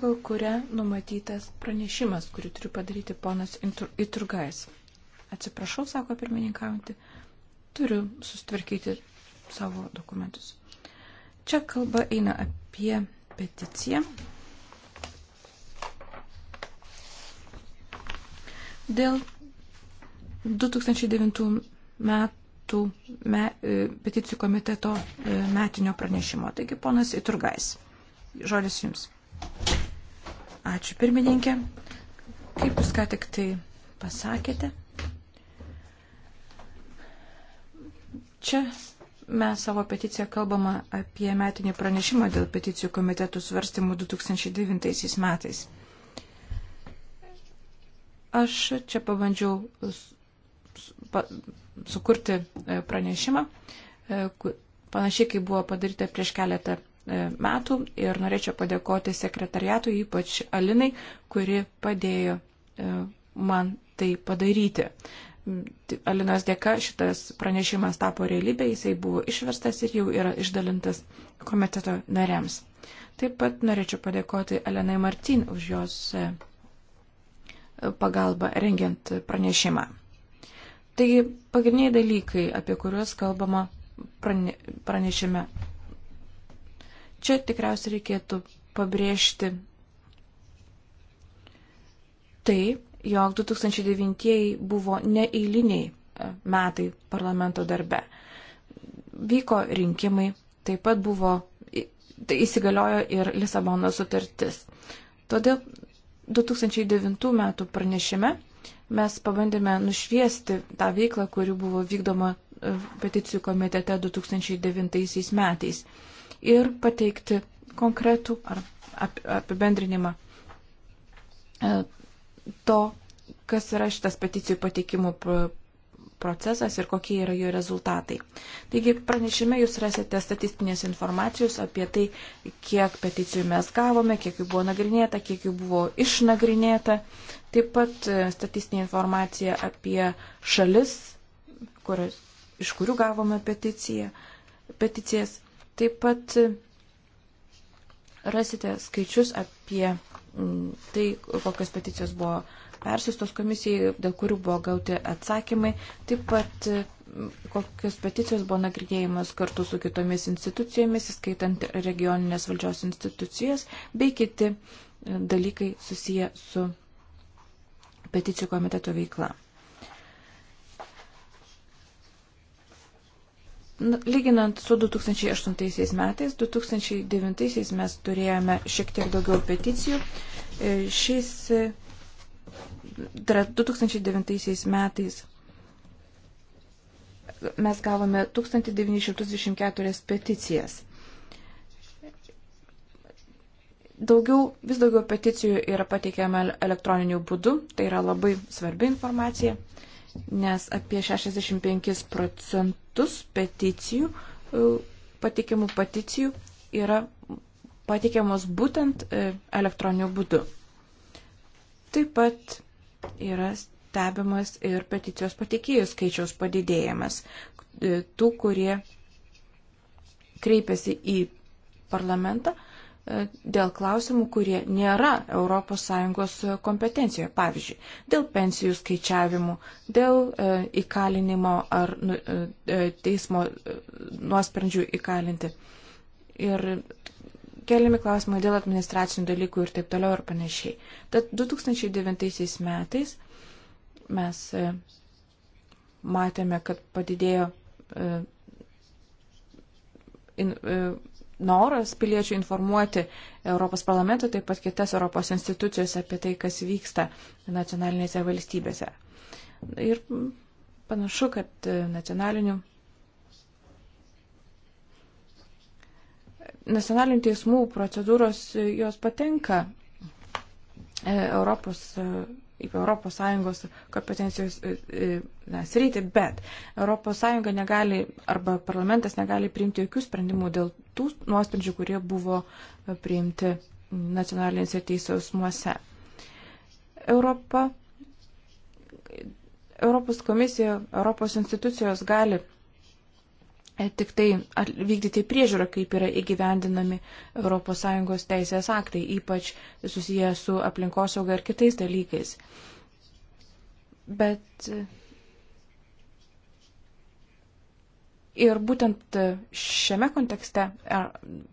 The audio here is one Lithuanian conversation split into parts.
pagal kurią numatytas pranešimas, kurį turi padaryti ponas Iturgais. Atsiprašau, sako pirmininkaujantį, turiu sustvarkyti savo dokumentus. Čia kalba eina apie peticiją dėl 2009 metų me, e, peticijų komiteto e, metinio pranešimo. Taigi, ponas Iturgais, žodis jums. Ačiū pirmininkė. Kaip jūs ką tik tai pasakėte, čia mes savo peticiją kalbama apie metinį pranešimą dėl peticijų komitetų svarstymų 2009 metais. Aš čia pabandžiau sukurti e, pranešimą, e, panašiai kaip buvo padaryta prieš keletą E, metų ir norėčiau padėkoti sekretariatui, ypač Alinai, kuri padėjo e, man tai padaryti. Mm, Alinos dėka šitas pranešimas tapo realybė, jisai buvo išverstas ir jau yra išdalintas komiteto nariams. Taip pat norėčiau padėkoti Alenai Martin už jos e, pagalbą rengiant pranešimą. Taigi pagrindiniai dalykai, apie kuriuos kalbama pranešime Čia tikriausiai reikėtų pabrėžti tai, jog 2009 buvo neeiliniai e, metai parlamento darbe. Vyko rinkimai, taip pat buvo, tai įsigaliojo ir Lisabono sutartis. Todėl 2009 metų pranešime mes pabandėme nušviesti tą veiklą, kuri buvo vykdoma e, peticijų komitete 2009 metais ir pateikti konkretų ar apibendrinimą e, to, kas yra šitas peticijų pateikimų procesas ir kokie yra jo rezultatai. Taigi pranešime jūs rasite statistinės informacijos apie tai, kiek peticijų mes gavome, kiek jų buvo nagrinėta, kiek jų buvo išnagrinėta. Taip pat e, statistinė informacija apie šalis, kurios, iš kurių gavome peticiją, peticijas. Taip pat rasite skaičius apie mm, tai, kokios peticijos buvo persistos komisijai, dėl kurių buvo gauti atsakymai. Taip pat mm, kokios peticijos buvo nagrinėjimas kartu su kitomis institucijomis, įskaitant regioninės valdžios institucijas, bei kiti mm, dalykai susiję su peticijų komiteto veikla. Lyginant su 2008 metais, 2009 mes turėjome šiek tiek daugiau peticijų. E, šiais 2009 e, metais mes gavome 1924 peticijas. Daugiau, vis daugiau peticijų yra pateikiama elektroniniu būdu, tai yra labai svarbi informacija nes apie 65 procentus peticijų, e, patikimų peticijų yra patikiamos būtent e, elektroniniu būdu. Taip pat yra stebimas ir peticijos patikėjų skaičiaus padidėjimas. E, tų, kurie kreipiasi į parlamentą, dėl klausimų, kurie nėra ES kompetencijoje, pavyzdžiui, dėl pensijų skaičiavimų, dėl e, įkalinimo ar nu, e, e, teismo nuosprendžių įkalinti. Ir keliami klausimai dėl administracinių dalykų ir taip toliau ir panašiai. Tad 2009 metais mes matėme, kad padidėjo noras piliečių informuoti Europos parlamentą, taip pat kitas Europos institucijos apie tai, kas vyksta nacionalinėse valstybėse. Ir panašu, kad nacionalinių. Nacionalinių teismų procedūros jos patenka e, Europos į ES kompetencijos e, e, sritį, bet ES negali arba parlamentas negali priimti jokių sprendimų dėl tų nuosprendžių, kurie buvo e, priimti nacionalinėse teisėsmuose. Europa, Europos komisija, Europos institucijos gali E, tik tai vykdyti priežiūrą, kaip yra įgyvendinami ES teisės aktai, ypač susiję su aplinkosauga ir kitais dalykais. Bet e, ir būtent šiame kontekste e,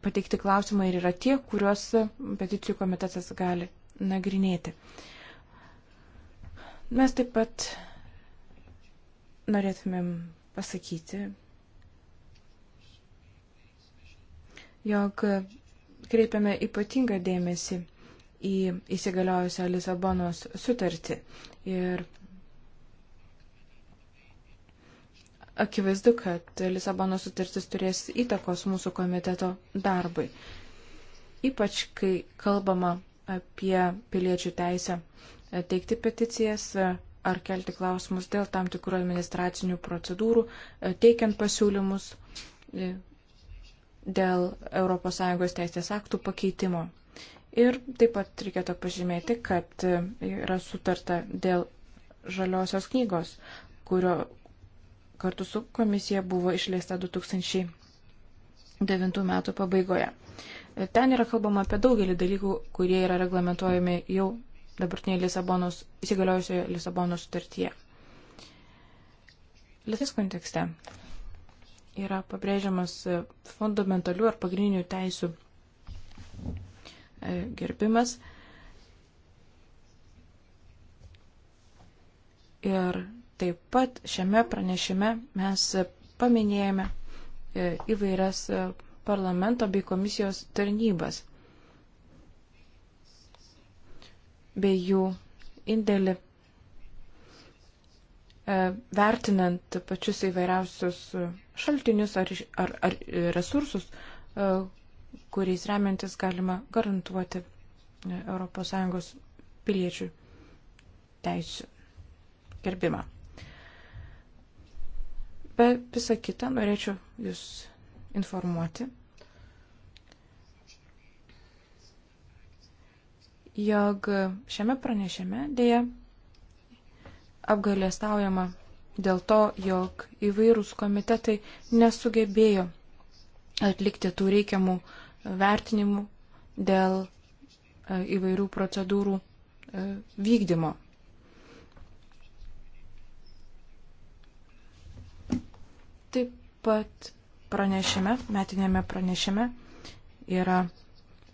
pateikti klausimai ir yra tie, kuriuos peticijų komitetas gali nagrinėti. Mes taip pat norėtumėm pasakyti jog kreipiame ypatingą dėmesį į įsigaliojusią Lisabonos sutartį. Ir akivaizdu, kad Lisabonos sutartis turės įtakos mūsų komiteto darbui. Ypač, kai kalbama apie piliečių teisę teikti peticijas ar kelti klausimus dėl tam tikrų administracinių procedūrų, teikiant pasiūlymus dėl ES teisės aktų pakeitimo. Ir taip pat reikėtų pažymėti, kad yra sutarta dėl žaliosios knygos, kurio kartu su komisija buvo išleista 2009 metų pabaigoje. Ten yra kalbama apie daugelį dalykų, kurie yra reglamentojami jau dabartinėje Lisabonos, įsigaliojusioje Lisabonos sutartyje. Lietuvos kontekste yra pabrėžiamas fundamentalių ar pagrindinių teisių e, gerbimas. Ir taip pat šiame pranešime mes paminėjome e, įvairias e, parlamento bei komisijos tarnybas bei jų indėlį E, vertinant pačius įvairiausius šaltinius ar, ar, ar resursus, e, kuriais remiantis galima garantuoti e, ES piliečių teisų gerbimą. Be visą kitą norėčiau Jūs informuoti, jog šiame pranešime dėja apgailėstaujama dėl to, jog įvairūs komitetai nesugebėjo atlikti tų reikiamų vertinimų dėl e, įvairių procedūrų e, vykdymo. Taip pat pranešime, metinėme pranešime yra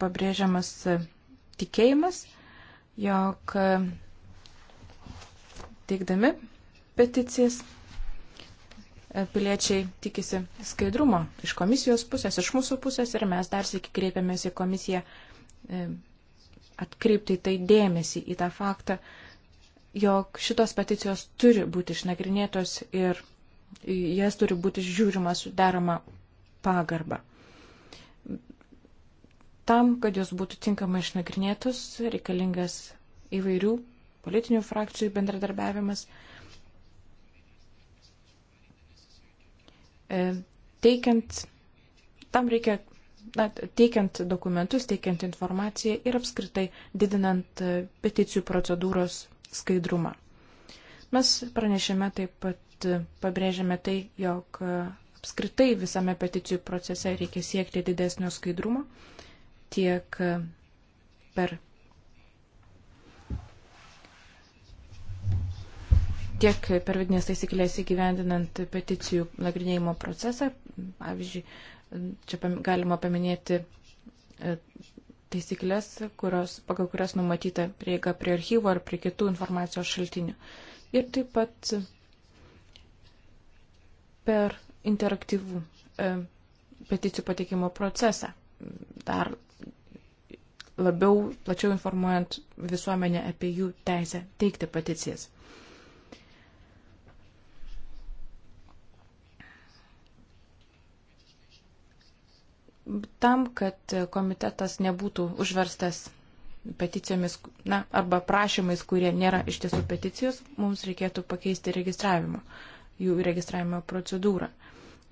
pabrėžiamas e, tikėjimas, jog teikdami peticijas, e, piliečiai tikisi skaidrumo iš komisijos pusės, iš mūsų pusės ir mes dar sėki kreipiamės į komisiją e, atkreipti tai dėmesį į tą faktą, jog šitos peticijos turi būti išnagrinėtos ir jas turi būti žiūrima su derama pagarba. Tam, kad jos būtų tinkamai išnagrinėtos, reikalingas įvairių politinių frakcijų bendradarbiavimas. E, teikiant, tam reikia, na, teikiant dokumentus, teikiant informaciją ir apskritai didinant e, peticijų procedūros skaidrumą. Mes pranešėme taip pat, e, pabrėžėme tai, jog apskritai visame peticijų procese reikia siekti didesnio skaidrumo tiek per tiek per vidinės taisyklės įgyvendinant peticijų nagrinėjimo procesą. Pavyzdžiui, čia galima paminėti e, taisyklės, kurios, pagal kurias numatyta prieiga prie archyvo ar prie kitų informacijos šaltinių. Ir taip pat per interaktyvų e, peticijų pateikimo procesą. Dar labiau, plačiau informuojant visuomenę apie jų teisę teikti peticijas. Tam, kad komitetas nebūtų užverstas peticijomis, na, arba prašymais, kurie nėra iš tiesų peticijos, mums reikėtų pakeisti registravimo, jų registravimo procedūrą.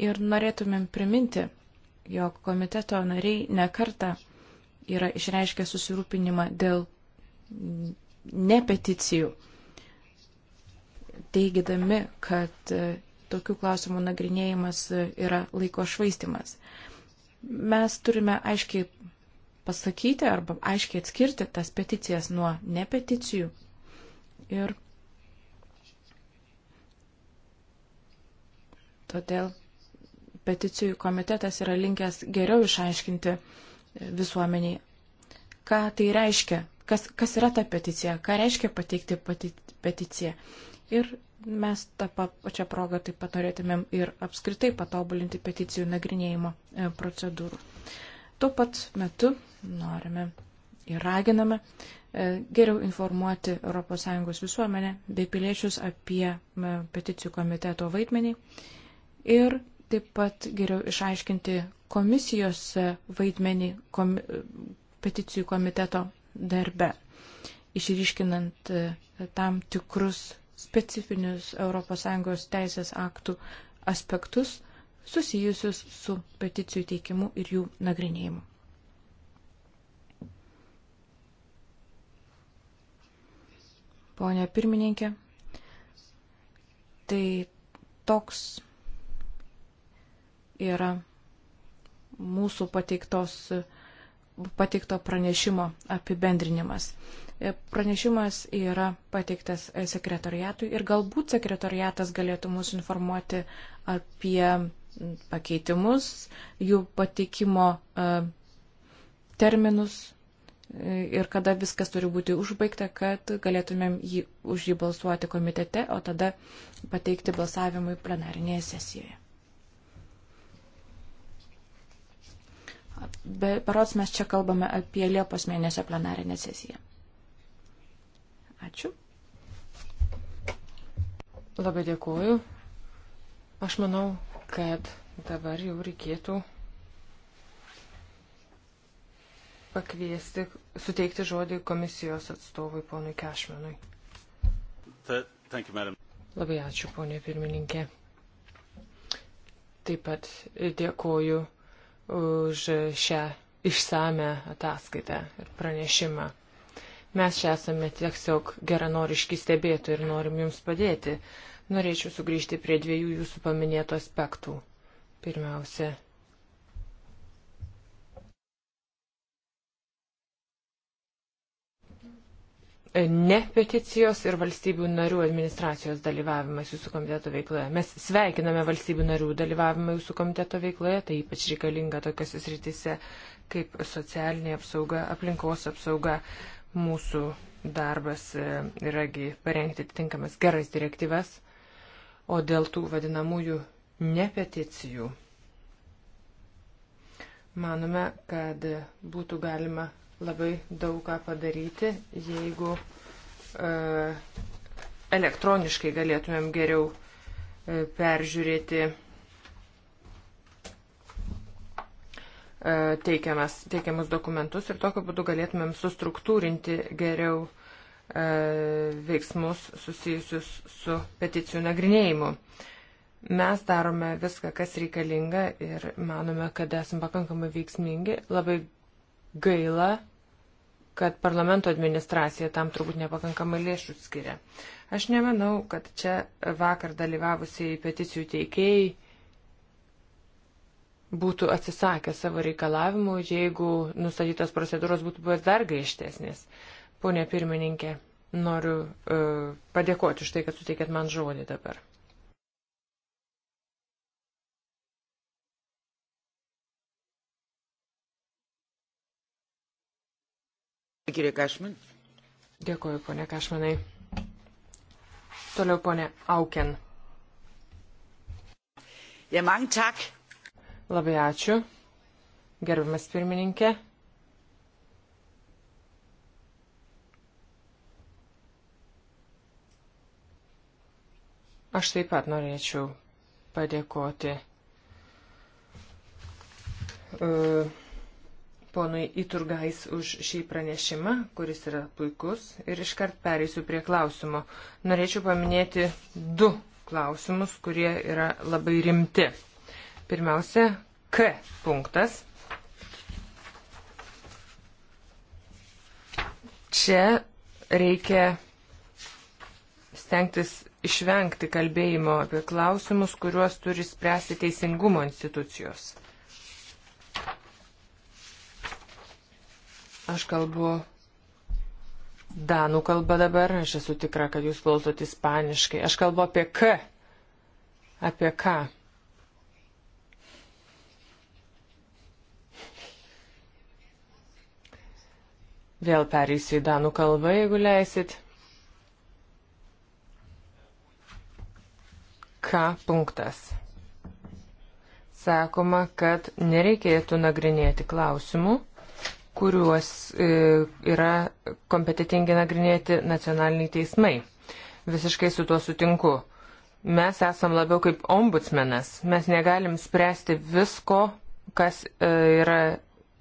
Ir norėtumėm priminti, jog komiteto nariai nekarta yra išreiškę susirūpinimą dėl nepeticijų, teigydami, kad tokių klausimų nagrinėjimas yra laiko švaistimas. Mes turime aiškiai pasakyti arba aiškiai atskirti tas peticijas nuo nepeticijų. Ir todėl peticijų komitetas yra linkęs geriau išaiškinti visuomeniai, ką tai reiškia, kas, kas yra ta peticija, ką reiškia pateikti pati, peticiją. Ir Mes tą pačią progą taip pat norėtumėm ir apskritai patobulinti peticijų nagrinėjimo e, procedūrų. Tuo pat metu norime ir raginame e, geriau informuoti ES visuomenę bei piliečius apie e, peticijų komiteto vaidmenį ir taip pat geriau išaiškinti komisijos vaidmenį komi peticijų komiteto darbe, išryškinant tam tikrus specifinius ES teisės aktų aspektus susijusius su peticijų teikimu ir jų nagrinėjimu. Pone pirmininkė, tai toks yra mūsų pateiktos, pateikto pranešimo apibendrinimas. E, pranešimas yra pateiktas e, sekretoriatui ir galbūt sekretoriatas galėtų mus informuoti apie pakeitimus, jų pateikimo e, terminus ir kada viskas turi būti užbaigta, kad galėtumėm jį, už jį balsuoti komitete, o tada pateikti balsavimui plenarinėje sesijoje. Be, parods mes čia kalbame apie Liepos mėnesio plenarinę sesiją. Ačiū. Labai dėkuoju. Aš manau, kad dabar jau reikėtų pakviesti, suteikti žodį komisijos atstovui ponui Kešmenui. Labai ačiū, ponė pirmininkė. Taip pat dėkoju už šią išsame ataskaitą ir pranešimą. Mes čia esame tiesiog geranoriški stebėtojai ir norim Jums padėti. Norėčiau sugrįžti prie dviejų Jūsų paminėtų aspektų. Pirmiausia, ne peticijos ir valstybių narių administracijos dalyvavimas jūsų komiteto veikloje. Mes sveikiname valstybių narių dalyvavimą jūsų komiteto veikloje, tai ypač reikalinga tokiuose srityse kaip socialinė apsauga, aplinkos apsauga, Mūsų darbas yragi e, parengti tinkamas geras direktyvas, o dėl tų vadinamųjų nepeticijų manome, kad būtų galima labai daug ką padaryti, jeigu e, elektroniškai galėtumėm geriau e, peržiūrėti E, teikiamas, teikiamus dokumentus ir tokiu būdu galėtumėm sustruktūrinti geriau e, veiksmus susijusius su peticijų nagrinėjimu. Mes darome viską, kas reikalinga ir manome, kad esame pakankamai veiksmingi. Labai gaila, kad parlamento administracija tam turbūt nepakankamai lėšų skiria. Aš nemanau, kad čia vakar dalyvavusiai peticijų teikėjai būtų atsisakę savo reikalavimų, jeigu nustatytos procedūros būtų buvęs dar griežtesnės. Pone pirmininkė, noriu uh, padėkoti už tai, kad suteikėt man žodį dabar. Dėkuoju, ponė Kašmanai. Toliau, ponė Auken. Ja, mange tak. Labai ačiū. Gerbiamas pirmininkė. Aš taip pat norėčiau padėkoti uh, ponui Iturgais už šį pranešimą, kuris yra puikus. Ir iškart pereisiu prie klausimo. Norėčiau paminėti du klausimus, kurie yra labai rimti. Pirmiausia, K punktas. Čia reikia stengtis išvengti kalbėjimo apie klausimus, kuriuos turi spręsti teisingumo institucijos. Aš kalbu danų kalba dabar, aš esu tikra, kad jūs klausot ispaniškai. Aš kalbu apie K. Apie ką? Vėl pereisiu į danų kalbą, jeigu leisit. K punktas. Sakoma, kad nereikėtų nagrinėti klausimų, kuriuos e, yra kompetitingi nagrinėti nacionaliniai teismai. Visiškai su tuo sutinku. Mes esam labiau kaip ombudsmenas. Mes negalim spręsti visko, kas, e, yra,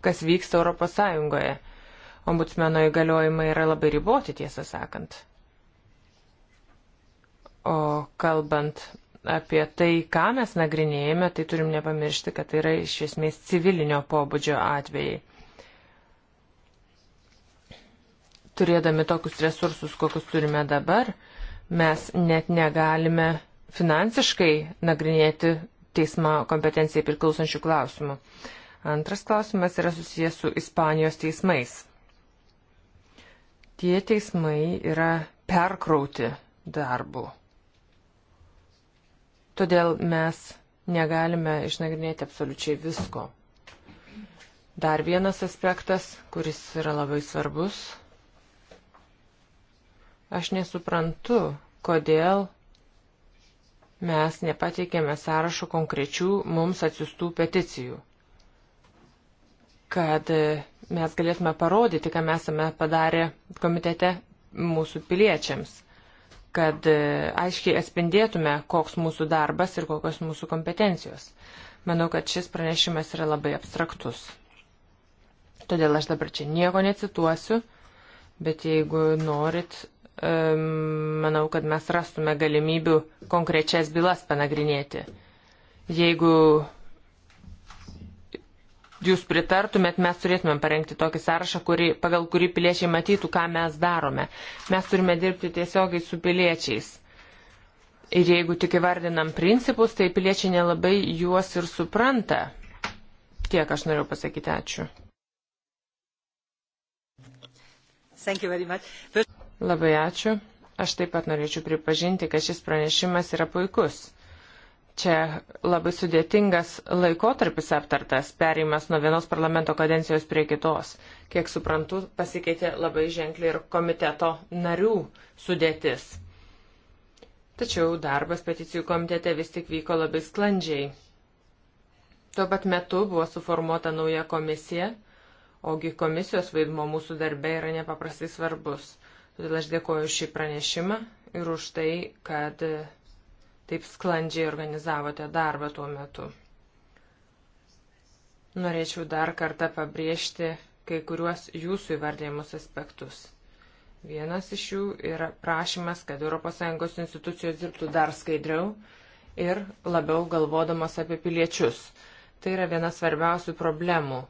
kas vyksta Europos Sąjungoje ombudsmeno įgaliojimai yra labai riboti, tiesą sakant. O kalbant apie tai, ką mes nagrinėjame, tai turim nepamiršti, kad tai yra iš esmės civilinio pobūdžio atvejai. Turėdami tokius resursus, kokius turime dabar, mes net negalime finansiškai nagrinėti teismo kompetencijai priklausančių klausimų. Antras klausimas yra susijęs su Ispanijos teismais tie teismai yra perkrauti darbu. Todėl mes negalime išnagrinėti absoliučiai visko. Dar vienas aspektas, kuris yra labai svarbus. Aš nesuprantu, kodėl mes nepateikėme sąrašo konkrečių mums atsiųstų peticijų kad e, mes galėtume parodyti, ką mes esame padarę komitete mūsų piliečiams, kad e, aiškiai atspindėtume, koks mūsų darbas ir kokios mūsų kompetencijos. Manau, kad šis pranešimas yra labai abstraktus. Todėl aš dabar čia nieko necituosiu, bet jeigu norit, manau, kad mes rastume galimybių konkrečias bylas panagrinėti. Jeigu jūs pritartumėt, mes turėtumėm parengti tokį sąrašą, kuri, pagal kurį piliečiai matytų, ką mes darome. Mes turime dirbti tiesiogiai su piliečiais. Ir jeigu tik įvardinam principus, tai piliečiai nelabai juos ir supranta. Tiek aš noriu pasakyti ačiū. Labai ačiū. Aš taip pat norėčiau pripažinti, kad šis pranešimas yra puikus čia labai sudėtingas laikotarpis aptartas, perėjimas nuo vienos parlamento kadencijos prie kitos. Kiek suprantu, pasikeitė labai ženkliai ir komiteto narių sudėtis. Tačiau darbas peticijų komitete vis tik vyko labai sklandžiai. Tuo pat metu buvo suformuota nauja komisija, ogi komisijos vaidmo mūsų darbe yra nepaprastai svarbus. Todėl aš dėkoju šį pranešimą ir už tai, kad taip sklandžiai organizavote darbą tuo metu. Norėčiau dar kartą pabrėžti kai kuriuos jūsų įvardėjimus aspektus. Vienas iš jų yra prašymas, kad ES institucijos dirbtų dar skaidriau ir labiau galvodamos apie piliečius. Tai yra viena svarbiausių problemų.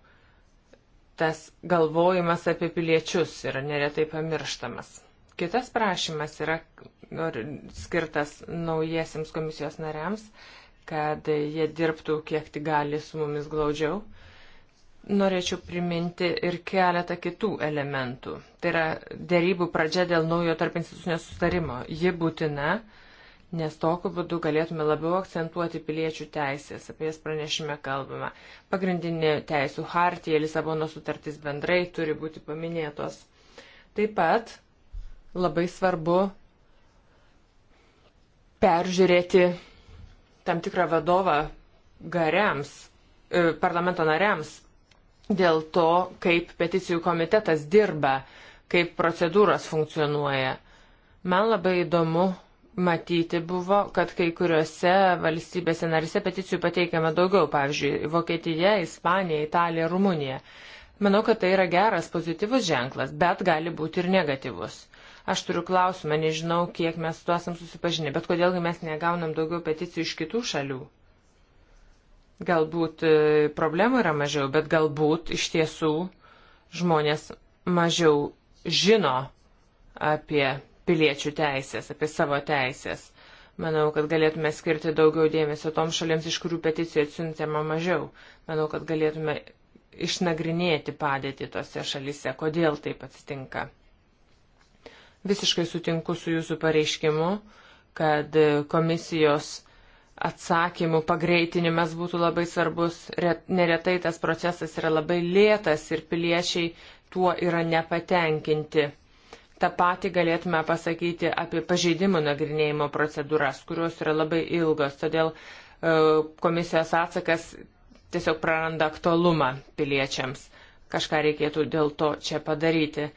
Tas galvojimas apie piliečius yra neretai pamirštamas. Kitas prašymas yra skirtas naujiesiams komisijos nariams, kad jie dirbtų kiek tik gali su mumis glaudžiau. Norėčiau priminti ir keletą kitų elementų. Tai yra dėrybų pradžia dėl naujo tarp institucinio sustarimo. Ji būtina, nes tokiu būdu galėtume labiau akcentuoti piliečių teisės, apie jas pranešime kalbama. Pagrindinė teisų hartija, Lisabono sutartis bendrai turi būti paminėtos. Taip pat labai svarbu peržiūrėti tam tikrą vadovą gariams, e, parlamento nariams dėl to, kaip peticijų komitetas dirba, kaip procedūros funkcionuoja. Man labai įdomu matyti buvo, kad kai kuriuose valstybėse narise peticijų pateikiama daugiau, pavyzdžiui, Vokietija, Ispanija, Italija, Rumunija. Manau, kad tai yra geras pozityvus ženklas, bet gali būti ir negatyvus. Aš turiu klausimą, nežinau, kiek mes su tuo esam susipažinę, bet kodėlgi mes negaunam daugiau peticijų iš kitų šalių? Galbūt e, problemų yra mažiau, bet galbūt iš tiesų žmonės mažiau žino apie piliečių teisės, apie savo teisės. Manau, kad galėtume skirti daugiau dėmesio toms šalims, iš kurių peticijų atsiuntėma mažiau. Manau, kad galėtume išnagrinėti padėtį tose šalise, kodėl taip atsitinka. Visiškai sutinku su jūsų pareiškimu, kad komisijos atsakymų pagreitinimas būtų labai svarbus. Neretai tas procesas yra labai lėtas ir piliečiai tuo yra nepatenkinti. Ta pati galėtume pasakyti apie pažeidimų nagrinėjimo procedūras, kurios yra labai ilgos, todėl e, komisijos atsakas tiesiog praranda aktualumą piliečiams. Kažką reikėtų dėl to čia padaryti.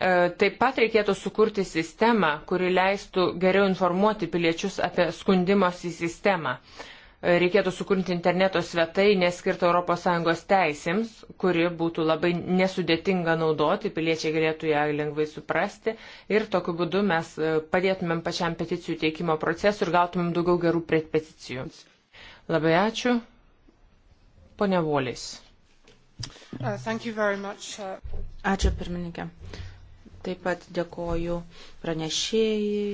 E, taip pat reikėtų sukurti sistemą, kuri leistų geriau informuoti piliečius apie skundimosi sistemą. E, reikėtų sukurti interneto svetainę skirtą ES teisėms, kuri būtų labai nesudėtinga naudoti, piliečiai galėtų ją lengvai suprasti ir tokiu būdu mes e, padėtumėm pačiam peticijų teikimo procesui ir gautumėm daugiau gerų peticijų. Labai ačiū. Pone Volis. Uh, uh, ačiū pirmininkė. Taip pat dėkoju pranešėjai,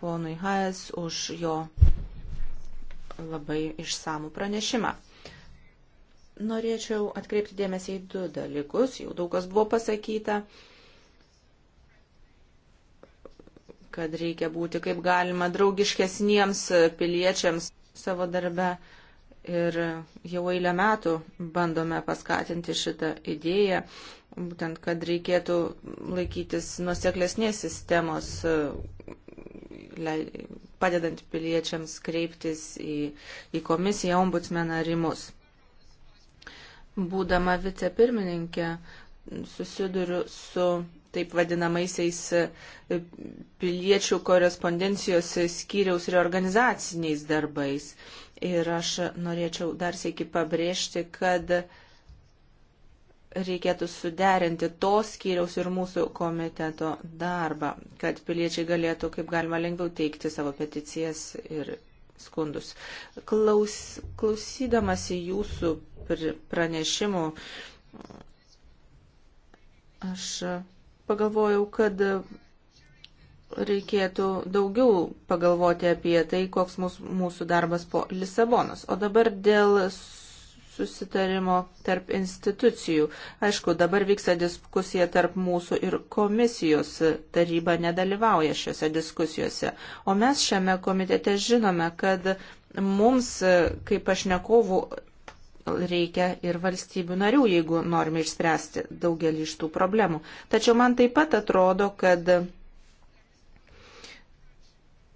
ponui Haes, už jo labai išsamų pranešimą. Norėčiau atkreipti dėmesį į du dalykus, jau daug kas buvo pasakyta, kad reikia būti kaip galima draugiškesniems piliečiams savo darbe. Ir jau eilę metų bandome paskatinti šitą idėją, būtent, kad reikėtų laikytis nuseklesnės sistemos, e, padedant piliečiams kreiptis į, į komisiją, ombudsmeną rimus. Būdama vicepirmininkė, susiduriu su taip vadinamaisiais e, piliečių korespondencijos skyriaus reorganizaciniais darbais. Ir aš norėčiau dar sėki pabrėžti, kad reikėtų suderinti tos skyriaus ir mūsų komiteto darbą, kad piliečiai galėtų kaip galima lengviau teikti savo peticijas ir skundus. Klaus, klausydamasi jūsų pranešimų, aš pagalvojau, kad reikėtų daugiau pagalvoti apie tai, koks mūsų, mūsų darbas po Lisabonos. O dabar dėl susitarimo tarp institucijų. Aišku, dabar vyksta diskusija tarp mūsų ir komisijos taryba nedalyvauja šiuose diskusijose. O mes šiame komitete žinome, kad mums, kaip pašnekovų, reikia ir valstybių narių, jeigu norime išspręsti daugelį iš tų problemų. Tačiau man taip pat atrodo, kad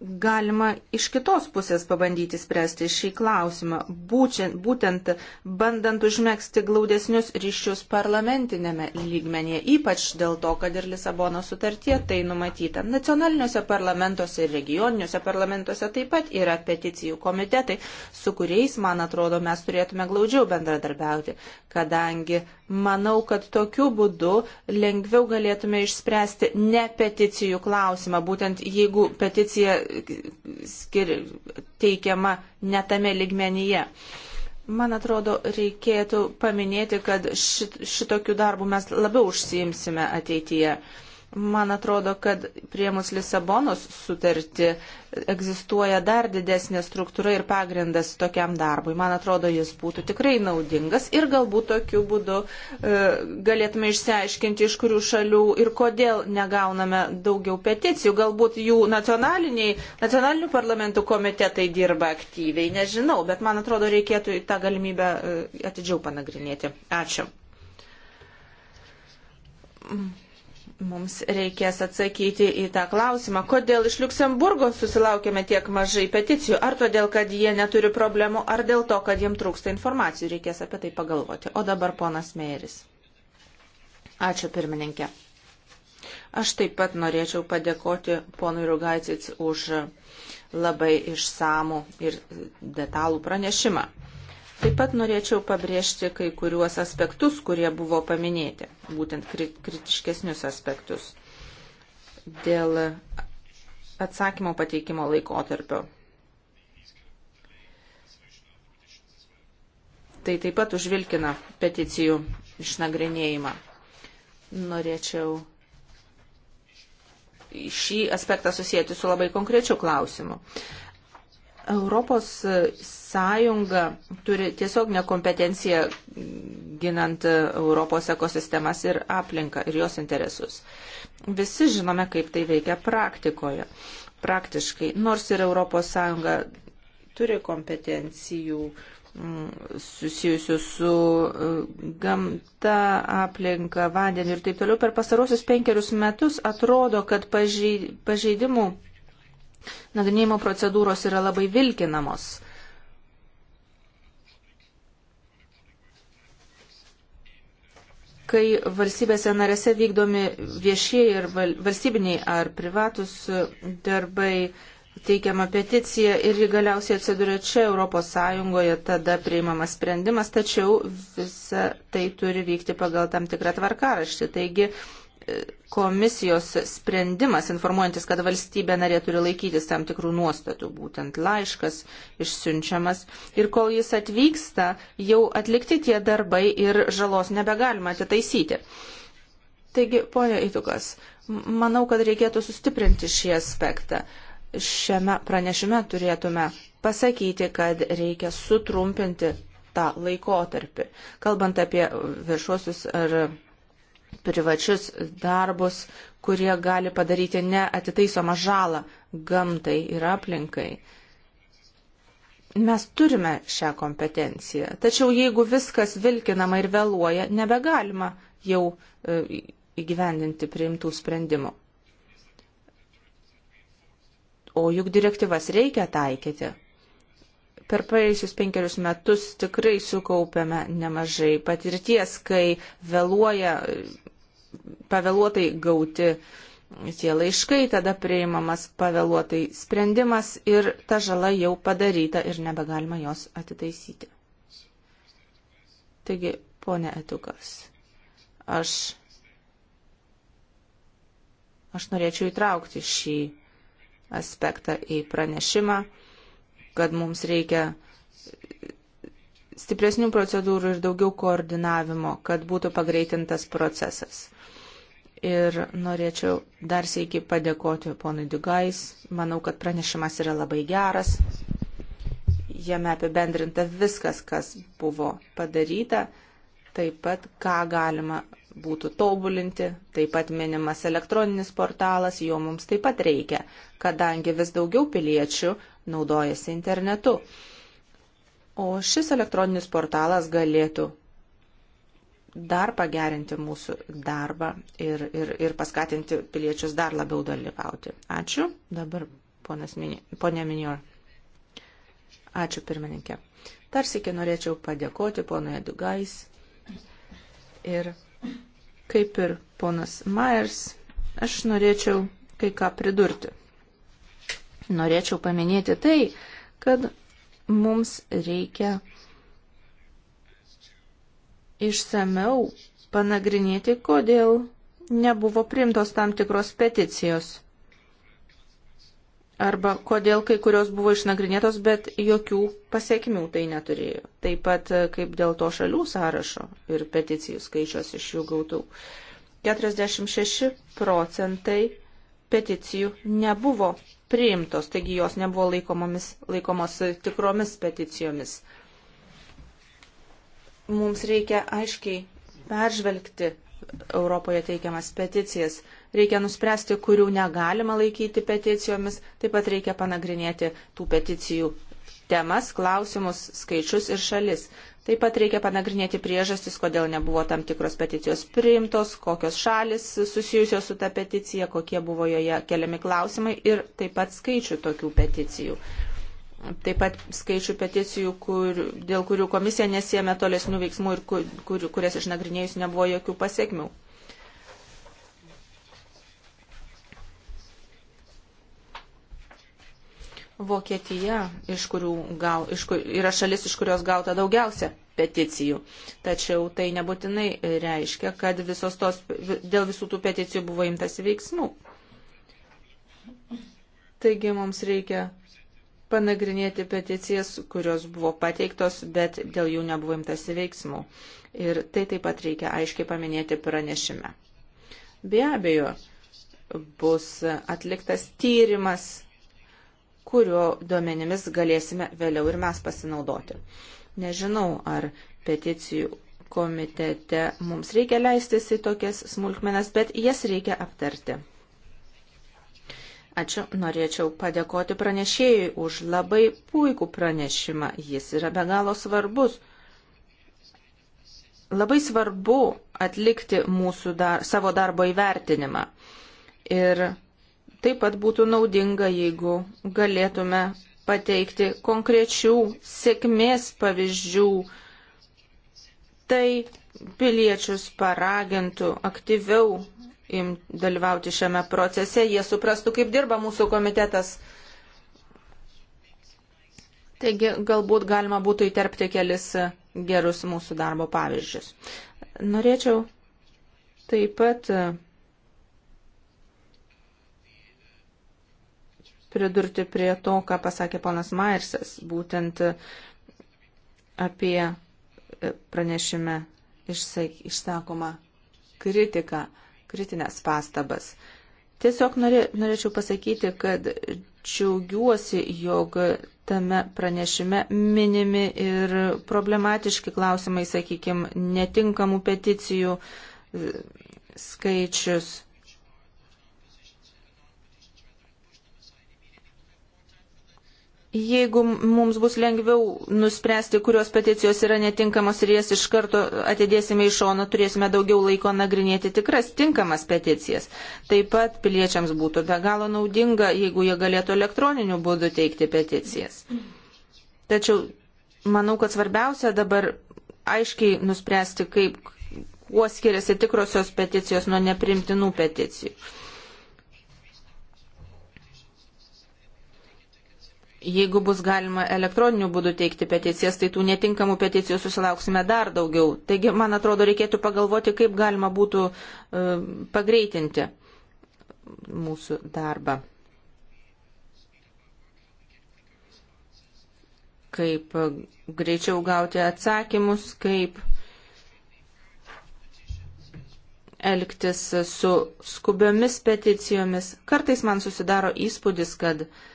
galima iš kitos pusės pabandyti spręsti šį klausimą, būtent, būtent bandant užmėgsti glaudesnius ryšius parlamentinėme lygmenyje, ypač dėl to, kad ir Lisabono sutartie tai numatyta. Nacionaliniuose parlamentuose ir regioniniuose parlamentuose taip pat yra peticijų komitetai, su kuriais, man atrodo, mes turėtume glaudžiau bendradarbiauti, kadangi manau, kad tokiu būdu lengviau galėtume išspręsti ne peticijų klausimą, būtent jeigu peticija skir, teikiama netame ligmenyje. Man atrodo, reikėtų paminėti, kad šit, šitokių darbų mes labiau užsiimsime ateityje. Uh, Man atrodo, kad priemus Lisabonos sutartį egzistuoja dar didesnė struktūra ir pagrindas tokiam darbui. Man atrodo, jis būtų tikrai naudingas ir galbūt tokiu būdu e, galėtume išsiaiškinti, iš kurių šalių ir kodėl negauname daugiau peticijų. Galbūt jų nacionalinių parlamentų komitetai dirba aktyviai, nežinau, bet man atrodo, reikėtų tą galimybę e, atidžiau panagrinėti. Ačiū. Mm. Mums reikės atsakyti į tą klausimą, kodėl iš Luksemburgo susilaukėme tiek mažai peticijų, ar todėl, kad jie neturi problemų, ar dėl to, kad jiem trūksta informacijų, reikės apie tai pagalvoti. O dabar ponas Meiris. Ačiū pirmininkė. Aš taip pat norėčiau padėkoti ponui Rugaicic už labai išsamų ir detalų pranešimą. Taip pat norėčiau pabrėžti kai kuriuos aspektus, kurie buvo paminėti, būtent kritiškesnius aspektus dėl atsakymo pateikimo laikotarpio. Tai taip pat užvilkina peticijų išnagrinėjimą. Norėčiau šį aspektą susijęti su labai konkrečiu klausimu. Europos Sąjunga turi tiesiog nekompetenciją ginant Europos ekosistemas ir aplinką ir jos interesus. Visi žinome, kaip tai veikia praktikoje. Praktiškai, nors ir Europos Sąjunga turi kompetencijų mm, susijusių su mm, gamta, aplinka, vandeniu ir taip toliau. Per pastarosius penkerius metus atrodo, kad pažeidimų nagrinėjimo procedūros yra labai vilkinamos. Kai valstybėse narėse vykdomi viešieji ir valstybiniai ar privatus darbai, teikiama peticija ir ji galiausiai atsiduria čia Europos Sąjungoje, tada priimamas sprendimas, tačiau visa tai turi vykti pagal tam tikrą tvarkaraštį. Taigi komisijos sprendimas informuojantis, kad valstybė narė turi laikytis tam tikrų nuostatų, būtent laiškas išsiunčiamas. Ir kol jis atvyksta, jau atlikti tie darbai ir žalos nebegalima atitaisyti. Taigi, ponia Itukas, manau, kad reikėtų sustiprinti šį aspektą. Šiame pranešime turėtume pasakyti, kad reikia sutrumpinti tą laikotarpį. Kalbant apie viešuosius ar privačius darbus, kurie gali padaryti neatitaisomą žalą gamtai ir aplinkai. Mes turime šią kompetenciją, tačiau jeigu viskas vilkinama ir vėluoja, nebegalima jau e, įgyvendinti priimtų sprendimų. O juk direktyvas reikia taikyti. Per praėjusius penkerius metus tikrai sukaupėme nemažai patirties, kai vėluoja pavėluotai gauti tie laiškai, tada prieimamas pavėluotai sprendimas ir ta žala jau padaryta ir nebegalima jos atitaisyti. Taigi, ponė Etukas, aš, aš norėčiau įtraukti šį aspektą į pranešimą kad mums reikia stipresnių procedūrų ir daugiau koordinavimo, kad būtų pagreitintas procesas. Ir norėčiau dar sveiki padėkoti ponui Dugais. Manau, kad pranešimas yra labai geras. Jame apibendrinta viskas, kas buvo padaryta, taip pat ką galima būtų tobulinti, taip pat minimas elektroninis portalas, jo mums taip pat reikia, kadangi vis daugiau piliečių naudojasi internetu. O šis elektroninis portalas galėtų dar pagerinti mūsų darbą ir, ir, ir paskatinti piliečius dar labiau dalyvauti. Ačiū. Dabar ponas Mini, ponė Minior. Ačiū pirmininkė. Tarsikė norėčiau padėkoti ponui Edugais. Ir kaip ir ponas Myers, aš norėčiau kai ką pridurti norėčiau paminėti tai, kad mums reikia išsameu panagrinėti, kodėl nebuvo primtos tam tikros peticijos. Arba kodėl kai kurios buvo išnagrinėtos, bet jokių pasiekmių tai neturėjo. Taip pat kaip dėl to šalių sąrašo ir peticijų skaičios iš jų gautų. 46 procentai peticijų nebuvo priimtos, taigi jos nebuvo laikomomis, laikomos tikromis peticijomis. Mums reikia aiškiai peržvelgti Europoje teikiamas peticijas. Reikia nuspręsti, kurių negalima laikyti peticijomis, taip pat reikia panagrinėti tų peticijų temas, klausimus, skaičius ir šalis. Taip pat reikia panagrinėti priežastis, kodėl nebuvo tam tikros peticijos priimtos, kokios šalis susijusios su ta peticija, kokie buvo joje keliami klausimai ir taip pat skaičių tokių peticijų. Taip pat skaičių peticijų, kur, dėl kurių komisija nesėmė tolesnių veiksmų ir kur, kur, kurias išnagrinėjus nebuvo jokių pasiekmių. Vokietija, iš kurių gau, iš kur, yra šalis, iš kurios gauta daugiausia peticijų. Tačiau tai nebūtinai reiškia, kad visos tos, dėl visų tų peticijų buvo imtasi veiksmų. Taigi mums reikia panagrinėti peticijas, kurios buvo pateiktos, bet dėl jų nebuvo imtasi veiksmų. Ir tai taip pat reikia aiškiai paminėti pranešime. Be abejo, bus atliktas tyrimas kurio duomenimis galėsime vėliau ir mes pasinaudoti. Nežinau, ar peticijų komitete mums reikia leistis į tokias smulkmenas, bet jas reikia aptarti. Ačiū, norėčiau padėkoti pranešėjui už labai puikų pranešimą. Jis yra be galo svarbus. Labai svarbu atlikti mūsų dar, savo darbo įvertinimą. Ir taip pat būtų naudinga, jeigu galėtume pateikti konkrečių sėkmės pavyzdžių. Tai piliečius paragintų aktyviau dalyvauti šiame procese, jie suprastų, kaip dirba mūsų komitetas. Taigi galbūt galima būtų įterpti kelis gerus mūsų darbo pavyzdžius. Norėčiau taip pat pridurti prie to, ką pasakė ponas Maersas, būtent e, apie e, pranešime išsakomą kritiką, kritinės pastabas. Tiesiog norė, norėčiau pasakyti, kad džiaugiuosi, jog tame pranešime minimi ir problematiški klausimai, sakykime, netinkamų peticijų e, skaičius Jeigu mums bus lengviau nuspręsti, kurios peticijos yra netinkamos ir jas iš karto atidėsime į šoną, turėsime daugiau laiko nagrinėti tikras tinkamas peticijas. Taip pat piliečiams būtų be galo naudinga, jeigu jie galėtų elektroniniu būdu teikti peticijas. Tačiau manau, kad svarbiausia dabar aiškiai nuspręsti, kaip, kuo skiriasi tikrosios peticijos nuo neprimtinų peticijų. Jeigu bus galima elektroniniu būdu teikti peticijas, tai tų netinkamų peticijų susilauksime dar daugiau. Taigi, man atrodo, reikėtų pagalvoti, kaip galima būtų e, pagreitinti mūsų darbą. Kaip greičiau gauti atsakymus, kaip elgtis su skubiomis peticijomis. Kartais man susidaro įspūdis, kad uh,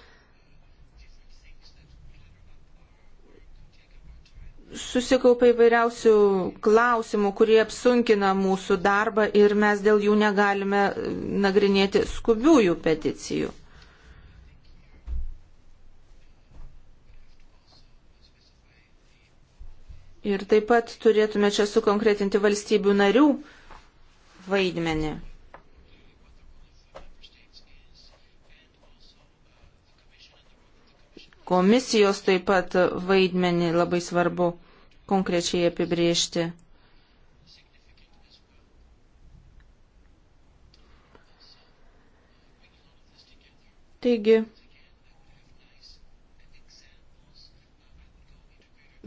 susikaupia įvairiausių klausimų, kurie apsunkina mūsų darbą ir mes dėl jų negalime e, nagrinėti skubiųjų peticijų. Ir taip pat turėtume čia sukonkretinti valstybių narių vaidmenį. Komisijos taip pat vaidmenį labai svarbu konkrečiai apibriežti. Taigi,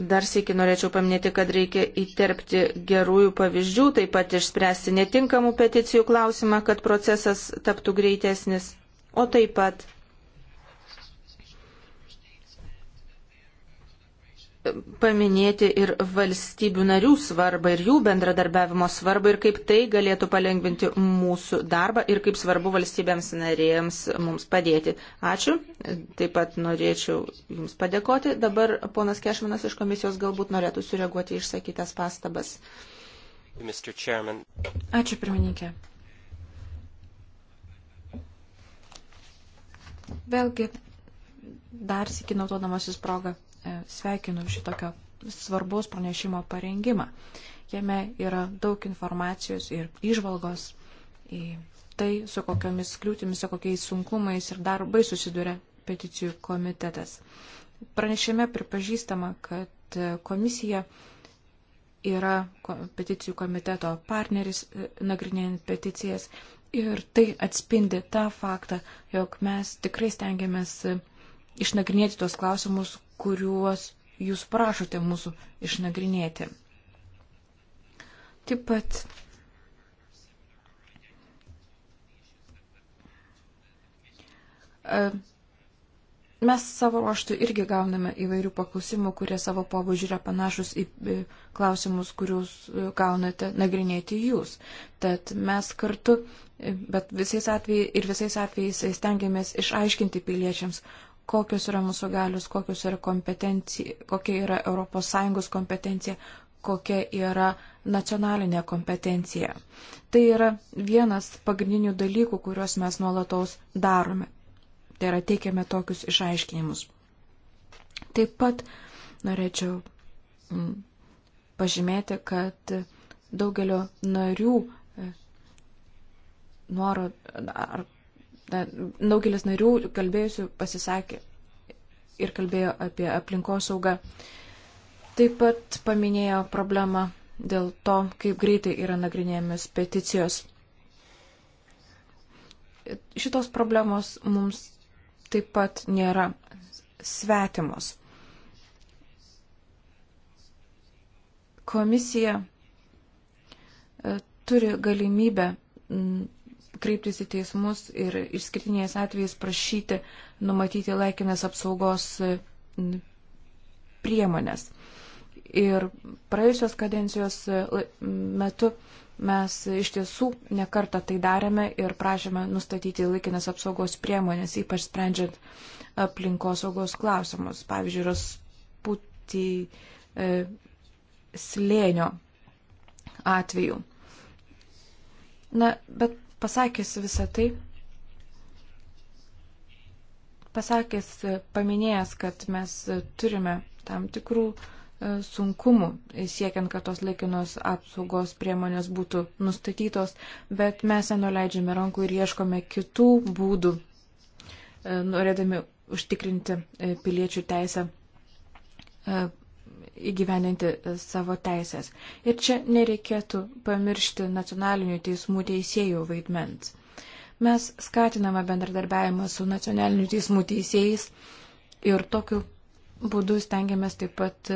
Dar sėki norėčiau paminėti, kad reikia įterpti gerųjų pavyzdžių, taip pat išspręsti netinkamų peticijų klausimą, kad procesas taptų greitesnis, o taip pat paminėti ir valstybių narių svarbą ir jų bendradarbiavimo svarbą ir kaip tai galėtų palengvinti mūsų darbą ir kaip svarbu valstybėms narėjams mums padėti. Ačiū. Taip pat norėčiau Jums padėkoti. Dabar ponas Kešminas iš komisijos galbūt norėtų sureaguoti išsakytas pastabas. Ačiū, pirmininkė. Vėlgi, dar sėkinau to damasis progą E, sveikinu šitokio svarbus pranešimo parengimą. Jame yra daug informacijos ir išvalgos į tai, su kokiamis kliūtimis, su kokiais sunkumais ir darbai susiduria peticijų komitetas. Pranešime pripažįstama, kad komisija yra peticijų komiteto partneris e, nagrinėjant peticijas ir tai atspindi tą faktą, jog mes tikrai stengiamės e, išnagrinėti tuos klausimus, kuriuos jūs prašote mūsų išnagrinėti. Taip pat e, mes savo ruoštų irgi gauname įvairių paklausimų, kurie savo pobūdžiu yra panašus į klausimus, kuriuos e, gaunate nagrinėti jūs. Tad mes kartu, e, bet visais atvejais ir visais atvejais stengiamės išaiškinti piliečiams, kokios yra mūsų galius, kokios yra kompetencija, kokia yra ES kompetencija, kokia yra nacionalinė kompetencija. Tai yra vienas pagrindinių dalykų, kuriuos mes nuolatos darome. Tai yra teikiame tokius išaiškinimus. Taip pat norėčiau mm, pažymėti, kad daugelio narių e, nuoro ar na, daugelis narių kalbėjusių pasisakė ir kalbėjo apie aplinkosaugą. Taip pat paminėjo problemą dėl to, kaip greitai yra nagrinėjamas peticijos. Šitos problemos mums taip pat nėra svetimos. Komisija e, turi galimybę kreiptis į teismus ir išskirtiniais atvejais prašyti numatyti laikinės apsaugos priemonės. Ir praėjusios kadencijos metu mes iš tiesų nekartą tai darėme ir prašėme nustatyti laikinės apsaugos priemonės, ypač sprendžiant aplinkosaugos klausimus. Pavyzdžiui, Rasputį e, slėnio atveju. Na, bet Pasakęs visą tai, pasakęs, paminėjęs, kad mes turime tam tikrų e, sunkumų siekiant, kad tos laikinos apsaugos priemonės būtų nustatytos, bet mes nenuleidžiame rankų ir ieškome kitų būdų, e, norėdami užtikrinti e, piliečių teisę įgyveninti e, savo teisės. Ir čia nereikėtų pamiršti nacionalinių teismų teisėjų vaidmens. Mes skatiname bendradarbiavimą su nacionalinių teismų teisėjais ir tokiu būdu stengiamės taip pat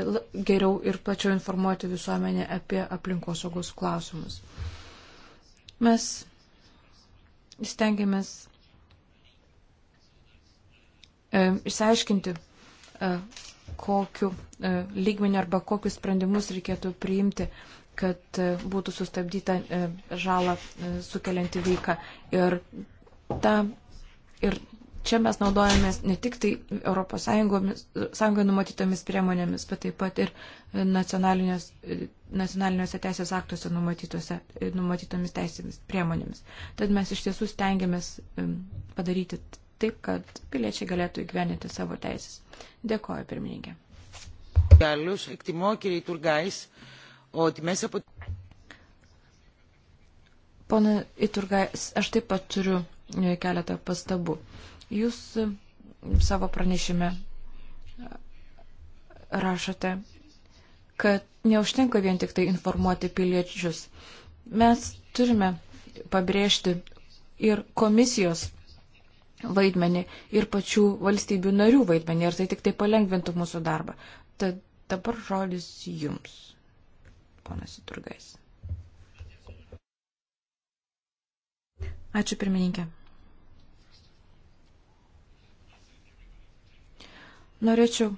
geriau ir plačiau informuoti visuomenę apie aplinkosaugos klausimus. Mes stengiamės e, išsiaiškinti, e, kokiu e, lygmeniu arba kokius sprendimus reikėtų priimti, kad e, būtų sustabdyta e, žalą sukelianti veika. Ir, ta, ir čia mes naudojamės ne tik tai ES numatytomis priemonėmis, bet taip pat ir nacionaliniuose teisės aktuose numatytomis teisėmis priemonėmis. Tad mes iš tiesų stengiamės padaryti taip, kad piliečiai galėtų įgyveninti savo teisės. Dėkoju, pirmininkė. Galius, ektimo, kiriai turgais, o mes apie. Pone Iturgais, aš taip pat turiu e, keletą pastabų. Jūs e, savo pranešime e, rašote, kad neužtenka vien tik tai informuoti piliečius. Mes turime pabrėžti ir komisijos vaidmenį ir pačių valstybių narių vaidmenį ir tai tik tai palengvintų mūsų darbą. Tad dabar žodis jums, ponas Iturgais. Ačiū pirmininkė. Norėčiau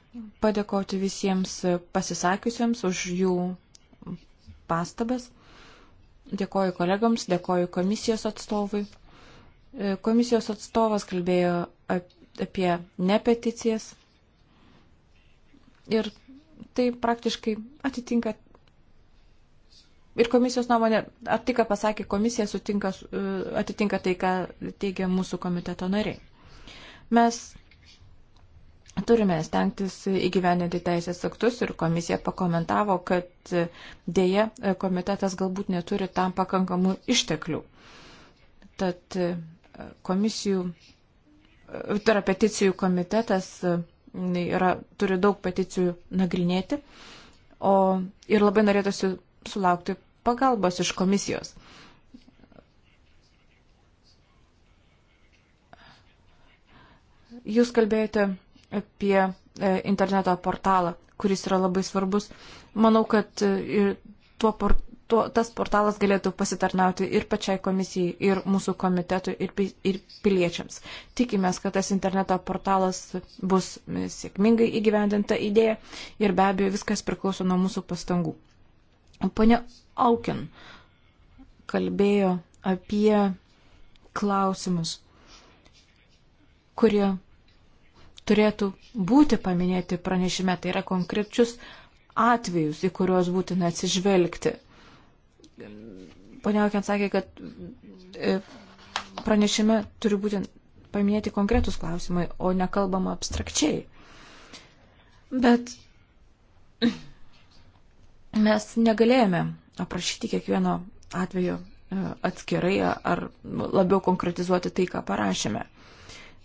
padėkoti visiems pasisakiusiems už jų pastabas. Dėkoju kolegoms, dėkoju komisijos atstovui. E, komisijos atstovas kalbėjo apie nepeticijas ir tai praktiškai atitinka ir komisijos nuomonė, ar tik ką pasakė komisija, sutinka, e, atitinka tai, ką teigia mūsų komiteto nariai. Mes turime stengtis įgyveninti teisės aktus ir komisija pakomentavo, kad dėje komitetas galbūt neturi tam pakankamų išteklių. Tad e, komisijų, tai yra peticijų komitetas, yra, turi daug peticijų nagrinėti, o ir labai norėtųsi sulaukti pagalbos iš komisijos. Jūs kalbėjote apie e, interneto portalą, kuris yra labai svarbus. Manau, kad e, tuo, to, tas portalas galėtų pasitarnauti ir pačiai komisijai, ir mūsų komitetui, ir, ir piliečiams. Tikimės, kad tas interneto portalas bus sėkmingai įgyvendinta idėja ir be abejo viskas priklauso nuo mūsų pastangų. Pane Aukin kalbėjo apie klausimus, kurie turėtų būti paminėti pranešime, tai yra konkrečius atvejus, į kuriuos būtina atsižvelgti. Pane Okien sakė, kad e, pranešime turi būti paminėti konkretus klausimai, o nekalbama abstrakčiai. Bet mes negalėjome aprašyti kiekvieno atveju e, atskirai ar labiau konkretizuoti tai, ką parašėme.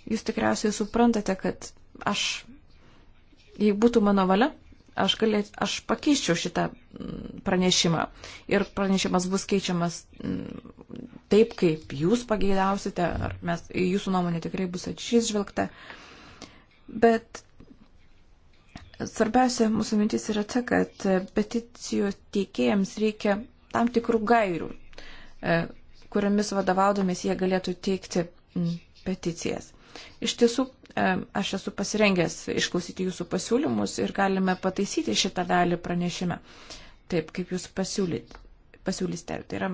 Jūs tikriausiai suprantate, kad aš, jei būtų mano valia, aš, galėt, aš pakeičiau šitą pranešimą ir pranešimas bus keičiamas mm, taip, kaip jūs pageidausite, ar mes, jūsų nuomonė tikrai bus atsižvelgta. Bet svarbiausia mūsų mintis yra ta, kad peticijų teikėjams reikia tam tikrų gairių, e, kuriamis vadovaudomis jie galėtų teikti mm, peticijas. Iš tiesų, E, aš esu pasirengęs išklausyti jūsų pasiūlymus ir galime pataisyti šitą dalį pranešime. Taip, kaip jūs pasiūlyt, pasiūlysite. Tai yra,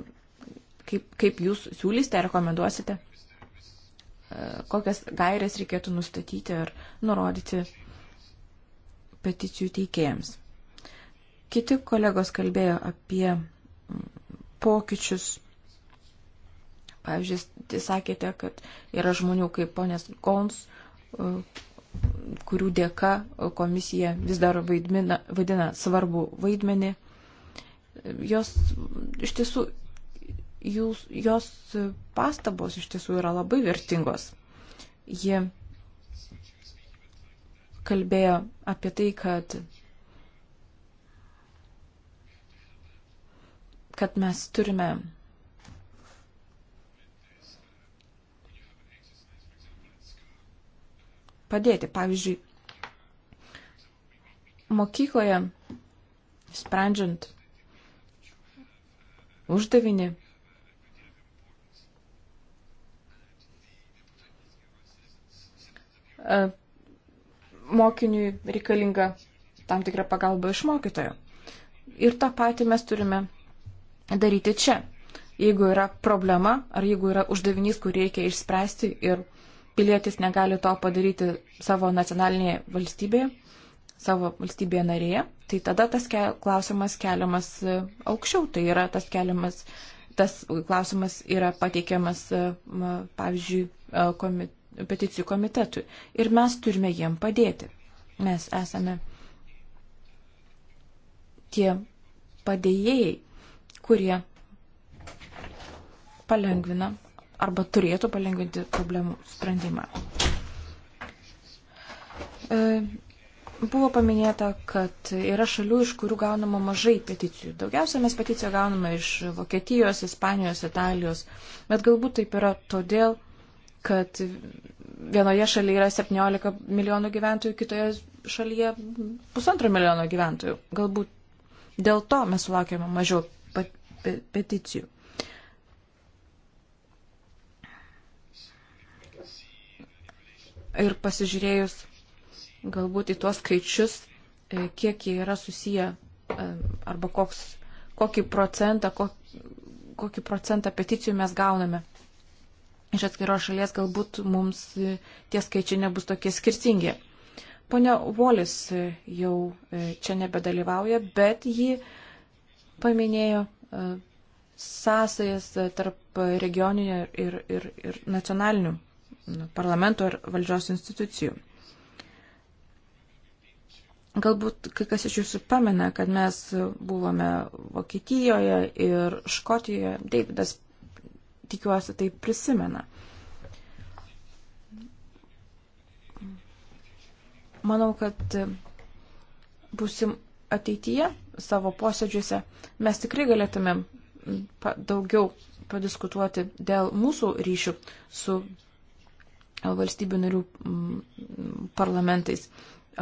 kaip, kaip jūs siūlysite, rekomenduosite, e, kokias gairias reikėtų nustatyti ir nurodyti peticijų teikėjams. Kiti kolegos kalbėjo apie mm, pokyčius. Pavyzdžiui, sakėte, kad yra žmonių kaip ponės Gons, kurių dėka komisija vis dar vaidmina, vaidina svarbu vaidmenį. Jos iš tiesų, jūs, jos pastabos iš tiesų yra labai vertingos. Ji kalbėjo apie tai, kad, kad mes turime padėti. Pavyzdžiui, mokykloje sprendžiant uždavinį e, mokiniui reikalinga tam tikra pagalba iš mokytojo. Ir tą patį mes turime daryti čia. Jeigu yra problema ar jeigu yra uždavinys, kurį reikia išspręsti ir pilietis negali to padaryti savo nacionalinėje valstybėje, savo valstybėje narėje, tai tada tas ke klausimas keliamas e, aukščiau, tai yra tas keliamas, tas klausimas yra pateikiamas, e, pavyzdžiui, e, komit, peticijų komitetui. Ir mes turime jiem padėti. Mes esame tie padėjėjai, kurie palengvina arba turėtų palengvinti problemų sprendimą. E, buvo paminėta, kad yra šalių, iš kurių gaunama mažai peticijų. Daugiausia mes peticiją gauname iš Vokietijos, Ispanijos, Italijos, bet galbūt taip yra todėl, kad vienoje šalyje yra 17 milijonų gyventojų, kitoje šalyje pusantro milijono gyventojų. Galbūt dėl to mes sulaukėme mažiau peticijų. ir pasižiūrėjus galbūt į tuos skaičius, e, kiek jie yra susiję e, arba koks, kokį procentą, kokį, kokį procentą peticijų mes gauname. Iš atskiros šalies galbūt mums e, tie skaičiai nebus tokie skirtingi. Pone Volis jau čia nebedalyvauja, bet ji paminėjo sąsajas tarp regioninio ir, ir, ir nacionalinių parlamento ar valdžios institucijų. Galbūt kai kas iš jūsų pamena, kad mes buvome Vokietijoje ir Škotijoje. Davidas, tikiuosi, tai prisimena. Manau, kad busim ateityje savo posėdžiuose mes tikrai galėtumėm daugiau padiskutuoti dėl mūsų ryšių su valstybių narių mm, parlamentais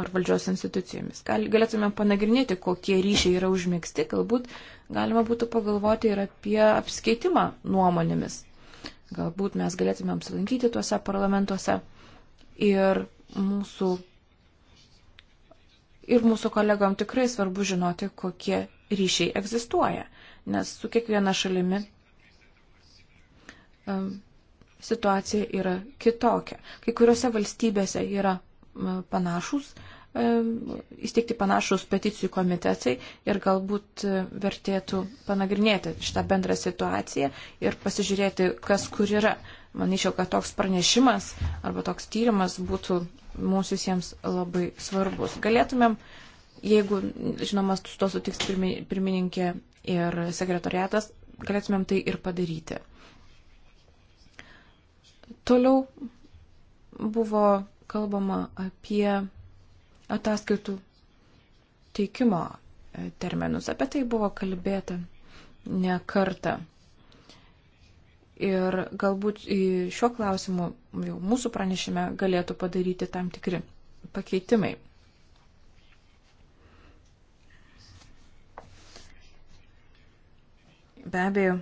ar valdžios institucijomis. Gal, galėtume panagrinėti, kokie ryšiai yra užmėgsti, galbūt galima būtų pagalvoti ir apie apskaitimą nuomonėmis. Galbūt mes galėtume apsilankyti tuose parlamentuose ir mūsų, ir mūsų kolegom tikrai svarbu žinoti, kokie ryšiai egzistuoja, nes su kiekviena šalimi um, situacija yra kitokia. Kai kuriuose valstybėse yra panašus, įsteigti panašus peticijų komitetai ir galbūt e, vertėtų panagrinėti šitą bendrą situaciją ir pasižiūrėti, kas kur yra. Manyčiau, kad toks pranešimas arba toks tyrimas būtų mums visiems labai svarbus. Galėtumėm, jeigu, žinoma, su to sutiks pirmininkė ir sekretariatas, galėtumėm tai ir padaryti. Toliau buvo kalbama apie ataskaitų teikimo e, terminus. Apie tai buvo kalbėta ne kartą. Ir galbūt šiuo klausimu jau mūsų pranešime galėtų padaryti tam tikri pakeitimai. Be abejo,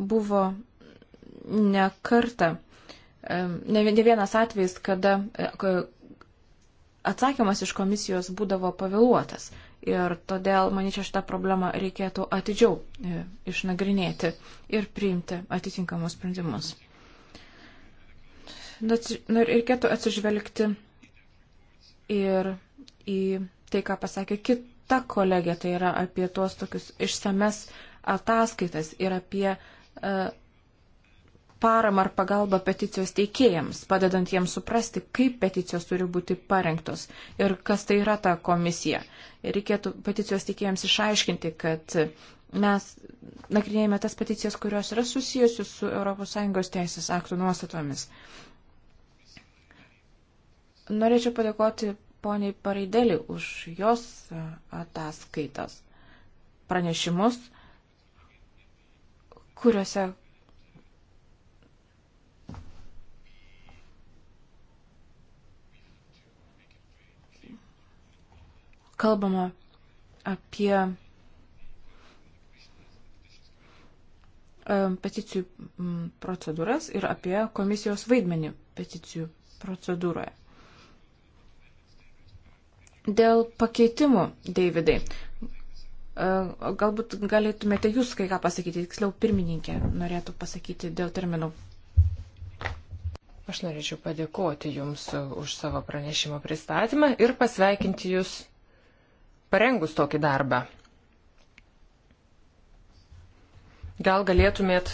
buvo ne kartą, ne, ne vienas atvejis, kada e, atsakymas iš komisijos būdavo pavėluotas. Ir todėl, manyčiau, šitą problemą reikėtų atidžiau e, išnagrinėti ir priimti atitinkamus sprendimus. Nu, reikėtų atsižvelgti ir į tai, ką pasakė kita kolegė, tai yra apie tuos tokius išsames ataskaitas ir apie E, paramą ar pagalbą peticijos teikėjams, padedant jiems suprasti, kaip peticijos turi būti parengtos ir kas tai yra ta komisija. Reikėtų peticijos teikėjams išaiškinti, kad mes nagrinėjame tas peticijas, kurios yra susijusios su ES teisės aktų nuostatomis. Norėčiau padėkoti poniai Pareidelį už jos ataskaitas, pranešimus kuriuose kalbama apie e, peticijų procedūras ir apie komisijos vaidmenį peticijų procedūroje. Dėl pakeitimų, Davidai, E, galbūt galėtumėte jūs kai ką pasakyti, tiksliau pirmininkė norėtų pasakyti dėl terminų. Aš norėčiau padėkoti Jums už savo pranešimo pristatymą ir pasveikinti Jūs parengus tokį darbą. Gal galėtumėt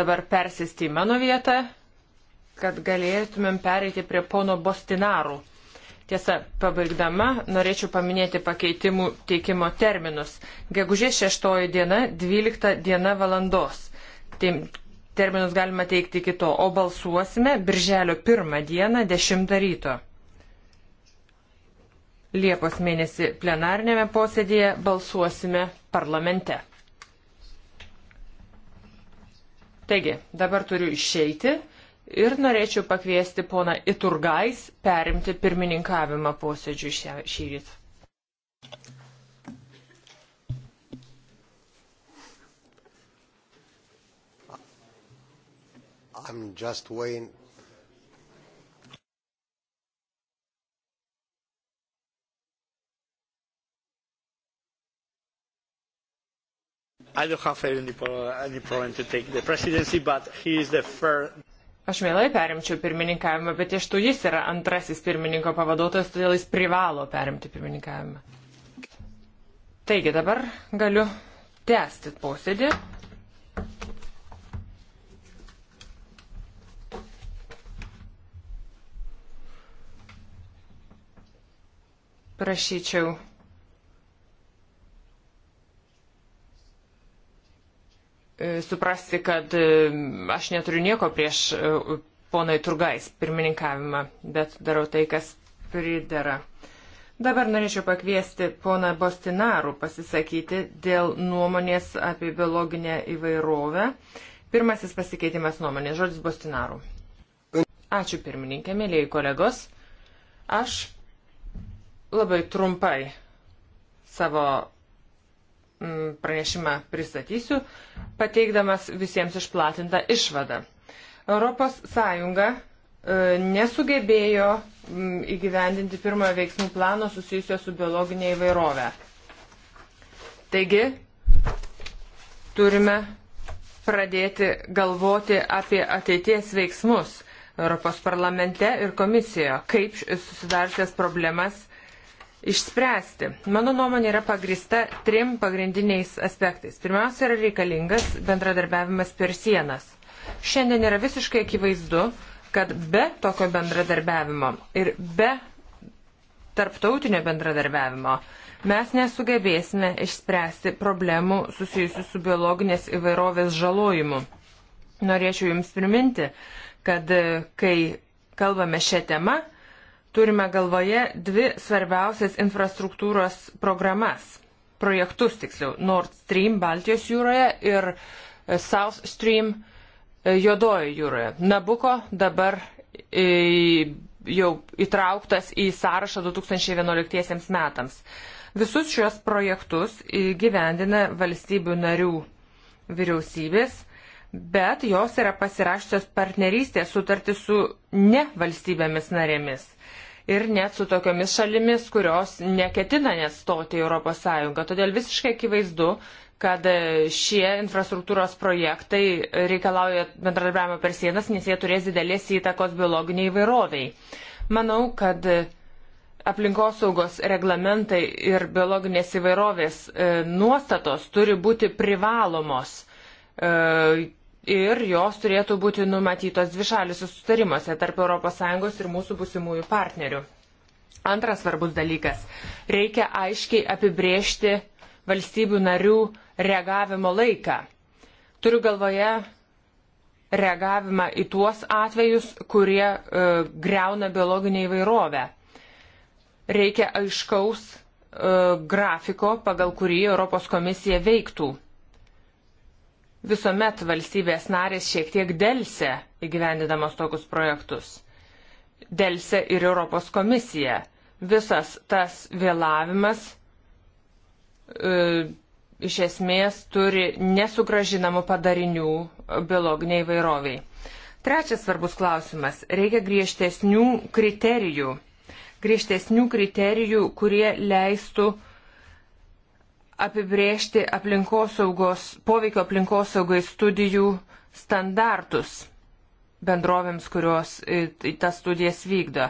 dabar persėsti į mano vietą, kad galėtumėm pereiti prie pono Bostinarų Tiesa, pabaigdama norėčiau paminėti pakeitimų teikimo terminus. Gegužės 6 diena, 12 diena valandos. Terminus galima teikti iki to, o balsuosime birželio 1 dieną, 10 ryto. Liepos mėnesį plenarnėme posėdėje balsuosime parlamente. Taigi, dabar turiu išeiti ir norėčiau pakviesti poną Iturgais perimti pirmininkavimą posėdžiui šį rytą. I'm just waiting i do not have any problem to take the presidency but he is the first Aš mielai perimčiau pirmininkavimą, bet iš tų jis yra antrasis pirmininko pavaduotojas, todėl jis privalo perimti pirmininkavimą. Taigi dabar galiu tęsti posėdį. Prašyčiau E, suprasti, kad e, aš neturiu nieko prieš e, ponai Turgais pirmininkavimą, bet darau tai, kas pridara. Dabar norėčiau pakviesti poną Bostinarų pasisakyti dėl nuomonės apie biologinę įvairovę. Pirmasis pasikeitimas nuomonės, žodis Bostinarų. Ačiū pirmininkė, mėlyjei kolegos. Aš labai trumpai savo Mm, pranešimą pristatysiu, pateikdamas visiems išplatintą išvadą. ES e, nesugebėjo mm, įgyvendinti pirmojo veiksmų plano susijusio su biologinė įvairovė. Taigi, turime pradėti galvoti apie ateities veiksmus Europos parlamente ir komisijoje, kaip susidariusias problemas išspręsti, mano nuomonė yra pagrista trim pagrindiniais aspektais. Pirmiausia, yra reikalingas bendradarbiavimas per sienas. Šiandien yra visiškai akivaizdu, kad be tokio bendradarbiavimo ir be tarptautinio bendradarbiavimo mes nesugebėsime išspręsti problemų susijusių su biologinės įvairovės žalojimu. Norėčiau Jums priminti, kad e, kai kalbame šią temą, turime galvoje dvi svarbiausias infrastruktūros programas - projektus tiksliau - Nord Stream Baltijos jūroje ir e, South Stream e, Jodojo jūroje. Nabuko dabar e, jau įtrauktas į sąrašą 2011 metams. Visus šios projektus gyvendina valstybių narių vyriausybės, bet jos yra pasirašytos partnerystės sutartį su ne valstybėmis narėmis ir net su tokiomis šalimis, kurios neketina net stoti į ES. Todėl visiškai akivaizdu, kad šie infrastruktūros projektai reikalauja bendradarbiavimo per sienas, nes jie turės didelės įtakos biologiniai įvairoviai. Manau, kad aplinkosaugos reglamentai ir biologinės įvairovės e, nuostatos turi būti privalomos e, ir jos turėtų būti numatytos dvišaliuose sustarimuose tarp ES ir mūsų busimųjų partnerių. Antras svarbus dalykas - reikia aiškiai apibriežti valstybių narių reagavimo laiką. Turiu galvoje reagavimą į tuos atvejus, kurie e, greuna biologinę įvairovę. Reikia aiškaus e, grafiko, pagal kurį Europos komisija veiktų visuomet valstybės narės šiek tiek dėlse įgyvendinamos tokius projektus. Dėlse ir Europos komisija. Visas tas vėlavimas e, iš esmės turi nesugražinamų padarinių biologiniai vairoviai. Trečias svarbus klausimas. Reikia griežtesnių kriterijų. Griežtesnių kriterijų, kurie leistų uh, apibrėžti aplinkosaugos, poveikio aplinkosaugai studijų standartus bendrovėms, kurios į tas studijas vykdo.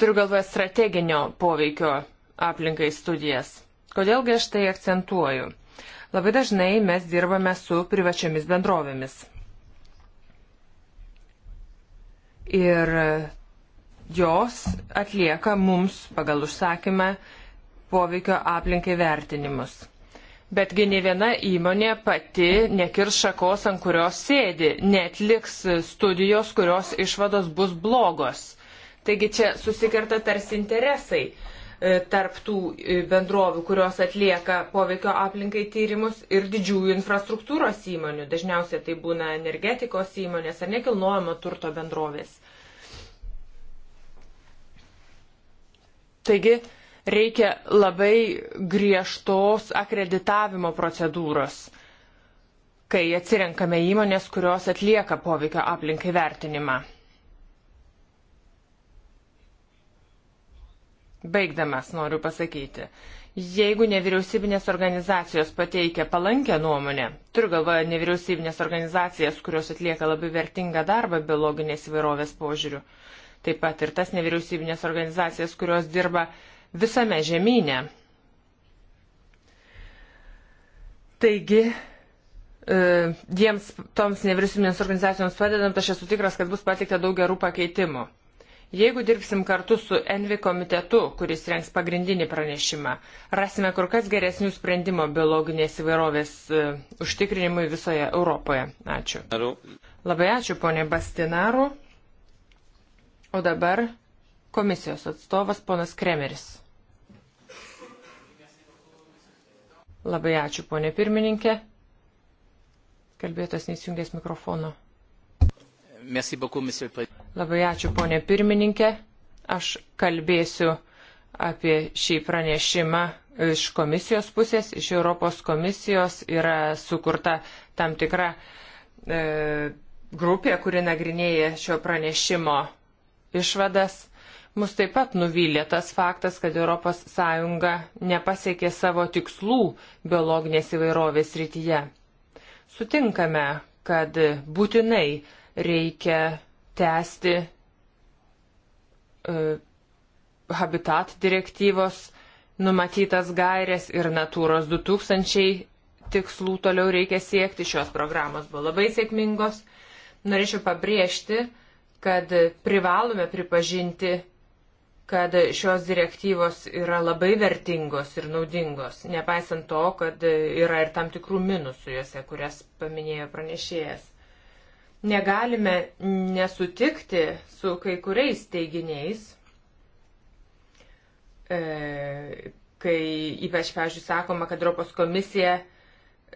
Turiu galvoje strateginio poveikio aplinkai studijas. Kodėlgi aš tai akcentuoju? Labai dažnai mes dirbame su privačiomis bendrovėmis. Ir jos atlieka mums pagal užsakymą poveikio aplinkai vertinimus. Betgi ne viena įmonė pati nekirs šakos, ant kurios sėdi, netliks studijos, kurios išvados bus blogos. Taigi čia susikerta tarsi interesai e, tarp tų e, bendrovių, kurios atlieka poveikio aplinkai tyrimus ir didžiųjų infrastruktūros įmonių. Dažniausiai tai būna energetikos įmonės ar nekilnojamo turto bendrovės. Taigi, reikia labai griežtos akreditavimo procedūros, kai atsirenkame įmonės, kurios atlieka poveikio aplinkai vertinimą. Baigdamas noriu pasakyti, jeigu nevyriausybinės organizacijos pateikia palankę nuomonę, turiu galvoje nevyriausybinės organizacijas, kurios atlieka labai vertingą darbą biologinės įvairovės požiūrių, taip pat ir tas nevyriausybinės organizacijas, kurios dirba uh, visame žemynė. Taigi, jiems, e, toms nevyriausybinėms organizacijoms padedant, aš esu tikras, kad bus patikta daug gerų pakeitimų. Jeigu dirbsim kartu su Envi komitetu, kuris rengs pagrindinį pranešimą, rasime kur kas geresnių sprendimo biologinės įvairovės e, užtikrinimui visoje Europoje. Ačiū. Labai ačiū, ponė Bastinaru. O dabar komisijos atstovas ponas Kremeris. Labai ačiū, ponė pirmininkė. Kalbėtas neįsijungęs mikrofono. Labai ačiū, ponė pirmininkė. Aš kalbėsiu apie šį pranešimą iš komisijos pusės. Iš Europos komisijos yra sukurta tam tikra e, grupė, kuri nagrinėja šio pranešimo išvadas. Mus taip pat nuvylė tas faktas, kad ES nepasiekė savo tikslų biologinės įvairovės rytyje. Sutinkame, kad būtinai reikia tęsti e, Habitat direktyvos numatytas gairės ir Natūros 2000 tikslų toliau reikia siekti. Šios programos buvo labai sėkmingos. Norėčiau pabrėžti, kad privalome pripažinti kad šios direktyvos yra labai vertingos ir naudingos, nepaisant to, kad yra ir tam tikrų minusų juose, kurias paminėjo pranešėjas. Negalime nesutikti su kai kuriais teiginiais, e, kai ypač, pavyzdžiui, sakoma, kad Europos komisija e,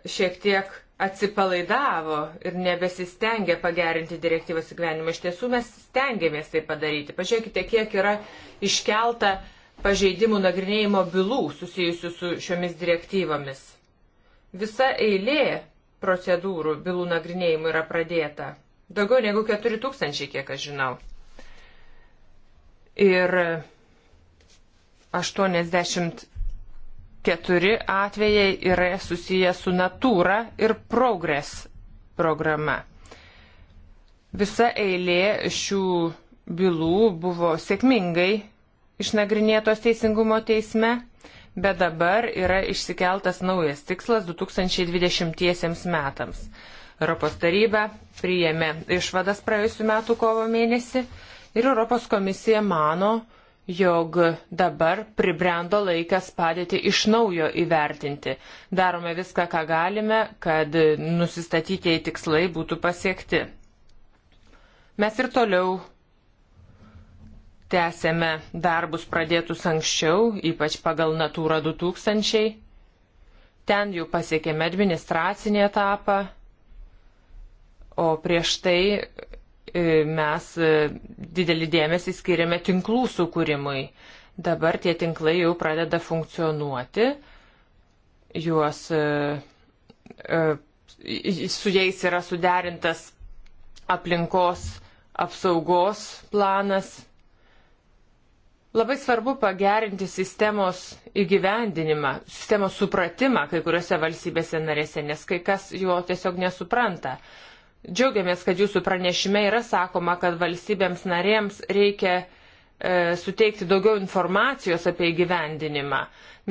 šiek tiek atsipalaidavo ir nebesistengė pagerinti direktyvos įgyvenimą. Iš tiesų mes stengiamės tai padaryti. Pažiūrėkite, kiek yra iškelta pažeidimų nagrinėjimo bylų susijusių su šiomis direktyvomis. Visa eilė procedūrų bylų nagrinėjimų yra pradėta. Daugiau negu 4000, kiek aš žinau. Ir 80 Keturi atvejai yra susiję su Natūra ir Progress programa. Visa eilė šių bylų buvo sėkmingai išnagrinėtos teisingumo teisme, bet dabar yra išsikeltas naujas tikslas 2020 metams. Europos taryba priėmė išvadas praėjusiu metu kovo mėnesį ir Europos komisija mano, jog dabar pribrendo laikas padėti iš naujo įvertinti. Darome viską, ką galime, kad nusistatytieji tikslai būtų pasiekti. Mes ir toliau tęsėme darbus pradėtus anksčiau, ypač pagal Natūra 2000. Ten jau pasiekėme administracinį etapą, o prieš tai E, mes e, didelį dėmesį skiriame tinklų sukūrimui. Dabar tie tinklai jau pradeda funkcionuoti, juos, e, su jais yra suderintas aplinkos apsaugos planas. Labai svarbu pagerinti sistemos įgyvendinimą, sistemos supratimą kai kuriuose valstybėse narėse, nes kai kas jo tiesiog nesupranta. Uh, Džiaugiamės, kad jūsų pranešime yra sakoma, kad valstybėms narėms reikia e, suteikti daugiau informacijos apie įgyvendinimą.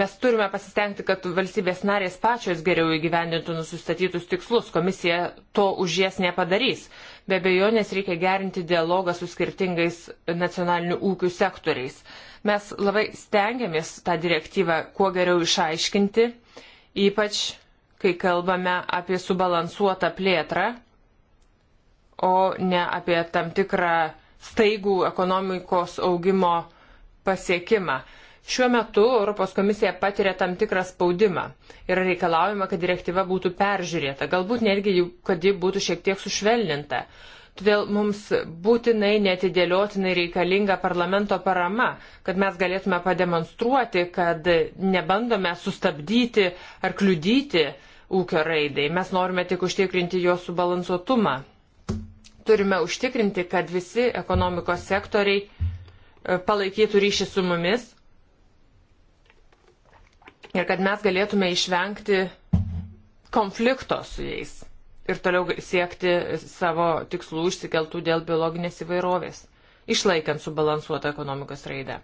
Mes turime pasistengti, kad valstybės narės pačios geriau įgyvendintų nusistatytus tikslus. Komisija to už jas nepadarys. Be abejonės reikia gerinti dialogą su skirtingais nacionalinių ūkių sektoriais. Mes labai stengiamės tą direktyvą kuo geriau išaiškinti, ypač kai kalbame apie subalansuotą plėtrą o ne apie tam tikrą staigų ekonomikos augimo pasiekimą. Šiuo metu Europos komisija patiria tam tikrą spaudimą ir reikalaujama, kad direktyva būtų peržiūrėta, galbūt netgi, kad ji būtų šiek tiek sušvelninta. Todėl mums būtinai netidėliotinai reikalinga parlamento parama, kad mes galėtume pademonstruoti, kad nebandome sustabdyti ar kliudyti ūkio raidai. Mes norime tik užtikrinti jo subalansuotumą turime užtikrinti, kad visi ekonomikos sektoriai e, palaikytų ryšį su mumis ir kad mes galėtume išvengti konflikto su jais ir toliau siekti savo tikslų užsikeltų dėl biologinės įvairovės, išlaikant subalansuotą ekonomikos raidą.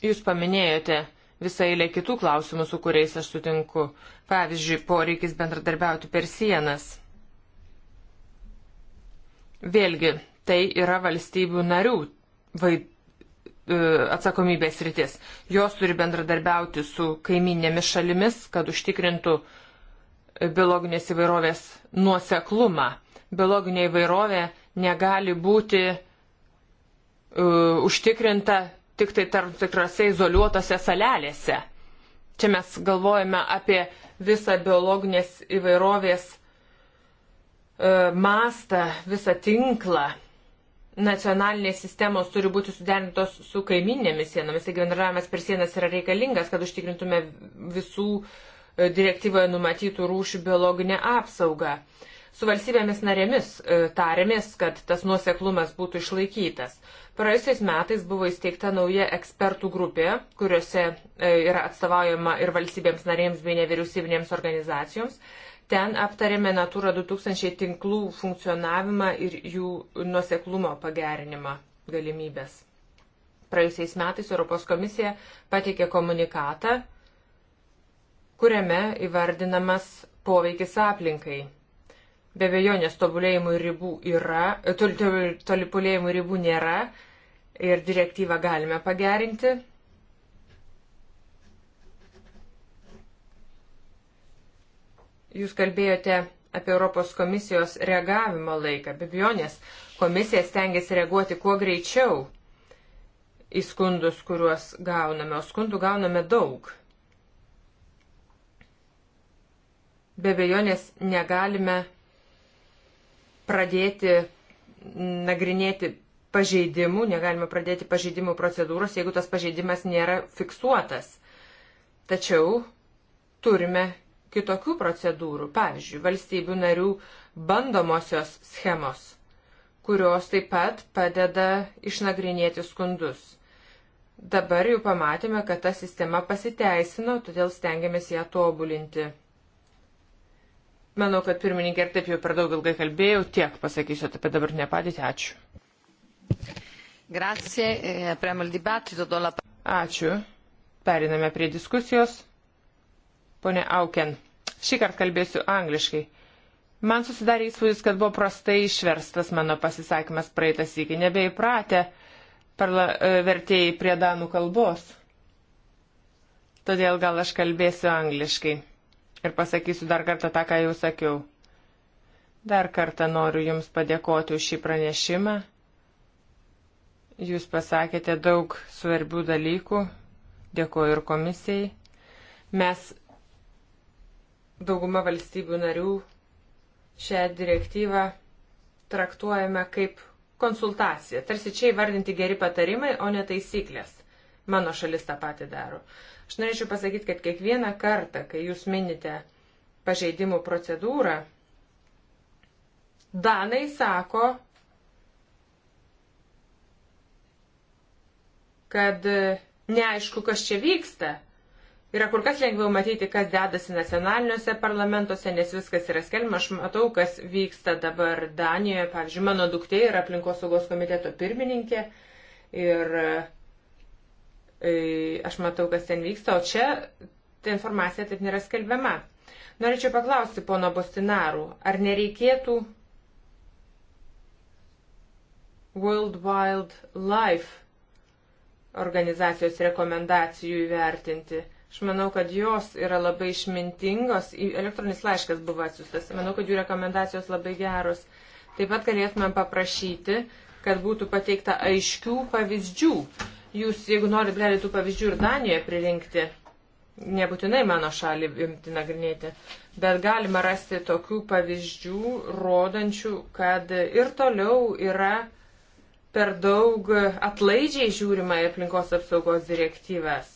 Jūs paminėjote visą eilę kitų klausimų, su kuriais aš sutinku. Pavyzdžiui, poreikis bendradarbiauti per sienas. Vėlgi, tai yra valstybių narių vaid, e, atsakomybės rytis. Jos turi bendradarbiauti su kaiminėmis šalimis, kad užtikrintų biologinės įvairovės nuoseklumą. Biologinė įvairovė negali būti uh, užtikrinta tik tai tam tikrose izoliuotose salelėse. Čia mes galvojame apie visą biologinės įvairovės e, mastą, visą tinklą. Nacionalinės sistemos turi būti suderintos su kaiminėmis sienomis, taigi bendravimas per sienas yra reikalingas, kad užtikrintume visų e, direktyvoje numatytų rūšių biologinę apsaugą. E, Su valstybėmis narėmis e, tarėmės, kad tas nuoseklumas būtų išlaikytas. Praėjusiais metais buvo įsteigta nauja ekspertų grupė, kuriuose e, yra atstovaujama ir valstybėms narėms bei nevyriausybinėms organizacijoms. Ten aptarėme Natura 2000 tinklų funkcionavimą ir jų nuoseklumo pagerinimą galimybės. Praėjusiais metais Europos komisija pateikė komunikatą, kuriame įvardinamas poveikis aplinkai Be abejonės tobulėjimų ribų yra, e, tolipulėjimų ribų nėra ir direktyvą galime pagerinti. Jūs kalbėjote apie Europos komisijos reagavimo laiką. Be abejonės, komisija stengiasi reaguoti kuo greičiau į skundus, kuriuos gauname, o skundų gauname daug. Be abejonės, negalime pradėti nagrinėti pažeidimų, negalime pradėti pažeidimų procedūros, jeigu tas pažeidimas nėra fiksuotas. Tačiau turime kitokių procedūrų, pavyzdžiui, valstybių narių bandomosios schemos, kurios taip pat padeda išnagrinėti skundus. Dabar jau pamatėme, kad ta sistema pasiteisino, todėl stengiamės ją tobulinti. Manau, kad pirmininkė ir taip jau per daug ilgai kalbėjau, tiek pasakysiu apie dabartinę padėtį. Ačiū. Grazie, eh, apriamo il dibattito, do la... Ačiū. Periname prie diskusijos. Pone Auken, šį kartą kalbėsiu angliškai. Man susidarė įspūdis, kad buvo prastai išverstas mano pasisakymas praeitas iki nebeįpratę parla, e, vertėjai prie danų kalbos. Todėl gal aš kalbėsiu angliškai. Ir pasakysiu dar kartą tą, ką jau sakiau. Dar kartą noriu Jums padėkoti už šį pranešimą. Jūs pasakėte daug svarbių dalykų. Dėkoju ir komisijai. Mes dauguma valstybių narių šią direktyvą traktuojame kaip konsultaciją. Tarsi čia įvardinti geri patarimai, o ne taisyklės. Mano šalis tą patį daro. Aš norėčiau pasakyti, kad kiekvieną kartą, kai jūs minite pažeidimų procedūrą, Danai sako, kad e, neaišku, kas čia vyksta. Yra kur kas lengviau matyti, kas dedasi nacionaliniuose parlamentuose, nes viskas yra skelbiama. Aš matau, kas vyksta dabar Danijoje. Pavyzdžiui, mano duktė yra aplinkosaugos komiteto pirmininkė ir uh, E, aš matau, kas ten vyksta, o čia ta informacija taip nėra skelbiama. Norėčiau paklausti pono Bostinarų, ar nereikėtų World Wild Life organizacijos rekomendacijų įvertinti. Aš manau, kad jos yra labai išmintingos. Elektroninis laiškas buvo atsiustas. Manau, kad jų rekomendacijos labai geros. Taip pat galėtumėm paprašyti, kad būtų pateikta aiškių pavyzdžių Jūs, jeigu norit, galite tų pavyzdžių ir Danijoje pririnkti. Nebūtinai mano šalį imti nagrinėti, bet galima rasti tokių pavyzdžių, rodančių, kad ir toliau yra per daug atlaidžiai žiūrima į aplinkos apsaugos direktyvas.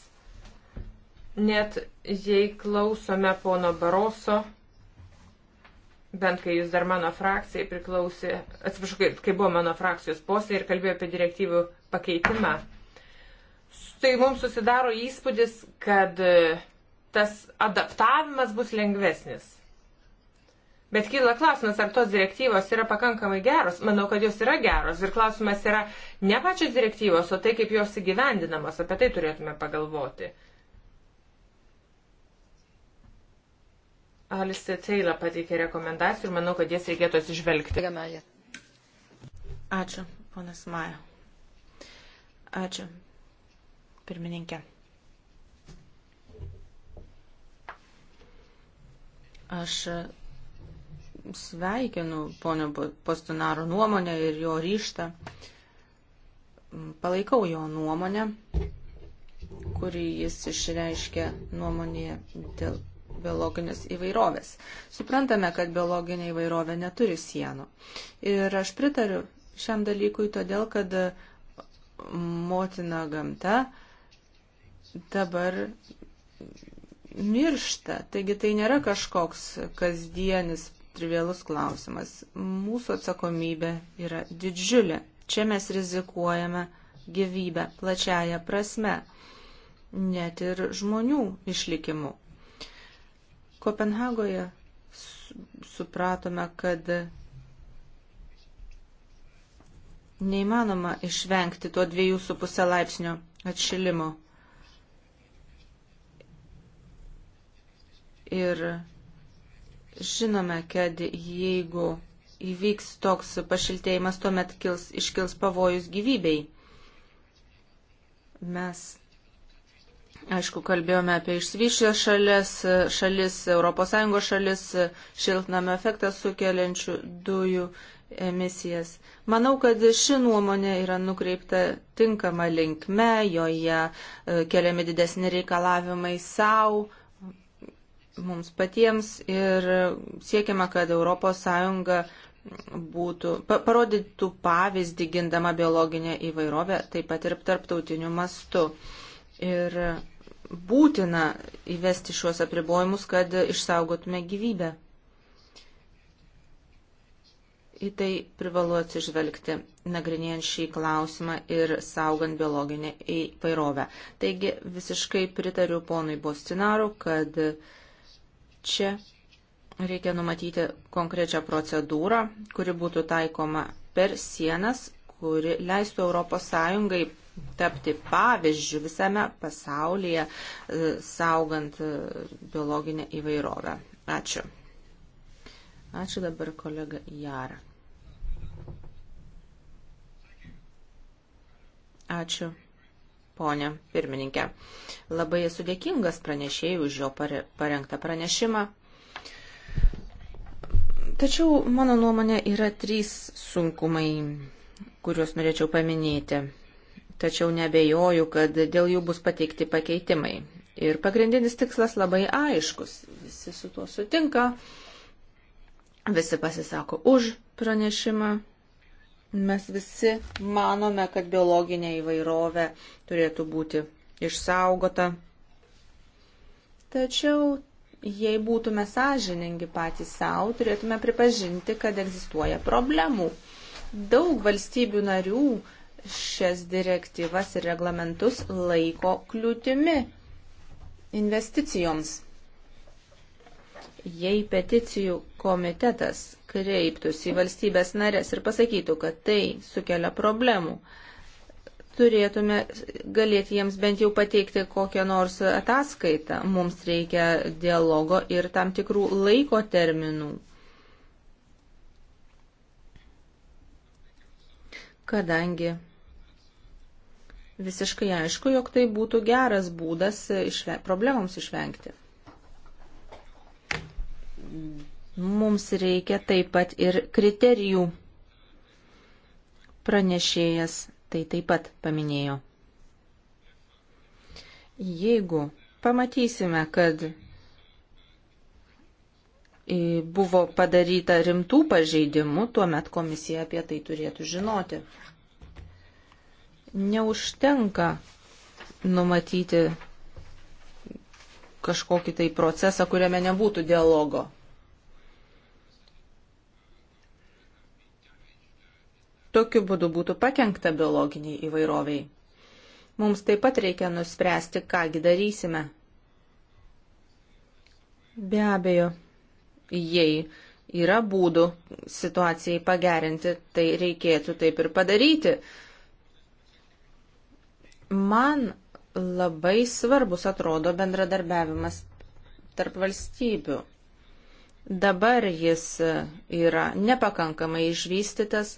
Net jei klausome pono Baroso, bent kai jis dar mano frakcijai priklausė, atsiprašau, kai, kai buvo mano frakcijos posėdė ir kalbėjo apie direktyvų pakeitimą tai mums susidaro įspūdis, kad e, tas adaptavimas bus lengvesnis. Bet kyla klausimas, ar tos direktyvos yra pakankamai geros. Manau, kad jos yra geros. Ir klausimas yra ne pačios direktyvos, o tai, kaip jos įgyvendinamos. Apie tai turėtume pagalvoti. Alice Taylor pateikė rekomendacijų ir manau, kad jas reikėtų atsižvelgti. Ačiū, ponas Maja. Ačiū, pirmininkė. Aš sveikinu ponio Postinaro nuomonę ir jo ryštą. Palaikau jo nuomonę, kurį jis išreiškia nuomonėje dėl biologinės įvairovės. Suprantame, kad biologinė įvairovė neturi sienų. Ir aš pritariu šiam dalykui todėl, kad motina gamta dabar miršta. Taigi tai nėra kažkoks kasdienis trivialus klausimas. Mūsų atsakomybė yra didžiulė. Čia mes rizikuojame gyvybę plačiaja prasme, net ir žmonių išlikimu. Kopenhagoje supratome, kad neįmanoma išvengti to 2,5 laipsnio atšilimo Ir žinome, kad jeigu įvyks toks pašiltėjimas, tuomet kils, iškils pavojus gyvybei. Mes, aišku, kalbėjome apie išsivyšęs šalis, šalis, ES šalis, šiltnamio efektą sukeliančių dujų emisijas. Manau, kad ši nuomonė yra nukreipta tinkama linkme, joje e, keliami didesni reikalavimai savo mums patiems ir siekiama, kad ES būtų, pa, parodytų pavyzdį gindama biologinę įvairovę, taip pat ir tarptautiniu mastu. Ir būtina įvesti šiuos apribojimus, kad išsaugotume gyvybę. Į tai privalu atsižvelgti, nagrinėjant šį klausimą ir saugant biologinę įvairovę. Taigi visiškai pritariu ponui Bostinaru, kad uh, Čia reikia numatyti konkrečią procedūrą, kuri būtų taikoma per sienas, kuri leistų ES tapti pavyzdžių visame pasaulyje, e, saugant e, biologinę įvairovę. Ačiū. Ačiū dabar kolega Jara. Ačiū, ponė pirmininkė. Labai esu dėkingas pranešėjai už jo parengtą pranešimą. Tačiau, mano nuomonė, yra trys sunkumai, kuriuos norėčiau paminėti. Tačiau nebejoju, kad dėl jų bus pateikti pakeitimai. Ir pagrindinis tikslas labai aiškus. Visi su tuo sutinka, visi pasisako už pranešimą, Mes visi manome, kad biologinė įvairovė turėtų būti išsaugota. Tačiau, jei būtume sąžiningi patys savo, turėtume pripažinti, kad egzistuoja problemų. Daug valstybių narių šias direktyvas ir reglamentus laiko kliūtimi investicijoms. Jei peticijų komitetas kreiptųsi į valstybės narės ir pasakytų, kad tai sukelia problemų, turėtume galėti jiems bent jau pateikti kokią nors ataskaitą. Mums reikia dialogo ir tam tikrų laiko terminų. Kadangi visiškai aišku, jog tai būtų geras būdas išve problemams išvengti. Mums reikia taip pat ir kriterijų. Pranešėjas tai taip pat paminėjo. Jeigu pamatysime, kad buvo padaryta rimtų pažeidimų, tuomet komisija apie tai turėtų žinoti. Neužtenka numatyti kažkokį tai procesą, kuriame nebūtų dialogo. Tokiu būdu būtų pakengta biologiniai įvairoviai. Mums taip pat reikia nuspręsti, kągi darysime. Be abejo, jei yra būdų situacijai pagerinti, tai reikėtų taip ir padaryti. Man labai svarbus atrodo bendradarbiavimas tarp valstybių. Dabar jis yra nepakankamai išvystytas,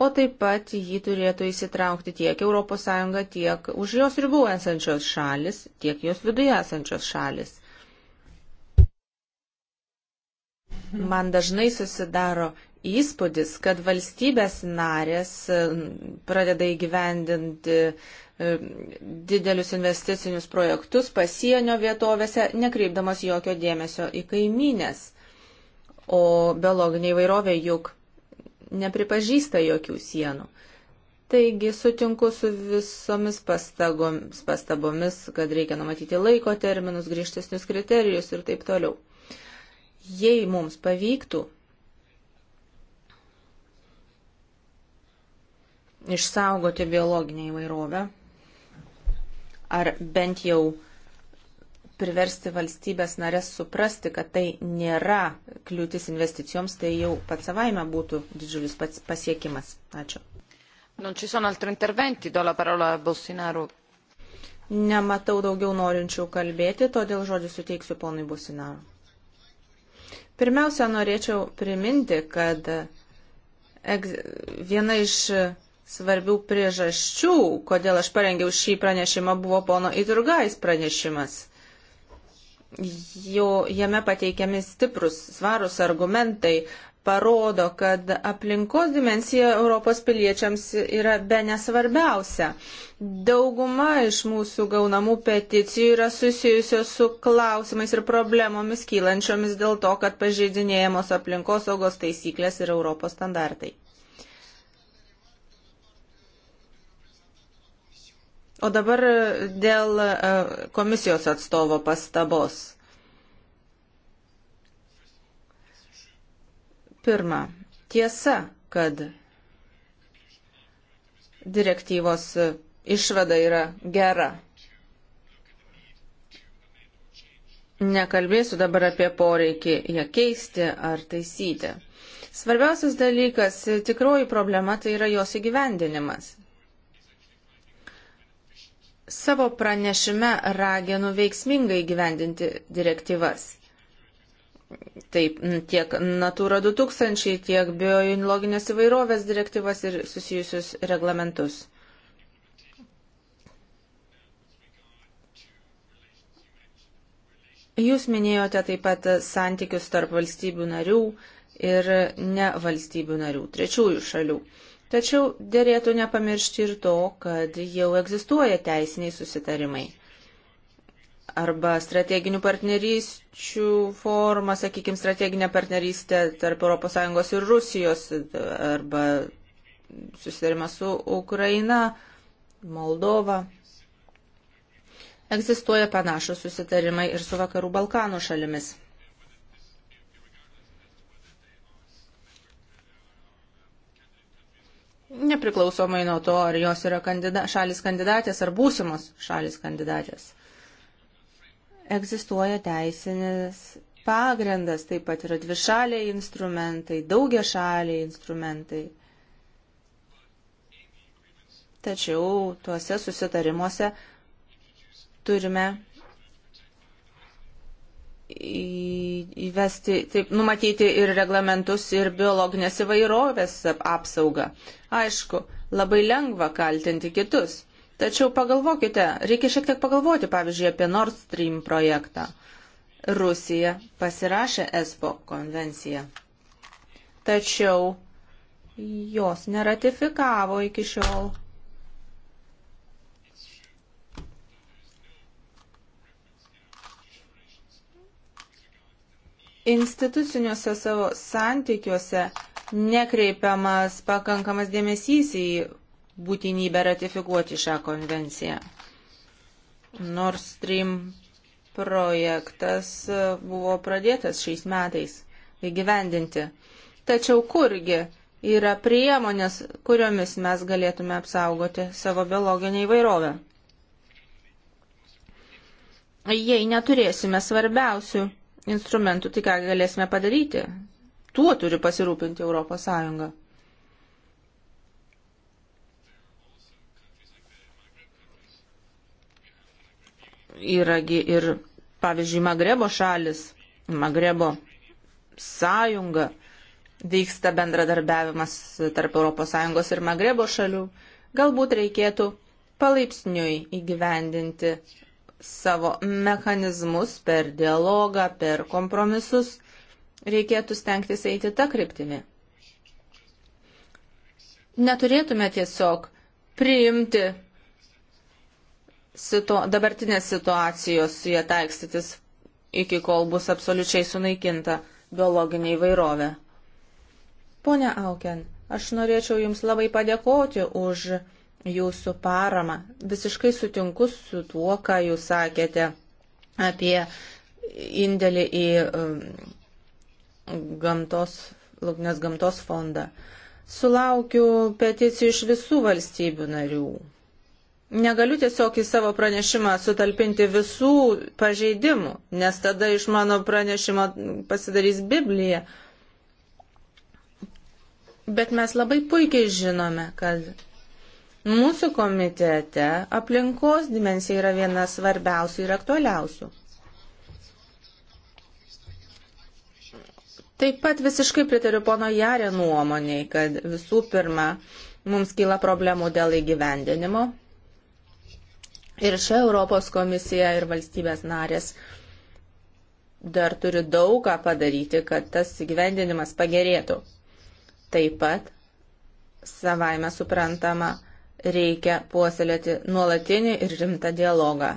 o taip pat jį turėtų įsitraukti tiek ES, tiek už jos ribų esančios šalis, tiek jos viduje esančios šalis. Man dažnai susidaro įspūdis, kad valstybės narės pradeda įgyvendinti e, didelius investicinius projektus pasienio vietovėse, nekreipdamas jokio dėmesio į kaimynės. O biologinė įvairovė juk nepripažįsta jokių sienų. Taigi sutinku su visomis pastagomis, pastabomis, kad reikia numatyti laiko terminus, grįžtesnius kriterijus ir taip toliau. Jei mums pavyktų išsaugoti biologinę įvairovę, ar bent jau priversti valstybės narės suprasti, kad tai nėra kliūtis investicijoms, tai jau pats savaime būtų didžiulis pasiekimas. Ačiū. Non ci sono altri interventi, do la parola a Bossinaro. Nematau daugiau norinčių kalbėti, todėl žodį suteiksiu ponui Bosinaru. Pirmiausia, norėčiau priminti, kad viena iš svarbių priežasčių, kodėl aš parengiau šį pranešimą, buvo pono Iturgais pranešimas jo, jame pateikiami stiprus, svarus argumentai parodo, kad aplinkos dimensija Europos piliečiams yra be nesvarbiausia. Dauguma iš mūsų gaunamų peticijų yra susijusios su klausimais ir problemomis kylančiomis dėl to, kad pažeidinėjamos aplinkosaugos taisyklės ir Europos standartai. O dabar e, dėl e, komisijos atstovo pastabos. Pirma, tiesa, kad direktyvos išvada yra gera. Nekalbėsiu dabar apie poreikį ją keisti ar taisyti. Svarbiausias dalykas, e, tikroji problema tai yra jos įgyvendinimas. Savo pranešime raginu veiksmingai gyvendinti direktyvas. Taip, tiek Natura 2000, tiek bioinloginės įvairovės direktyvas ir susijusius reglamentus. Jūs minėjote taip pat santykius tarp valstybių narių ir ne valstybių narių, trečiųjų šalių. Tačiau dėlėtų nepamiršti ir to, kad jau egzistuoja teisiniai susitarimai arba strateginių partnerysčių forma, sakykime, strateginė partnerystė tarp ES ir Rusijos arba susitarimas su Ukraina, Moldova. Egzistuoja panašus susitarimai ir su Vakarų Balkanų šalimis. nepriklausomai nuo to, ar jos yra kandida šalis kandidatės ar būsimos šalis kandidatės. Egzistuoja teisinis pagrindas, taip pat yra dvišaliai instrumentai, daugia šaliai instrumentai. Tačiau tuose susitarimuose turime įvesti, taip, numatyti ir reglamentus, ir biologinės įvairovės apsaugą. Aišku, labai lengva kaltinti kitus. Tačiau pagalvokite, reikia šiek tiek pagalvoti, pavyzdžiui, apie Nord Stream projektą. Rusija pasirašė ESPO konvenciją. Tačiau jos neratifikavo iki šiol. instituciniuose savo santykiuose nekreipiamas pakankamas dėmesys į būtinybę ratifikuoti šią konvenciją. Nord Stream projektas buvo pradėtas šiais metais įgyvendinti. Tačiau kurgi yra priemonės, kuriomis mes galėtume apsaugoti savo biologinę įvairovę? Jei neturėsime svarbiausių instrumentų, tai ką galėsime padaryti? Tuo turi pasirūpinti Europos Sąjunga. Yragi ir, pavyzdžiui, Magrebo šalis, Magrebo sąjunga, vyksta bendradarbiavimas tarp ES ir Magrebo šalių. Galbūt reikėtų palaipsniui įgyvendinti savo mechanizmus per dialogą, per kompromisus, reikėtų stengtis eiti tą kryptimį. Neturėtume tiesiog priimti situ dabartinės situacijos su jie taikstytis, iki kol bus absoliučiai sunaikinta biologinė įvairovė. Pone Auken, aš norėčiau Jums labai padėkoti už jūsų paramą. Visiškai sutinku su tuo, ką jūs sakėte apie indėlį į um, gamtos, laukinės gamtos fondą. Sulaukiu peticijų iš visų valstybių narių. Negaliu tiesiog į savo pranešimą sutalpinti visų pažeidimų, nes tada iš mano pranešimo pasidarys Biblija. Bet mes labai puikiai žinome, kad Mūsų komitete aplinkos dimensija yra viena svarbiausių ir aktualiausių. Taip pat visiškai pritariu pono Jarė nuomoniai, kad visų pirma, mums kyla problemų dėl įgyvendinimo. Ir čia Europos komisija ir valstybės narės dar turi daug ką padaryti, kad tas įgyvendinimas pagerėtų. Taip pat, savaime suprantama, reikia puoselėti nuolatinį ir rimtą dialogą.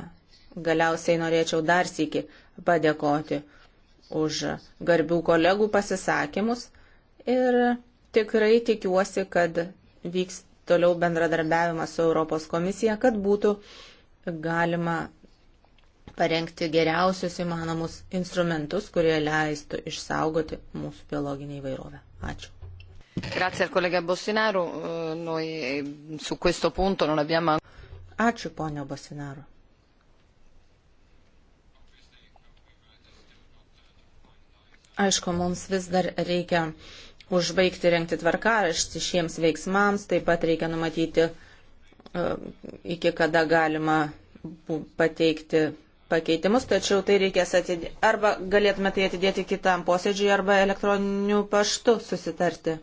Galiausiai norėčiau dar sėki padėkoti už garbių kolegų pasisakymus ir tikrai tikiuosi, kad vyks toliau bendradarbiavimas su Europos komisija, kad būtų galima parengti geriausius įmanomus instrumentus, kurie leistų išsaugoti mūsų biologinį įvairovę. Ačiū. Grazie al collega Bossinaro, eh, noi eh, su questo punto non abbiamo Ačiū, ponio Bosinaru. Aišku, mums vis dar reikia užbaigti rengti tvarkaraštį šiems veiksmams, taip pat reikia numatyti, eh, iki kada galima pateikti pakeitimus, tačiau tai reikės atidėti. Arba galėtume tai atidėti kitam posėdžiui, arba elektroniniu paštu susitarti.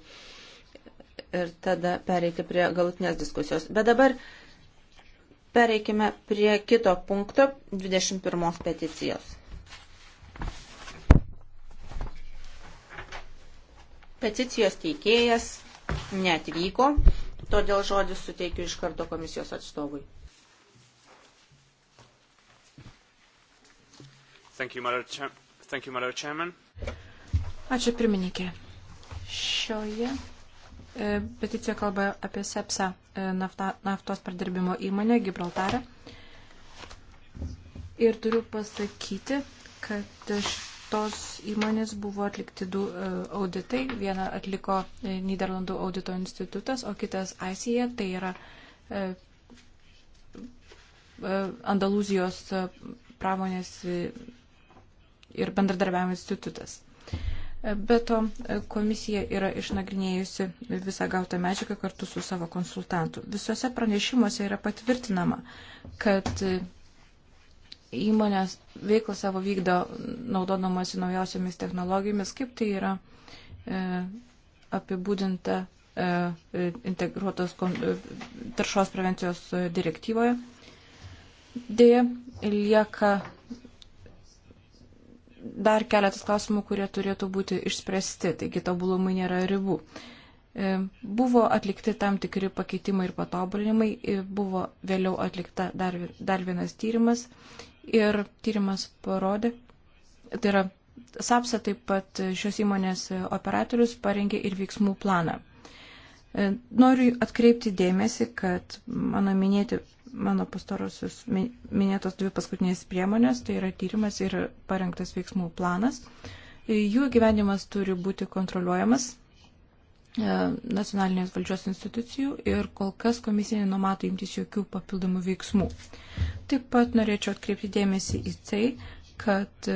Ir tada pereiti prie galutinės diskusijos. Bet dabar pereikime prie kito punkto 21 peticijos. Peticijos teikėjas neatvyko, todėl žodis suteikiu iš karto komisijos atstovui. Thank you, Madam, Chair Thank you, Madam Chairman. Ačiū pirmininkė. Šioje e, peticija kalba apie sepsą e, nafta, naftos perdirbimo įmonę Gibraltarą. Ir turiu pasakyti, kad tos įmonės buvo atlikti du e, auditai. Vieną atliko Niderlandų audito institutas, o kitas ICE, tai yra Andalūzijos pramonės ir bendradarbiavimo institutas. Be to, komisija yra išnagrinėjusi visą gautą medžiagą kartu su savo konsultantu. Visose pranešimuose yra patvirtinama, kad įmonės veiklą savo vykdo naudodamasi naujausiamis technologijomis, kaip tai yra e, apibūdinta e, integruotos kon, e, taršos prevencijos direktyvoje. Dėja, lieka dar keletas klausimų, kurie turėtų būti išspręsti, taigi tobulumai nėra ribų. E, buvo atlikti tam tikri pakeitimai ir patobulinimai, e, buvo vėliau atlikta dar, dar vienas tyrimas ir tyrimas parodė, tai yra SAPSA taip pat šios įmonės operatorius parengė ir veiksmų planą. E, noriu atkreipti dėmesį, kad mano minėti mano pastarosius minėtos dvi paskutinės priemonės, tai yra tyrimas ir parengtas veiksmų planas. Jų gyvenimas turi būti kontroliuojamas e, nacionalinės valdžios institucijų ir kol kas komisija nenumato imtis jokių papildomų veiksmų. Taip pat norėčiau atkreipti dėmesį į tai, kad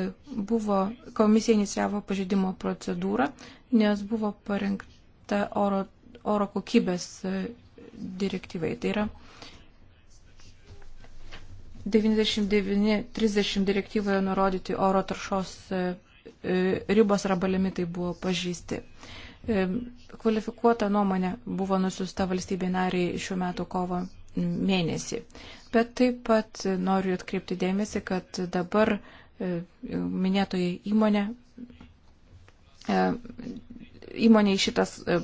buvo, komisija inicijavo pažeidimo procedūrą, nes buvo parengta oro, oro kokybės e, direktyvai. Tai yra 99.30 direktyvoje nurodyti oro taršos e, e, ribos arba limitai buvo pažįsti. E, kvalifikuota nuomonė buvo nusiusta valstybė nariai šiuo metu kovo mėnesį. Bet taip pat noriu atkreipti dėmesį, kad dabar minėtoji įmonė įmoniai šitas e,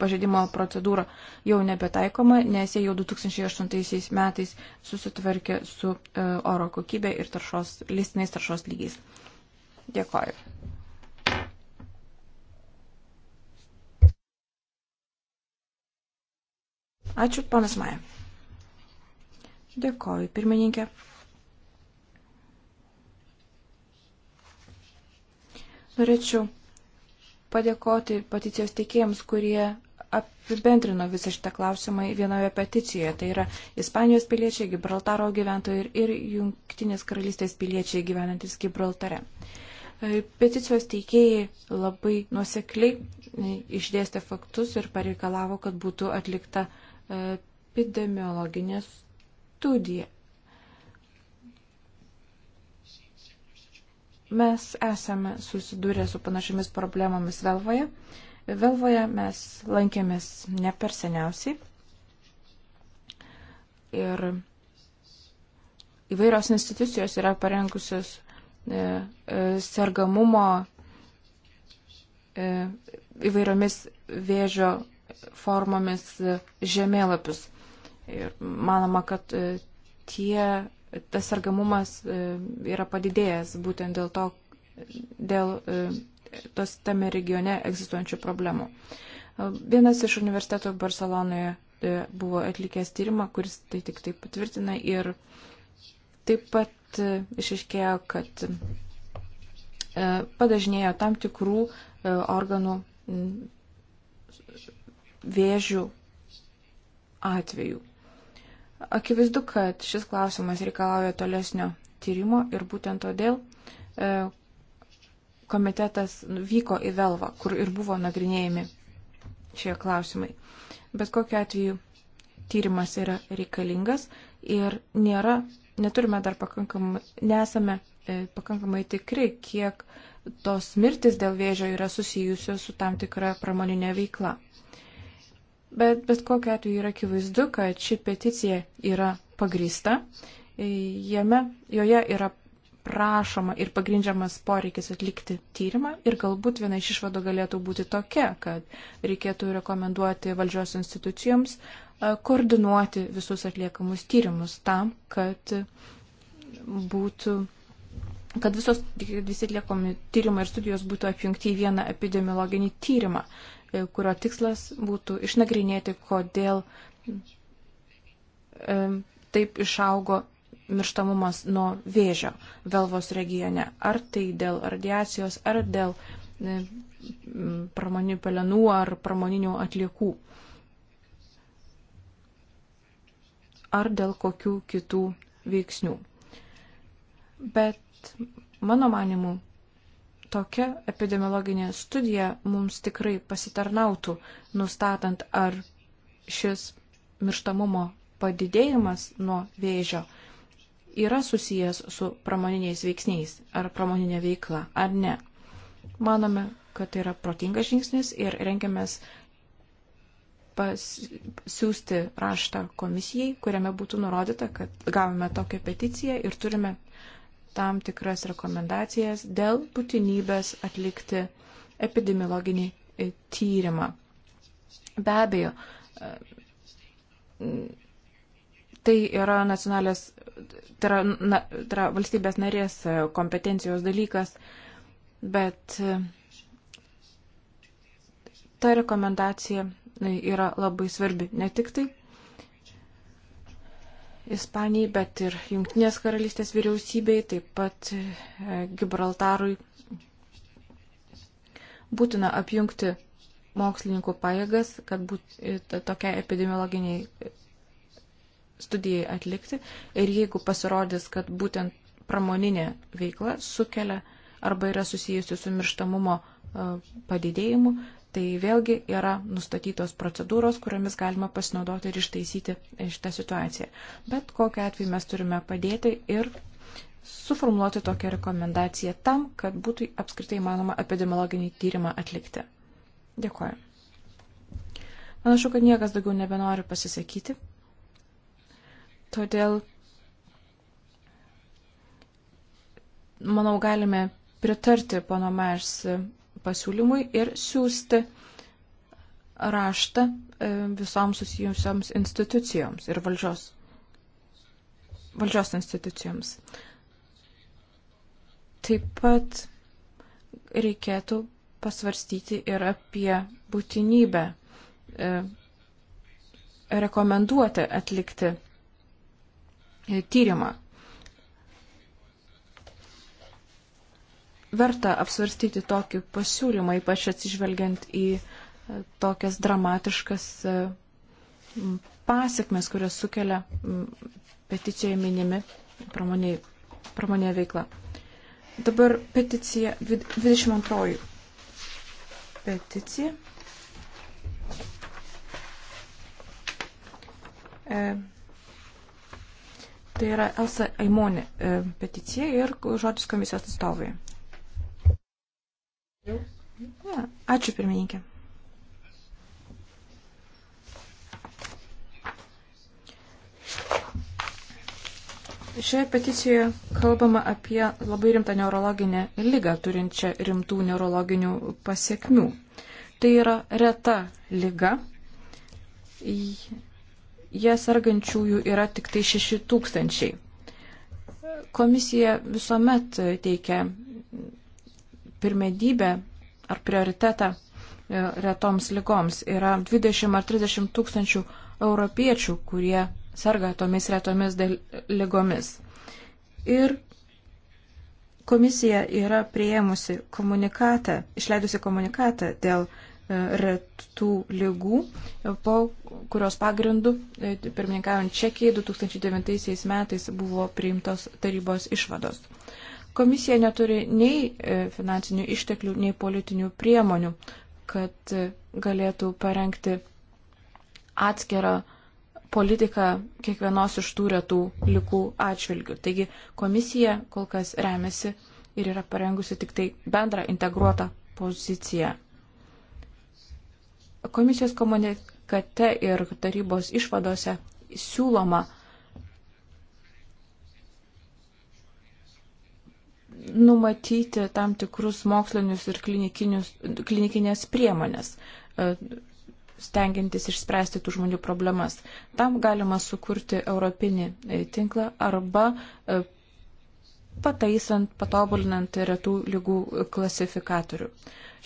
pažeidimo procedūra jau nebetaikoma, nes jie jau 2008 metais susitvarkė su e, oro kokybė ir taršos, listiniais taršos lygiais. Dėkoju. Ačiū, panas Maja. Dėkoju, pirmininkė. Norėčiau padėkoti peticijos teikėjams, kurie apibendrino visą šitą klausimą vienoje peticijoje. Tai yra Ispanijos piliečiai, Gibraltaro gyventojai ir, ir Junktinės karalystės piliečiai gyvenantis Gibraltare. E, peticijos teikėjai labai nuosekliai e, išdėstė faktus ir pareikalavo, kad būtų atlikta e, epidemiologinė studija. Mes esame susidūrę su panašiamis problemomis Velvoje. Velvoje mes lankėmės ne per seniausiai. Ir įvairios institucijos yra parengusios e, e, sergamumo e, įvairiomis vėžio formomis žemėlapius. Ir manoma, kad tie tas sargamumas e, yra padidėjęs būtent dėl to, dėl e, tos tame regione egzistuojančių problemų. E, vienas iš universitetų Barcelonoje buvo atlikęs tyrimą, kuris tai tik taip patvirtina ir taip pat išiškėjo, kad padažnėjo tam tikrų organų vėžių atvejų. Akivaizdu, kad šis klausimas reikalauja tolesnio tyrimo ir būtent todėl e, komitetas vyko į Velvą, kur ir buvo nagrinėjami šie klausimai. Bet kokiu atveju tyrimas yra reikalingas ir nėra, neturime dar pakankamai, nesame e, pakankamai tikri, kiek tos mirtis dėl vėžio yra susijusios su tam tikra pramoninė veikla. Bet bet kokiu atveju yra akivaizdu, kad ši peticija yra pagrįsta. E, jame, joje yra prašoma ir pagrindžiamas poreikis atlikti tyrimą ir galbūt viena iš išvadų galėtų būti tokia, kad reikėtų rekomenduoti valdžios institucijoms e, koordinuoti visus atliekamus tyrimus tam, kad būtų kad visos, visi atliekami tyrimai ir studijos būtų apjungti į vieną epidemiologinį tyrimą kurio tikslas būtų išnagrinėti, kodėl e, taip išaugo mirštamumas nuo vėžio Velvos regione. Ar tai dėl radiacijos, ar dėl e, pramoninių pelenų ar pramoninių atliekų. Ar dėl kokių kitų veiksnių. Bet mano manimu, Tokia epidemiologinė studija mums tikrai pasitarnautų, nustatant, ar šis mirštamumo padidėjimas nuo vėžio yra susijęs su pramoniniais veiksniais ar pramoninė veikla ar ne. Manome, kad tai yra protingas žingsnis ir rengiamės pasiūsti raštą komisijai, kuriame būtų nurodyta, kad gavome tokią peticiją ir turime tam tikras rekomendacijas dėl būtinybės atlikti epidemiologinį e, tyrimą. Be abejo, e, tai yra nacionalės, tai yra, na, tai yra valstybės narės e, kompetencijos dalykas, bet ta rekomendacija yra labai svarbi ne tik tai Ispanijai, bet ir Junktinės karalystės vyriausybei, taip pat e, Gibraltarui. Būtina apjungti mokslininkų pajėgas, kad būtų e, tokia epidemiologiniai e, studijai atlikti. Ir jeigu pasirodys, kad būtent pramoninė veikla sukelia arba yra susijusi su mirštamumo padidėjimu, Tai vėlgi yra nustatytos procedūros, kuriomis galima pasinaudoti ir ištaisyti šitą situaciją. Bet kokiu atveju mes turime padėti ir suformuoluoti tokią rekomendaciją tam, kad būtų apskritai manoma epidemiologinį tyrimą atlikti. Dėkuoju. Panašu, kad niekas daugiau nebenori pasisakyti. Todėl, manau, galime pritarti pono Mers pasiūlymui ir siūsti raštą e, visoms susijusioms institucijoms ir valdžios, valdžios institucijoms. Taip pat reikėtų pasvarstyti ir apie būtinybę e, rekomenduoti atlikti tyrimą verta apsvarstyti tokį pasiūlymą, ypač atsižvelgiant į e, tokias dramatiškas e, pasiekmes, kurias sukelia peticijoje minimi pramonėje veikla. Dabar peticija 22. Peticija. E, tai yra Elsa Aimonė e, peticija ir žodis komisijos atstovai. Ačiū pirmininkė. Šioje peticijoje kalbama apie labai rimtą neurologinę lygą, turinčią rimtų neurologinių pasiekmių. Tai yra reta lyga. Jie sargančiųjų yra tik tai 6 tūkstančiai. Komisija visuomet teikia pirmedybę ar prioritetą e, retoms lygoms. Yra 20 ar 30 tūkstančių europiečių, kurie serga tomis retomis lygomis. Ir komisija yra prieimusi komunikatą, išleidusi komunikatą dėl e, retų lygų, e, po kurios pagrindų, pirmininkaujant Čekijai, 2009 metais buvo priimtos tarybos išvados. Komisija neturi nei e, finansinių išteklių, nei politinių priemonių, kad e, galėtų parengti atskirą politiką kiekvienos iš tų retų likų atšvilgių. Taigi komisija kol kas remiasi ir yra parengusi tik tai bendrą integruotą poziciją. Komisijos komunikate ir tarybos išvadose siūloma numatyti tam tikrus mokslinius ir klinikinės priemonės, e, stengiantis išspręsti tų žmonių problemas. Tam galima sukurti europinį e, tinklą arba e, pataisant, patobulinant retų lygų klasifikatorių.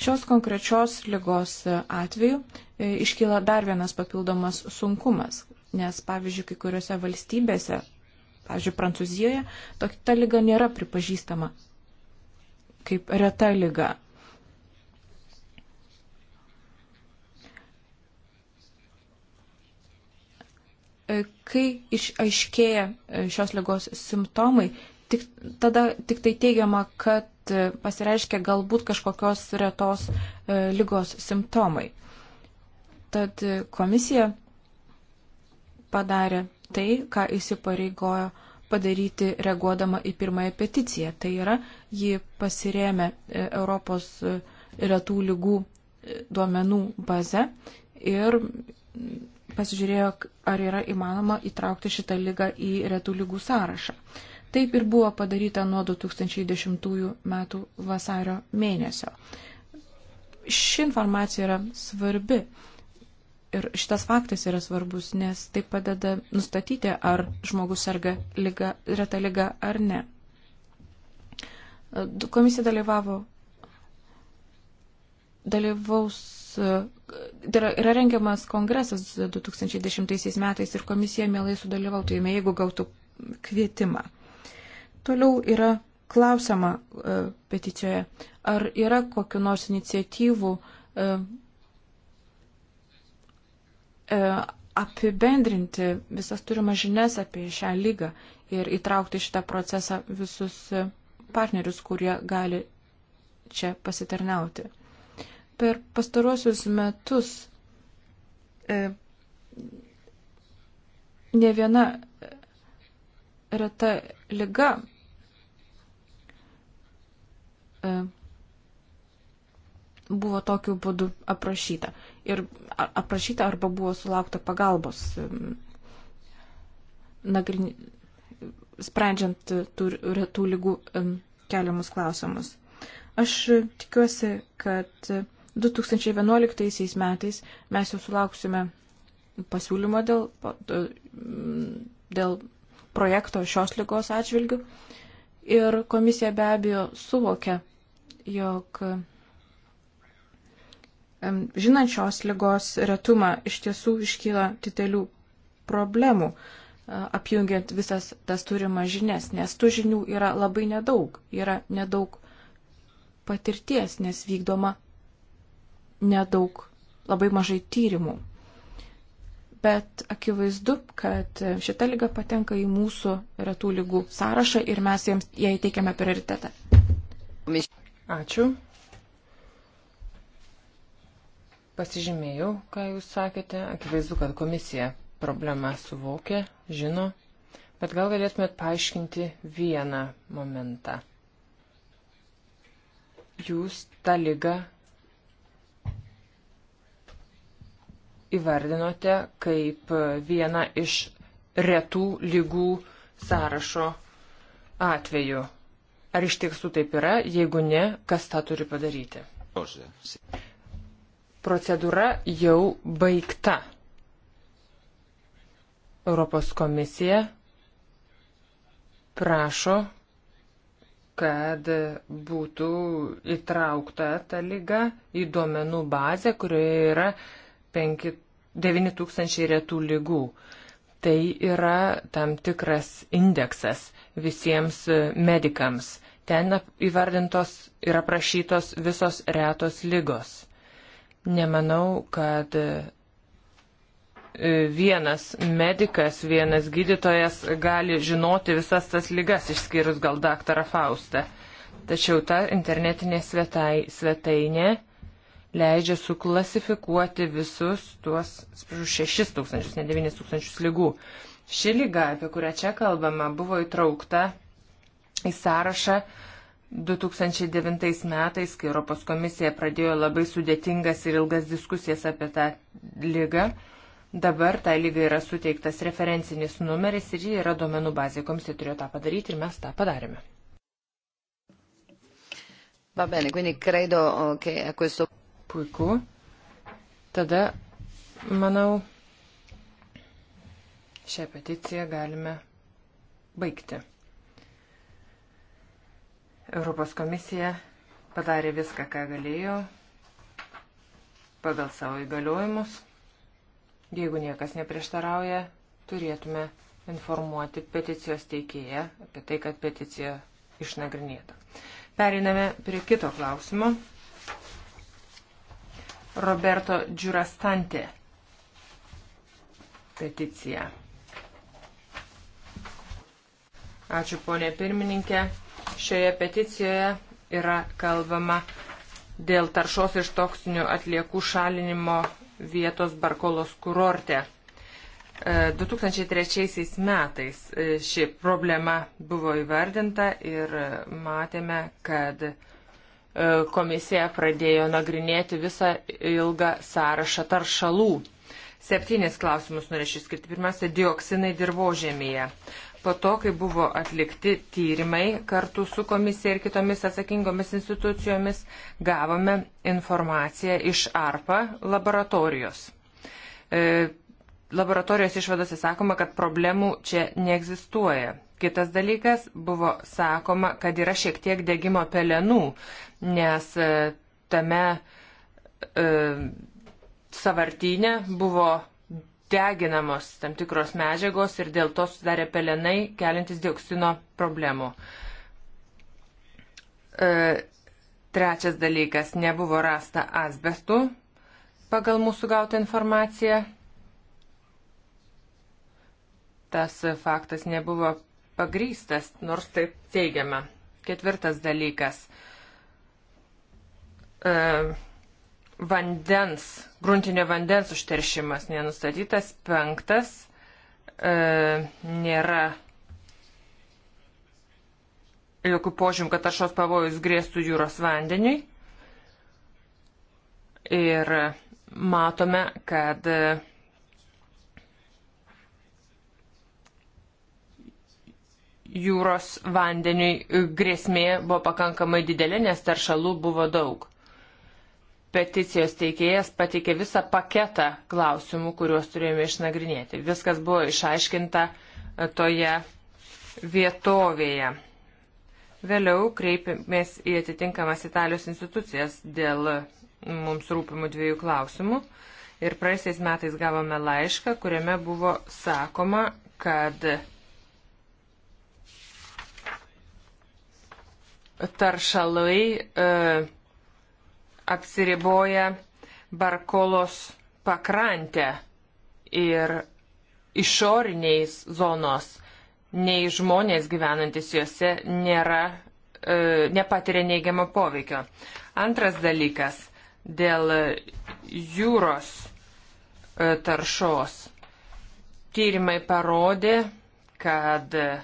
Šios konkrečios lygos atveju iškyla dar vienas papildomas sunkumas, nes pavyzdžiui, kai kuriuose valstybėse Pavyzdžiui, Prancūzijoje tokia lyga nėra pripažįstama kaip reta lyga. E, kai išaiškėja e, šios lygos simptomai, tik, tada tik tai teigiama, kad e, pasireiškia galbūt kažkokios retos lygos simptomai. Tad komisija padarė tai, ką įsipareigojo padaryti reaguodama į pirmąją peticiją. Tai yra, ji pasirėmė e, Europos e, retų lygų e, duomenų bazę ir pasižiūrėjo, ar yra įmanoma įtraukti šitą lygą į retų lygų sąrašą. Taip ir buvo padaryta nuo 2010 metų vasario mėnesio. Ši informacija yra svarbi Ir šitas faktas yra svarbus, nes tai padeda nustatyti, ar žmogus serga lyga, reta lyga ar ne. Komisija dalyvavo, dalyvaus, tai yra, yra rengiamas kongresas 2010 metais ir komisija mielai sudalyvautų jame, jeigu gautų kvietimą. Toliau yra klausiama e, peticijoje, ar yra kokiu nors iniciatyvų e, E, apibendrinti visas turimas žinias apie šią lygą ir įtraukti šitą procesą visus partnerius, kurie gali čia pasitarnauti. Per pastaruosius metus e, ne viena reta lyga e, buvo tokiu būdu aprašyta ir aprašyta arba buvo sulaukta pagalbos nagrin... sprendžiant tų retų lygų keliamus klausimus. Aš tikiuosi, kad 2011 metais mes jau sulauksime pasiūlymo dėl, dėl projekto šios lygos atžvilgių ir komisija be abejo suvokia, jog žinančios lygos retumą iš tiesų iškyla didelių problemų apjungiant visas tas turimas žinias, nes tų žinių yra labai nedaug, yra nedaug patirties, nes vykdoma nedaug, labai mažai tyrimų. Bet akivaizdu, kad šita lyga patenka į mūsų retų lygų sąrašą ir mes jiems jai teikiame prioritetą. Ačiū. Pasižymėjau, ką Jūs sakėte. Akivaizdu, kad komisija problemą suvokė, žino, bet gal galėtumėt paaiškinti vieną momentą. Jūs tą lygą įvardinote kaip vieną iš retų lygų sąrašo atveju. Ar iš tiesų taip yra? Jeigu ne, kas tą turi padaryti? procedūra jau baigta. Europos komisija prašo, kad būtų įtraukta ta lyga į duomenų bazę, kurioje yra 5, 9 tūkstančiai retų lygų. Tai yra tam tikras indeksas visiems medikams. Ten įvardintos ir aprašytos visos retos lygos. Nemanau, kad e, vienas medicas, vienas gydytojas gali žinoti visas tas lygas, išskyrus gal daktarą Faustą. Tačiau ta internetinė svetai, svetainė leidžia suklasifikuoti visus tuos 6 tūkstančius, ne 9 tūkstančius lygų. Ši lyga, apie kurią čia kalbama, buvo įtraukta į sąrašą 2009 metais, kai Europos komisija pradėjo labai sudėtingas ir ilgas diskusijas apie tą lygą, dabar tą tai lygą yra suteiktas referencinis numeris ir ji yra duomenų bazė. Komisija turėjo tą padaryti ir mes tą padarėme. Va bene, quindi credo eh, che a questo... Puiku. Tada, manau, šią peticiją galime baigti. Europos komisija padarė viską, ką galėjo pagal savo įgaliojimus. Jeigu niekas neprieštarauja, turėtume informuoti peticijos teikėją apie tai, kad peticija išnagrinėta. Periname prie kito klausimo. Roberto Džiurastantė peticija. Ačiū ponė pirmininkė. Šioje peticijoje yra kalbama dėl taršos iš toksinių atliekų šalinimo vietos Barkolos kurorte. 2003 e, metais e, ši problema buvo įvardinta ir matėme, kad e, komisija pradėjo nagrinėti visą ilgą sąrašą taršalų. Septynis klausimus norėčiau skirti. Pirmiausia, dioksinai dirbožėmėje. Po to, kai buvo atlikti tyrimai kartu su komisija ir kitomis atsakingomis institucijomis, gavome informaciją iš ARPA laboratorijos. E, laboratorijos išvadose sakoma, kad problemų čia neegzistuoja. Kitas dalykas buvo sakoma, kad yra šiek tiek degimo pelenų, nes e, tame e, savartinė buvo deginamos tam tikros medžiagos ir dėl to sudarė pelenai keliantis dioksino problemų. E, trečias dalykas - nebuvo rasta asbestų pagal mūsų gautą informaciją. Tas faktas nebuvo pagrystas, nors taip teigiama. Ketvirtas dalykas. E, vandens, gruntinio vandens užteršimas nenustatytas, penktas e, nėra jokių požymų, kad taršos pavojus grėstų jūros vandeniui. Ir matome, kad jūros vandeniui grėsmė buvo pakankamai didelė, nes taršalų buvo daug peticijos teikėjas pateikė visą paketą klausimų, kuriuos turėjome išnagrinėti. Viskas buvo išaiškinta e, toje vietovėje. Vėliau kreipėmės į atitinkamas Italijos institucijas dėl mums rūpimų dviejų klausimų. Ir praeisiais metais gavome laišką, kuriame buvo sakoma, kad taršalai e, apsiriboja Barkolos pakrantę ir išoriniais zonos, nei žmonės gyvenantis juose nėra, e, nepatiria neigiamo poveikio. Antras dalykas - dėl jūros e, taršos. Tyrimai parodė, kad e,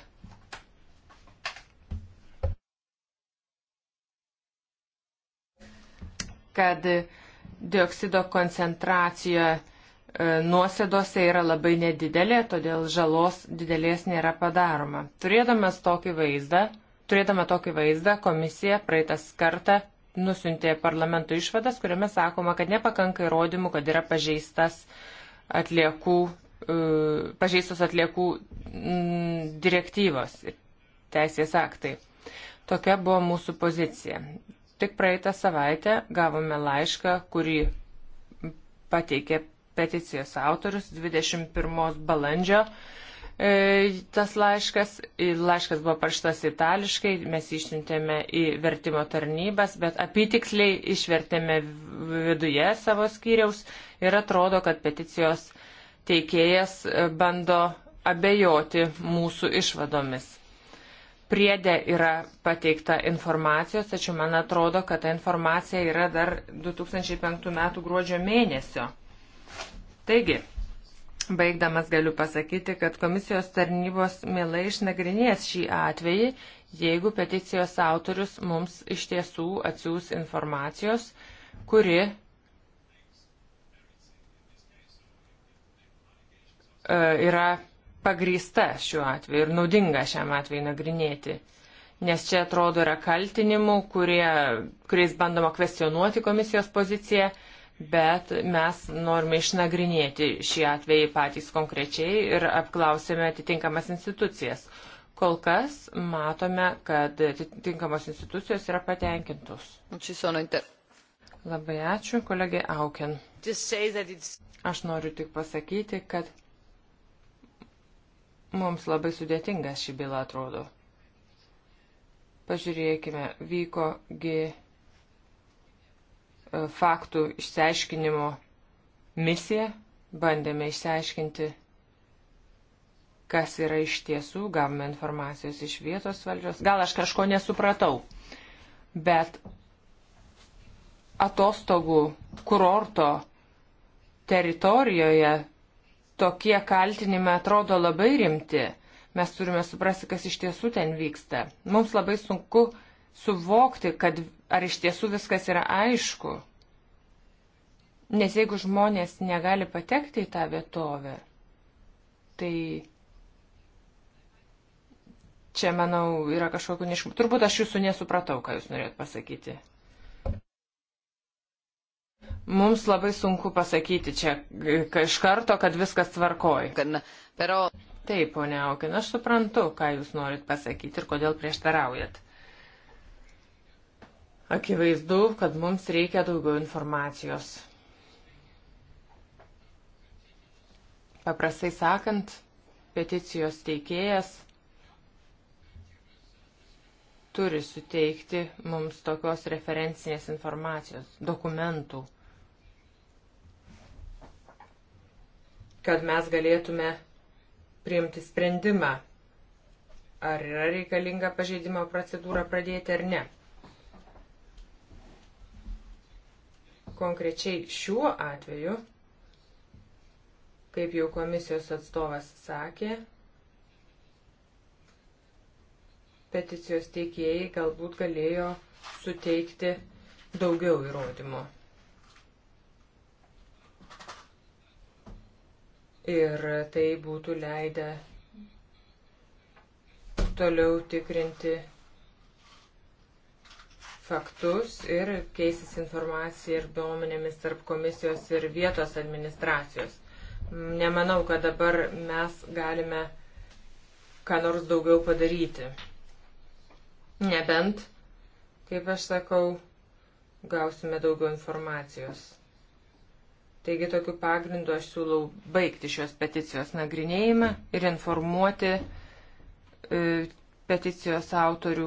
kad dioksido koncentracija e, nuosėdose yra labai nedidelė, todėl žalos didelės nėra padaroma. Turėdamas tokį vaizdą, turėdama tokį vaizdą, komisija praeitas kartą nusintė parlamento išvadas, kuriame sakoma, kad nepakanka įrodymų, kad yra pažeistas atliekų, e, pažeistos atliekų mm, direktyvos ir teisės aktai. Tokia buvo mūsų pozicija. Tik praeitą savaitę gavome laišką, kurį pateikė peticijos autorius 21 balandžio. E, tas laiškas, laiškas buvo paraštas itališkai, mes išsiuntėme į vertimo tarnybas, bet apytiksliai išvertėme viduje savo skyriaus ir atrodo, kad peticijos teikėjas e, bando abejoti mūsų išvadomis. Priedė yra pateikta informacijos, tačiau man atrodo, kad ta informacija yra dar 2005 m. gruodžio mėnesio. Taigi, baigdamas galiu pasakyti, kad komisijos tarnybos mielai išnagrinės šį atvejį, jeigu peticijos autorius mums iš tiesų atsiūs informacijos, kuri e, yra pagrįsta šiuo atveju ir naudinga šiam atveju nagrinėti. Nes čia atrodo yra kaltinimų, kurie, kuriais bandoma kvestionuoti komisijos poziciją, bet mes norime išnagrinėti šį atvejį patys konkrečiai ir apklausėme atitinkamas institucijas. Kol kas matome, kad atitinkamos institucijos yra patenkintos. Labai ačiū, kolegė Auken. Aš noriu tik pasakyti, kad Mums labai sudėtingas ši byla atrodo. Pažiūrėkime, vykogi e, faktų išsiaiškinimo misija, bandėme išsiaiškinti, kas yra iš tiesų, gavome informacijos iš vietos valdžios. Gal aš kažko nesupratau, bet atostogų kurorto teritorijoje tokie kaltinimai atrodo labai rimti, mes turime suprasti, kas iš tiesų ten vyksta. Mums labai sunku suvokti, kad ar iš tiesų viskas yra aišku. Nes jeigu žmonės negali patekti į tą vietovę, tai čia, manau, yra kažkokiu neiškumu. Turbūt aš jūsų nesupratau, ką jūs norėjot pasakyti. Mums labai sunku pasakyti čia iš karto, kad viskas tvarkoj. Pero... Taip, ponia Aukin, aš suprantu, ką jūs norit pasakyti ir kodėl prieštaraujat. Akivaizdu, kad mums reikia daugiau informacijos. Paprastai sakant, peticijos teikėjas turi suteikti mums tokios referencinės informacijos, dokumentų kad mes galėtume priimti sprendimą, ar yra reikalinga pažeidimo procedūrą pradėti ar ne. Konkrečiai šiuo atveju, kaip jau komisijos atstovas sakė, peticijos teikėjai galbūt galėjo suteikti daugiau įrodymų. ir tai būtų leidę toliau tikrinti faktus ir keisis informacija ir duomenėmis tarp komisijos ir vietos administracijos. Nemanau, kad dabar mes galime ką nors daugiau padaryti. Nebent, kaip aš sakau, gausime daugiau informacijos. Taigi tokiu pagrindu aš siūlau baigti šios peticijos nagrinėjimą ir informuoti e, peticijos autorių,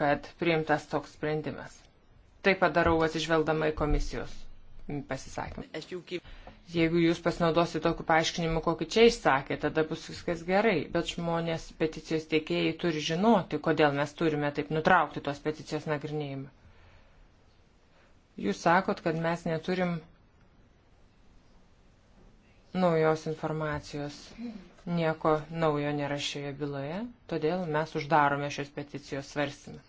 kad priimtas toks sprendimas. Tai padarau atsižvelgdama į komisijos pasisakymą. Jeigu jūs pasinaudosite tokiu paaiškinimu, kokį čia išsakė, tada bus viskas gerai, bet žmonės peticijos tiekėjai turi žinoti, kodėl mes turime taip nutraukti tos peticijos nagrinėjimą. Jūs sakot, kad mes neturim naujos informacijos. Nieko naujo nėra šioje byloje, todėl mes uždarome šios peticijos svarstymą.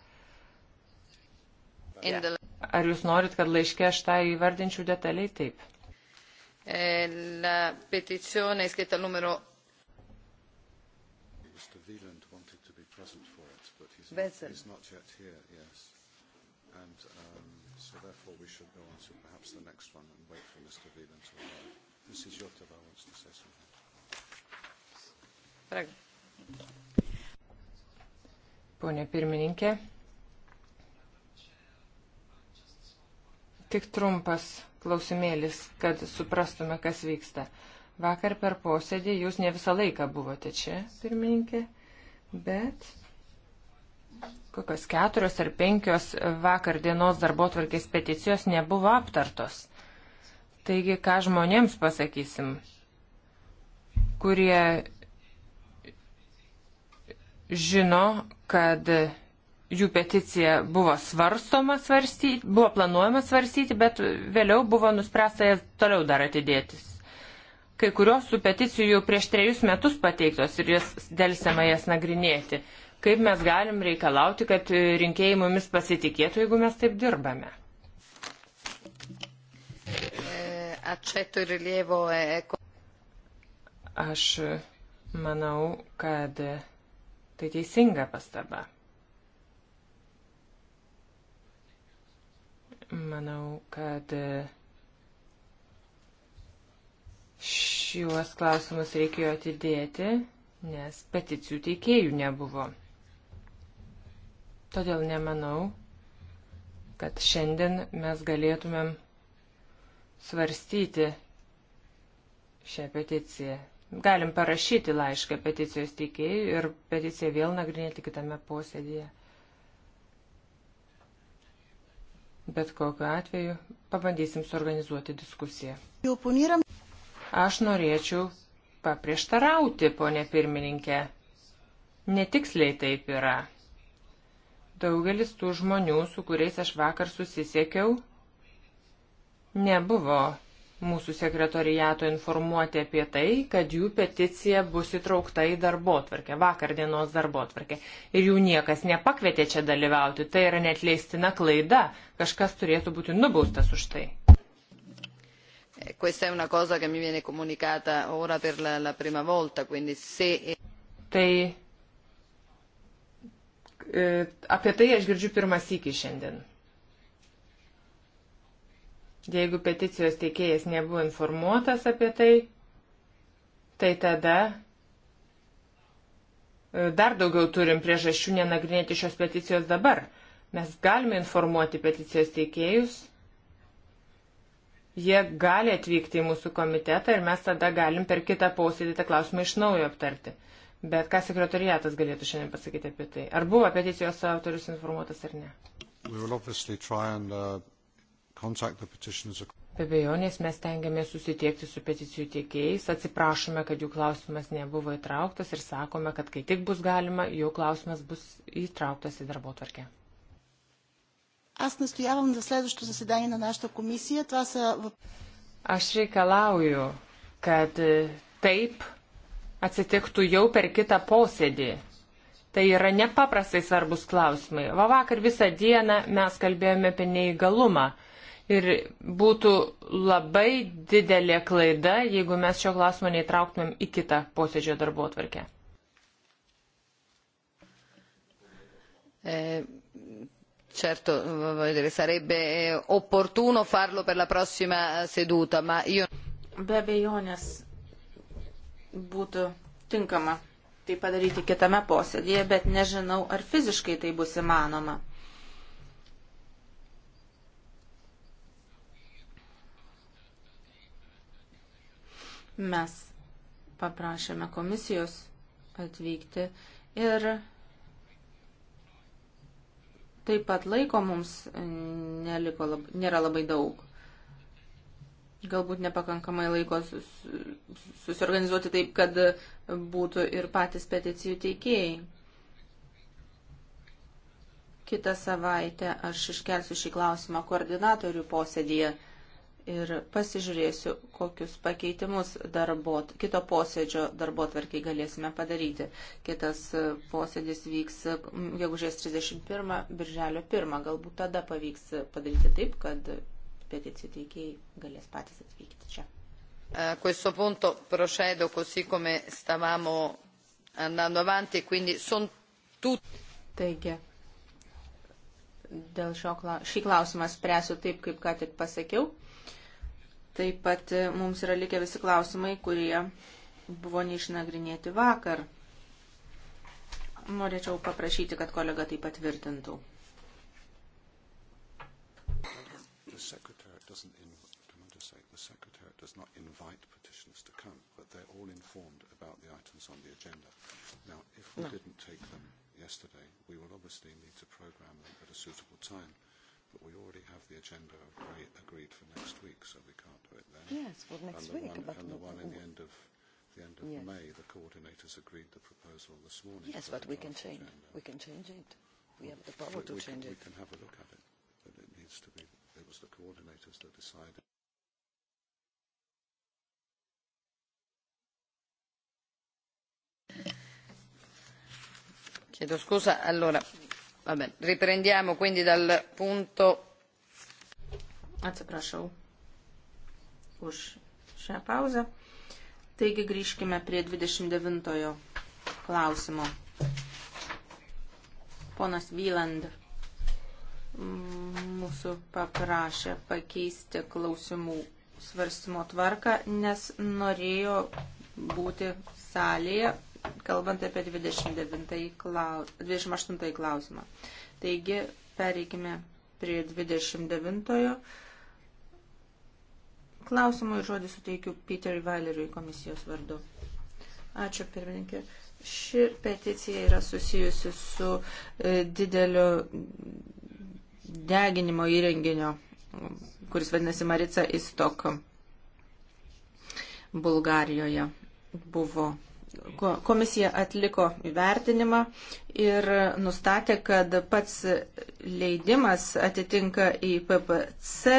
Ar jūs norit, kad laiške aš tą įvardinčiau detaliai? Taip. Eh, la petizione è scritta al numero. Mr. Wieland wanted to be present for it, but he's, Benson. he's not yet here, yes. And um, so therefore we should go on to perhaps the next one and wait for Mr. Wieland to arrive. Pone pirmininkė, tik trumpas klausimėlis, kad suprastume, kas vyksta. Vakar per posėdį jūs ne visą laiką buvote čia, pirmininkė, bet kokios keturios ar penkios vakar dienos darbo tvarkės peticijos nebuvo aptartos. Taigi, ką žmonėms pasakysim, kurie žino, kad jų peticija buvo svarstoma svarstyti, buvo planuojama svarstyti, bet vėliau buvo nuspręsta jas toliau dar atidėtis. Kai kurios su peticijų jau prieš trejus metus pateiktos ir jas dėlsiama jas nagrinėti. Kaip mes galim reikalauti, kad rinkėjai mumis pasitikėtų, jeigu mes taip dirbame? accetto il rilievo e... e Aš manau, kad tai teisinga pastaba. Manau, kad šiuos klausimus reikėjo atidėti, nes peticijų teikėjų nebuvo. Todėl nemanau, kad šiandien mes galėtumėm svarstyti šią peticiją. Galim parašyti laišką peticijos teikėjui ir peticiją vėl nagrinėti kitame posėdėje. Bet kokiu atveju pabandysim suorganizuoti diskusiją. Aš norėčiau paprieštarauti, ponė pirmininkė. Netiksliai taip yra. Daugelis tų žmonių, su kuriais aš vakar susisiekiau, nebuvo mūsų sekretoriato informuoti apie tai, kad jų peticija bus įtraukta į darbo atvarkę, vakardienos darbo atvarkę. Ir jų niekas nepakvietė čia dalyvauti. Tai yra netleistina klaida. Kažkas turėtų būti nubaustas už tai. Questa è una cosa che mi viene comunicata ora per la, la prima volta, quindi se... Tai e, apie tai aš girdžiu pirmą sykį šiandien. Jeigu peticijos teikėjas nebuvo informuotas apie tai, tai tada e, dar daugiau turim priežasčių nenagrinėti šios peticijos dabar. Mes galime informuoti peticijos teikėjus, jie gali atvykti į mūsų komitetą ir mes tada galim per kitą posėdį tą klausimą iš naujo aptarti. Bet ką sekretariatas galėtų šiandien pasakyti apie tai? Ar buvo peticijos autorius informuotas ar ne? We will obviously try and uh, Be bejonės mes tengiamės susitiekti su peticijų tiekėjais, atsiprašome, kad jų klausimas nebuvo įtrauktas ir sakome, kad kai tik bus galima, jų klausimas bus įtrauktas į darbo tvarkę. Aš reikalauju, kad taip atsitiktų jau per kitą posėdį. Tai yra nepaprastai svarbus klausimai. Va vakar visą dieną mes kalbėjome apie neįgalumą Ir būtų labai didelė klaida, jeigu mes šio klausimo neįtrauktumėm į kitą posėdžio darbo atvarkę. E, certo, sarebbe eh, opportuno farlo per la prossima eh, seduta, ma io... Be abejonės būtų tinkama tai padaryti kitame posėdėje, bet nežinau, ar fiziškai tai bus įmanoma. Mes paprašėme komisijos atvykti ir taip pat laiko mums neliko, lab, nėra labai daug. Galbūt nepakankamai laiko sus, susiorganizuoti taip, kad būtų ir patys peticijų teikėjai. Kitą savaitę aš iškelsiu šį klausimą koordinatorių posėdėje ir pasižiūrėsiu, kokius pakeitimus darbot, kito posėdžio darbo tvarkiai galėsime padaryti. Kitas posėdis vyks gegužės 31, birželio 1. Galbūt tada pavyks padaryti taip, kad peticijų teikėjai galės patys atvykti čia. A questo punto procedo così come stavamo andando avanti, quindi sono tutti. Taigi, dėl šio, šį klausimą spręsiu taip, kaip ką tik pasakiau. Taip pat e, mums yra likę visi klausimai, kurie buvo neišnagrinėti vakar. Norėčiau paprašyti, kad kolega tai patvirtintų. The secretary doesn't invite, I want to say, the secretary does not invite petitioners to come, but they're all informed about the items on the agenda. Now, if we no. didn't take them yesterday, we will obviously need to program them at a suitable time but we already have the agenda agreed, agreed for next week, so we can't do it then. Yes, for well, next and the week. One, but and the one at the end of the end of yes. May, the coordinators agreed the proposal this morning. Yes, but we can change. Agenda. We can change it. We well, have the power we, to we change can, it. We can have a look at it, but it needs to be. It was the coordinators that decided. Chiedo scusa, allora Vabbè, riprendiamo quindi dal punto. Atsiprašau už šią pauzę. Taigi grįžkime prie 29 klausimo. Ponas Vyland mm, mūsų paprašė pakeisti klausimų svarstymo tvarką, nes norėjo būti salėje, kalbant apie 29 klaus, 28 klausimą. Taigi, pereikime prie 29 klausimo ir žodį suteikiu Peter Valeriui komisijos vardu. Ačiū, pirmininkė. Ši peticija yra susijusi su e, didelio deginimo įrenginio, kuris vadinasi Marica Istok Bulgarijoje. Buvo komisija atliko įvertinimą ir nustatė, kad pats leidimas atitinka į PPC,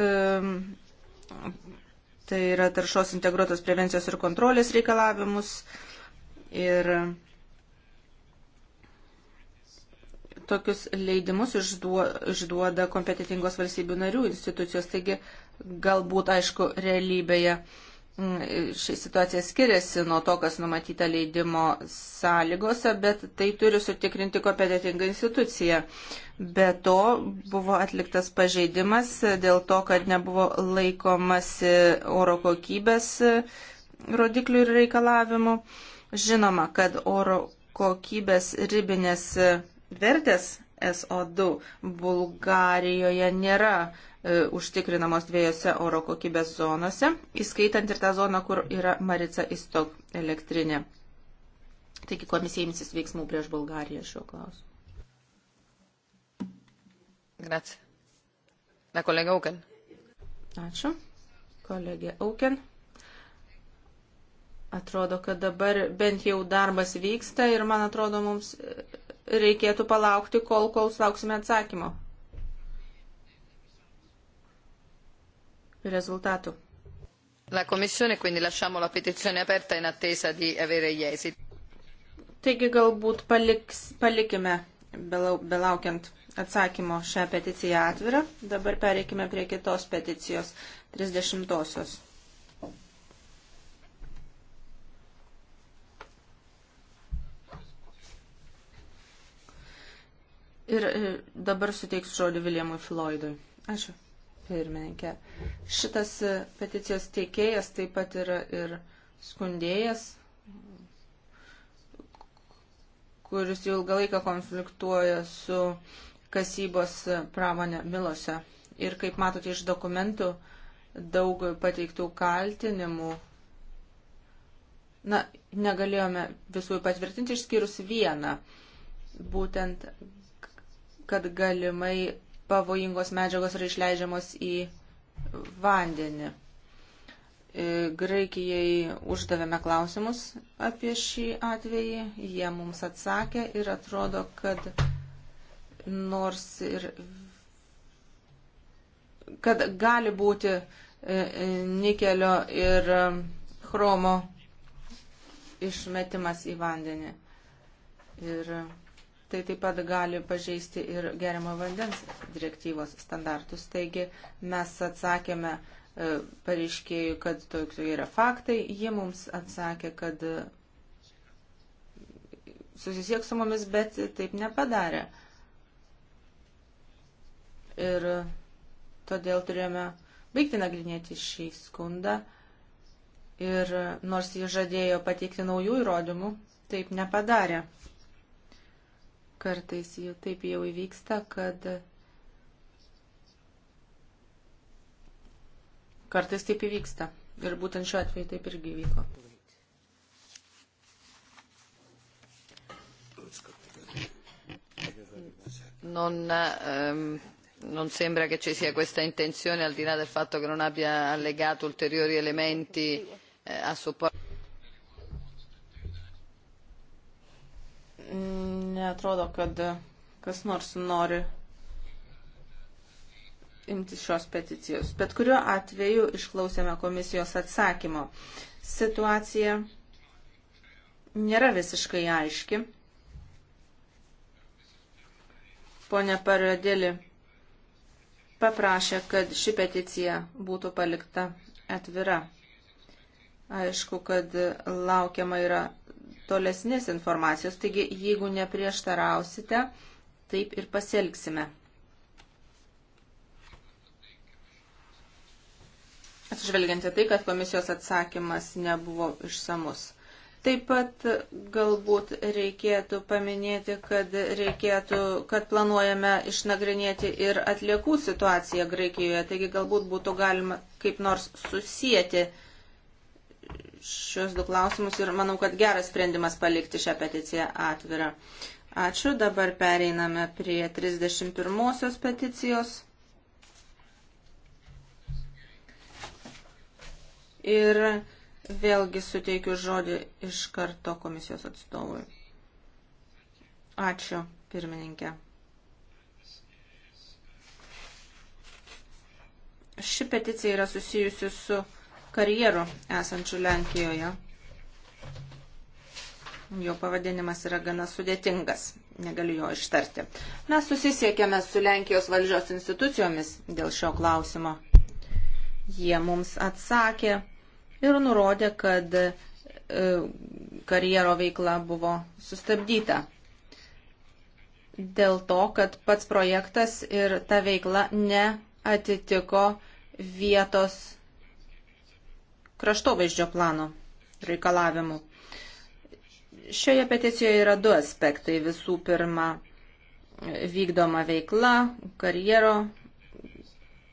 um, tai yra taršos integruotos prevencijos ir kontrolės reikalavimus. Ir tokius leidimus išduoda kompetitingos valstybių narių institucijos. Taigi, galbūt, aišku, realybėje Mm, ši situacija skiriasi nuo to, kas numatyta leidimo sąlygose, bet tai turi sutikrinti kompetitinga institucija. Be to buvo atliktas pažeidimas dėl to, kad nebuvo laikomasi oro kokybės rodiklių ir reikalavimų. Žinoma, kad oro kokybės ribinės vertės SO2 Bulgarijoje nėra E, užtikrinamos dviejose oro kokybės zonose, įskaitant ir tą zoną, kur yra Marica Istok elektrinė. Taigi komisija imsis veiksmų prieš Bulgariją šiuo klausimu. Grazie. Na, kolega Auken. Ačiū. Kolegė Auken. Atrodo, kad dabar bent jau darbas vyksta ir man atrodo, mums reikėtų palaukti, kol kol sulauksime atsakymo. rezultatų. La Commissione quindi lasciamo la petizione aperta in attesa di avere gli esiti. Taigi galbūt paliks, palikime, belaukiant atsakymo šią peticiją atvirą. Dabar pereikime prie kitos peticijos 30-osios. Ir dabar suteiksiu žodį Viljamui Floydui. Ačiū pirmininkė. Šitas peticijos teikėjas taip pat yra ir skundėjas, kuris jau ilgą laiką konfliktuoja su kasybos pramonė Milose. Ir kaip matote iš dokumentų, daug pateiktų kaltinimų. Na, negalėjome visų patvirtinti išskyrus vieną, būtent, kad galimai pavojingos medžiagos yra išleidžiamos į vandenį. E, Graikijai uždavėme klausimus apie šį atvejį, jie mums atsakė ir atrodo, kad nors ir kad gali būti e, e, nikelio ir chromo išmetimas į vandenį. Ir tai taip pat gali pažeisti ir geriamo vandens direktyvos standartus. Taigi mes atsakėme e, pareiškėjų, kad tokie yra faktai. Jie mums atsakė, kad e, susisieks su mumis, bet taip nepadarė. Ir todėl turėjome baigti nagrinėti šį skundą. Ir nors jis žadėjo pateikti naujų įrodymų, taip nepadarė. Kartais jau taip jau įvyksta, kad kartais taip įvyksta. Ir būtent šiuo atveju taip irgi įvyko. Non, um, non sembra che ci sia questa intenzione, al di là del fatto che non abbia allegato ulteriori elementi eh, a supporto. netrodo, kad e, kas nors nori imtis šios peticijos. Bet kuriuo atveju išklausėme komisijos atsakymo. Situacija nėra visiškai aiški. Pone Paradėlį paprašė, kad ši peticija būtų palikta atvira. Aišku, kad laukiama yra tolesnės informacijos, taigi jeigu neprieštarausite, taip ir pasielgsime. Atsižvelgiant į tai, kad komisijos atsakymas nebuvo išsamus. Taip pat galbūt reikėtų paminėti, kad, reikėtų, kad planuojame išnagrinėti ir atliekų situaciją Graikijoje, taigi galbūt būtų galima kaip nors susijęti šios du klausimus ir manau, kad geras sprendimas palikti šią peticiją atvirą. Ačiū, dabar pereiname prie 31 peticijos. Ir vėlgi suteikiu žodį iš karto komisijos atstovui. Ačiū, pirmininkė. Ši peticija yra susijusi su karjerų esančių Lenkijoje. Jo pavadinimas yra gana sudėtingas, negaliu jo ištarti. Mes susisiekėme su Lenkijos valdžios institucijomis dėl šio klausimo. Jie mums atsakė ir nurodė, kad e, karjero veikla buvo sustabdyta dėl to, kad pats projektas ir ta veikla neatitiko vietos kraštovaizdžio plano reikalavimų. Šioje peticijoje yra du aspektai. Visų pirma, vykdoma veikla, karjero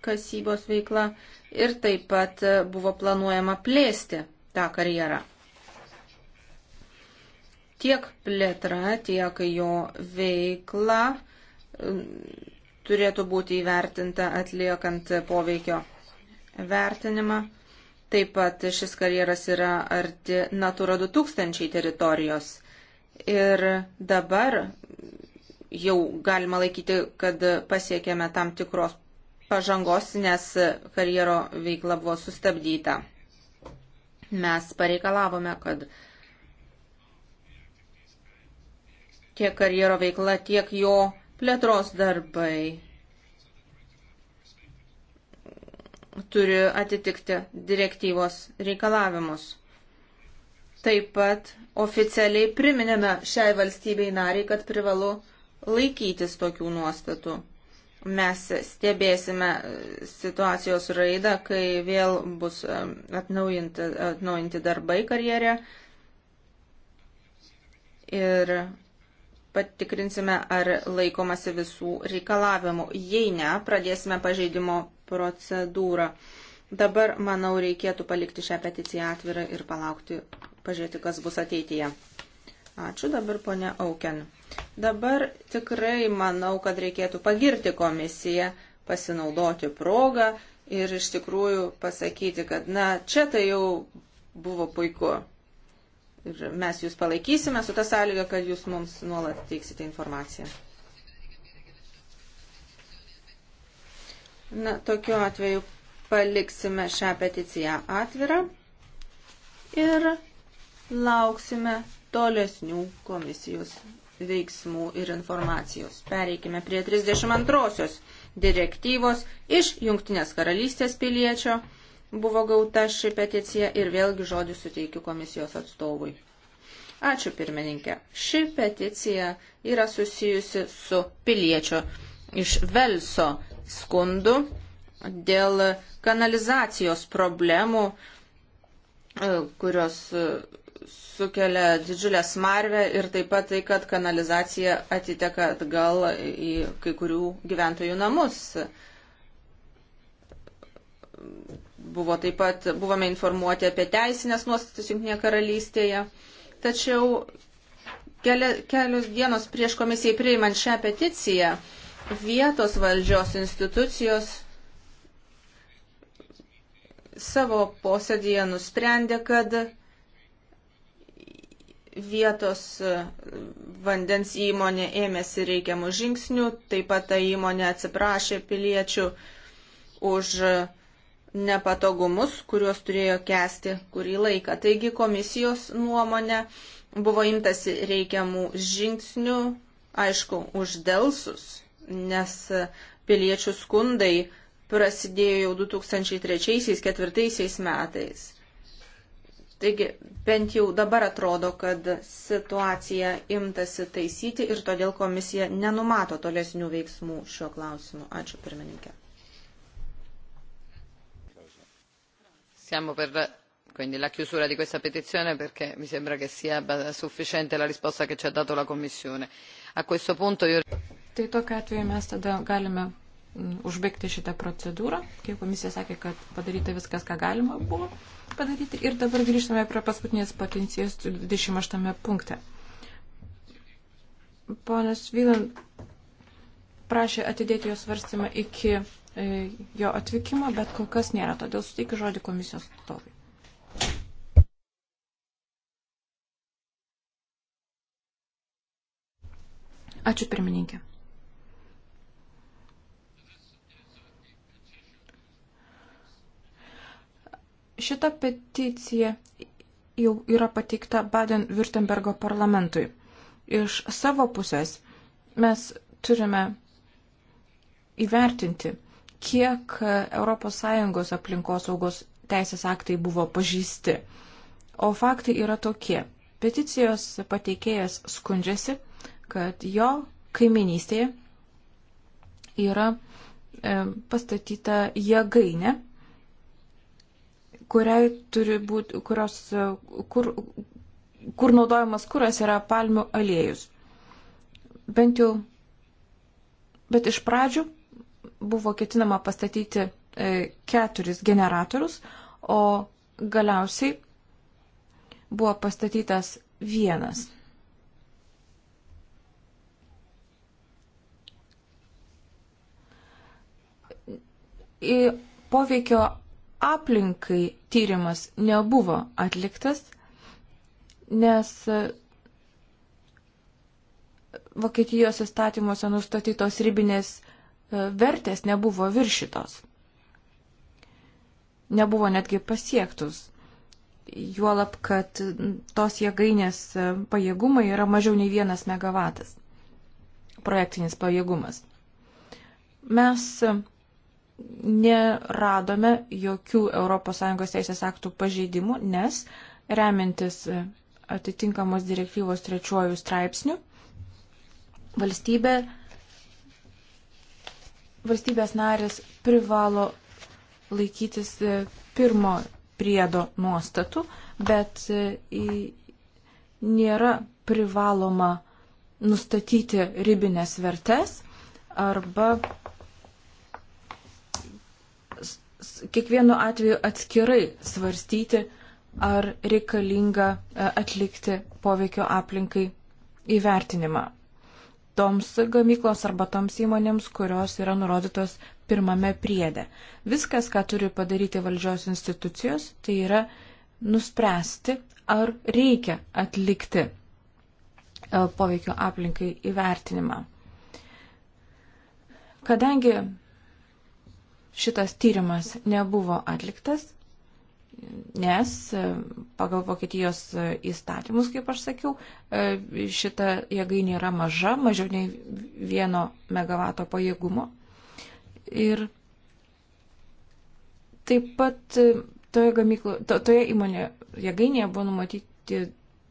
kasybos veikla ir taip pat buvo planuojama plėsti tą karjerą. Tiek plėtra, tiek jo veikla um, turėtų būti įvertinta atliekant poveikio vertinimą Taip pat šis karjeras yra arti Natura 2000 teritorijos. Ir dabar jau galima laikyti, kad pasiekėme tam tikros pažangos, nes karjero veikla buvo sustabdyta. Mes pareikalavome, kad tiek karjero veikla, tiek jo plėtros darbai turi atitikti direktyvos reikalavimus. Taip pat oficialiai priminėme šiai valstybei nariai, kad privalu laikytis tokių nuostatų. Mes stebėsime situacijos raidą, kai vėl bus atnaujinti, atnaujinti darbai karjerė ir patikrinsime, ar laikomasi visų reikalavimų. Jei ne, pradėsime pažeidimo procedūrą. Dabar, manau, reikėtų palikti šią peticiją atvirą ir palaukti, pažiūrėti, kas bus ateityje. Ačiū dabar, ponia Auken. Dabar tikrai manau, kad reikėtų pagirti komisiją, pasinaudoti progą ir iš tikrųjų pasakyti, kad, na, čia tai jau buvo puiku. Ir mes jūs palaikysime su tą sąlygą, kad jūs mums nuolat teiksite informaciją. Na, tokiu atveju paliksime šią peticiją atvirą ir lauksime tolesnių komisijos veiksmų ir informacijos. Pereikime prie 32-osios direktyvos iš Junktinės karalystės piliečio. Buvo gauta ši peticija ir vėlgi žodį suteikiu komisijos atstovui. Ačiū pirmininkė. Ši peticija yra susijusi su piliečio iš Velso skundų dėl kanalizacijos problemų, e, kurios e, sukelia didžiulę smarvę ir taip pat tai, kad kanalizacija atiteka atgal į kai kurių gyventojų namus. Buvo taip pat, buvome informuoti apie teisinės nuostatas Junktinėje karalystėje. Tačiau keli, kelios dienos prieš komisijai priimant šią peticiją, uh, vietos valdžios institucijos savo posėdėje nusprendė, kad vietos e, vandens įmonė ėmėsi reikiamų žingsnių, taip pat ta įmonė atsiprašė piliečių už nepatogumus, kuriuos turėjo kesti kurį laiką. Taigi komisijos nuomonė buvo imtasi reikiamų žingsnių, aišku, uždelsus nes piliečių skundai prasidėjo jau 2003-2004 metais. Taigi bent jau dabar atrodo, kad situacija imtasi taisyti ir todėl komisija nenumato tolesnių veiksmų šiuo klausimu. Ačiū pirmininkė. Siamo per quindi la chiusura di questa petizione perché mi sembra che sia sufficiente la risposta che ci ha dato la Commissione. A questo punto io... Tai tokiu atveju mes tada galime mm, užbaigti šitą procedūrą, kai komisija sakė, kad padaryta viskas, ką galima buvo padaryti. Ir dabar grįžtame prie paskutinės patencijos 28 punkte. Ponas Vylan prašė atidėti jo svarstymą iki e, jo atvykimo, bet kol kas nėra, todėl suteikiu žodį komisijos atstovui. Ačiū pirmininkė. Šita peticija jau yra pateikta Baden-Württembergo parlamentui. Iš savo pusės mes turime įvertinti, kiek ES aplinkosaugos teisės aktai buvo pažįsti. O faktai yra tokie. Peticijos pateikėjas skundžiasi, kad jo kaiminystėje yra e, pastatyta jėgainė, kuriai turi būti, kurios, kur, kur naudojamas kuras yra palmių aliejus. Bent jau, bet iš pradžių buvo ketinama pastatyti e, keturis generatorius, o galiausiai buvo pastatytas vienas. Į poveikio aplinkai tyrimas nebuvo atliktas, nes e, Vokietijos įstatymuose nustatytos ribinės e, vertės nebuvo viršytos. Nebuvo netgi pasiektus. Juolab, kad tos jėgainės e, pajėgumai yra mažiau nei vienas megavatas. Projektinis pajėgumas. Mes neradome jokių ES teisės aktų pažeidimų, nes remintis e, atitinkamos direktyvos trečiuoju straipsniu, valstybė, valstybės narės privalo laikytis e, pirmo priedo nuostatų, bet e, nėra privaloma nustatyti ribinės vertes arba kiekvienu atveju atskirai svarstyti, ar reikalinga e, atlikti poveikio aplinkai įvertinimą toms gamyklos arba toms įmonėms, kurios yra nurodytos pirmame priede. Viskas, ką turi padaryti valdžios institucijos, tai yra nuspręsti, ar reikia atlikti e, poveikio aplinkai įvertinimą. Kadangi šitas tyrimas nebuvo atliktas, nes e, pagal Vokietijos e, įstatymus, kaip aš sakiau, e, šita jėgainė yra maža, mažiau nei vieno megavato pajėgumo. Ir taip pat toje, gamyklo, to, toje įmonėje jėgainėje buvo numatyti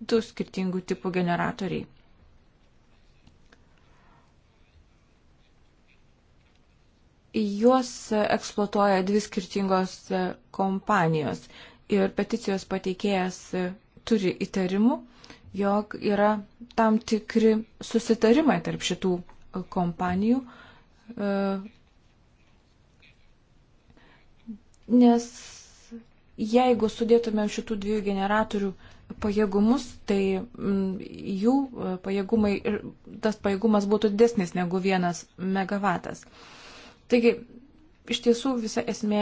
du skirtingų tipų generatoriai. juos eksploatuoja dvi skirtingos kompanijos ir peticijos pateikėjas turi įtarimų, jog yra tam tikri susitarimai tarp šitų kompanijų, nes jeigu sudėtumėm šitų dviejų generatorių pajėgumus, tai mm, jų pajėgumai, tas pajėgumas būtų didesnis negu vienas megavatas. Taigi, iš tiesų visa esmė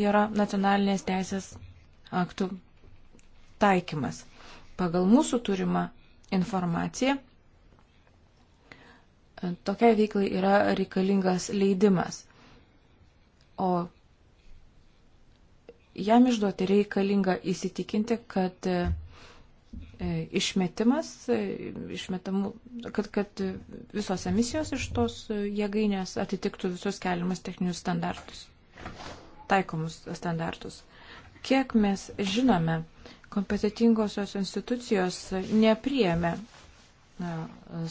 yra nacionalinės teisės aktų taikymas. Pagal mūsų turimą informaciją, tokiai veiklai yra reikalingas leidimas. O jam išduoti reikalinga įsitikinti, kad E, išmetimas, e, išmetamų, kad, kad visos emisijos iš tos jėgainės atitiktų visus keliamus techninius standartus, taikomus standartus. Kiek mes žinome, kompetitingosios institucijos nepriėmė e,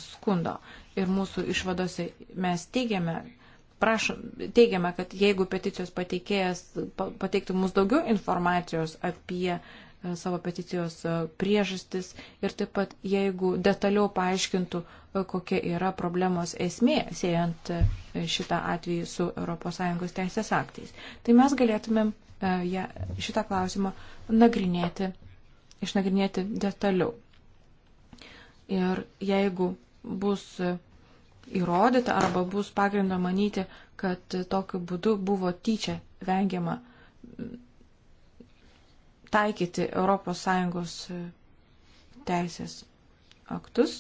skundo ir mūsų išvadose mes teigiame, prašom, teigiame, kad jeigu peticijos pateikėjas pateiktų mums daugiau informacijos apie E, savo peticijos e, priežastis ir taip pat jeigu detaliau paaiškintų, e, kokia yra problemos esmė, siejant šitą atvejį su ES teisės aktais. Tai mes galėtumėm šitą klausimą nagrinėti, išnagrinėti detaliau. Ir jeigu bus įrodyta arba bus pagrindo manyti, kad tokiu būdu buvo tyčia vengiama taikyti ES e, teisės aktus,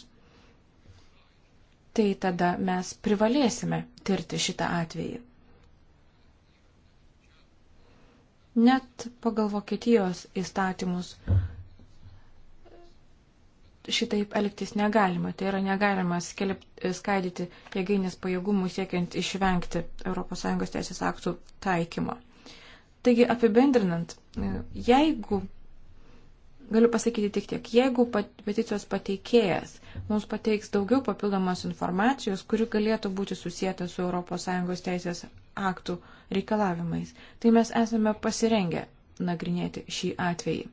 tai tada mes privalėsime tirti šitą atvejį. Net pagal Vokietijos įstatymus šitaip elgtis negalima. Tai yra negalima skelb, skaidyti jėgainės pajėgumų siekiant išvengti ES teisės aktų taikymo. Taigi apibendrinant, jeigu, galiu pasakyti tik tiek, jeigu peticijos pateikėjas mums pateiks daugiau papildomos informacijos, kuri galėtų būti susijęta su ES teisės aktų reikalavimais, tai mes esame pasirengę nagrinėti šį atvejį.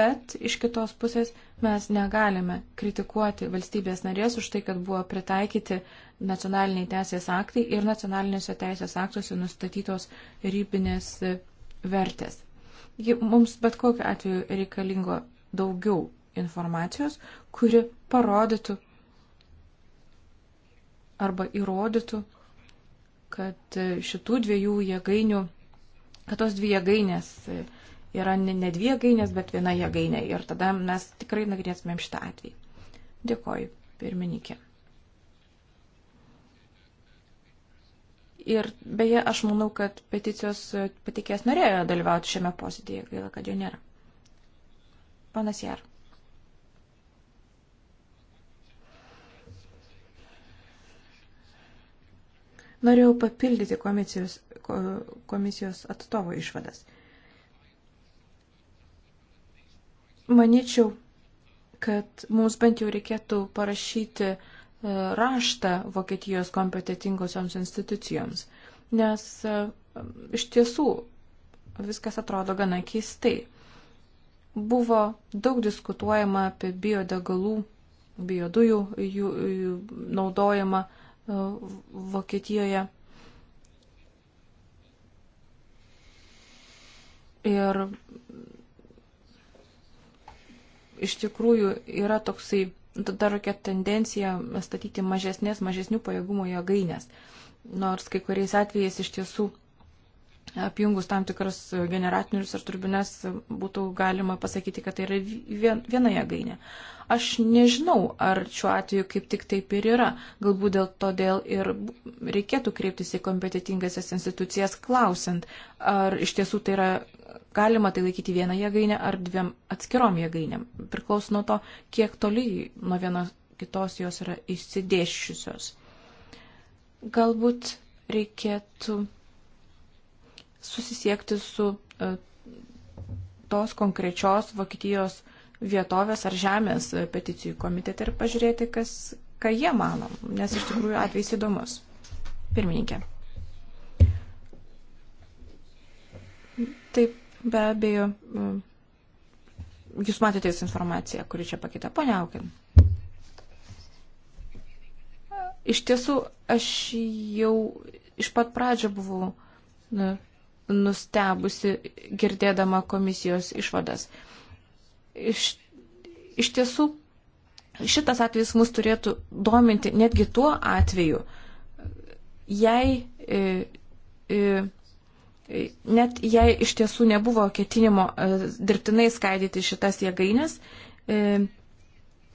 Bet iš kitos pusės mes negalime kritikuoti valstybės narės už tai, kad buvo pritaikyti nacionaliniai teisės aktai ir nacionaliniuose teisės aktuose nustatytos rybinės vertės. Ji mums bet kokiu atveju reikalingo daugiau informacijos, kuri parodytų arba įrodytų, kad e, šitų dviejų jėgainių, kad tos dvi jėgainės e, yra ne, ne dvi jėgainės, bet viena jėgainė. Ir tada mes tikrai nagrinėtumėm šitą atvejį. Dėkoju, pirmininkė. Ir beje, aš manau, kad peticijos patikės norėjo dalyvauti šiame posėdėje, gaila, kad jo nėra. Panas Jar. Norėjau papildyti komisijos, komisijos atstovo išvadas. Maničiau, kad mums bent jau reikėtų parašyti uh, raštą Vokietijos kompetitingosioms institucijoms, nes e, iš tiesų viskas atrodo gana keistai. Buvo daug diskutuojama apie biodegalų, biodujų jų, jų naudojimą e, Vokietijoje. Ir iš tikrųjų yra toksai dar tokia tendencija statyti mažesnės, mažesnių pajėgumo jėgainės. Nors kai kuriais atvejais iš tiesų apjungus tam tikras generatinius ar turbines, būtų galima pasakyti, kad tai yra viena jėgainė. Aš nežinau, ar šiuo atveju kaip tik taip ir yra. Galbūt dėl todėl ir reikėtų kreiptis į kompetitingasias institucijas, klausant, ar iš tiesų tai yra galima tai laikyti vieną jėgainę ar dviem atskirom jėgainėm. Priklauso nuo to, kiek toli nuo vienos kitos jos yra išsidėščiusios. Galbūt reikėtų susisiekti su e, tos konkrečios Vokietijos vietovės ar žemės peticijų komitete ir pažiūrėti, kas, ką jie mano, nes iš tikrųjų atvejs įdomus. Pirmininkė. Taip, be abejo, jūs matėte jūs informaciją, kuri čia pakita. Pone Aukin. Iš tiesų, aš jau iš pat pradžio buvau nustebusi girdėdama komisijos išvadas. Iš, iš tiesų, šitas atvejis mus turėtų dominti netgi tuo atveju, jei, e, e, net jei iš tiesų nebuvo ketinimo e, dirbtinai skaidyti šitas jėgainės, e,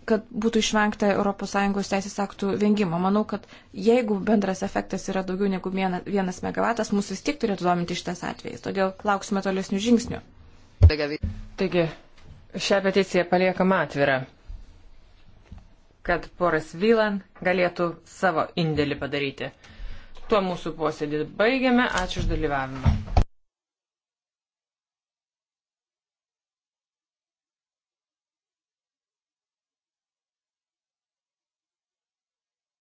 kad būtų išvengta ES teisės aktų vengimo. Manau, kad jeigu bendras efektas yra daugiau negu vienas megavatas, mūsų vis tik turėtų dominti šitas atvejais. Todėl lauksime tolesnių žingsnių. Taigi, šią peticiją paliekam atvirą, kad poras Vylan galėtų savo indėlį padaryti. Tuo mūsų posėdį baigiame. Ačiū už dalyvavimą.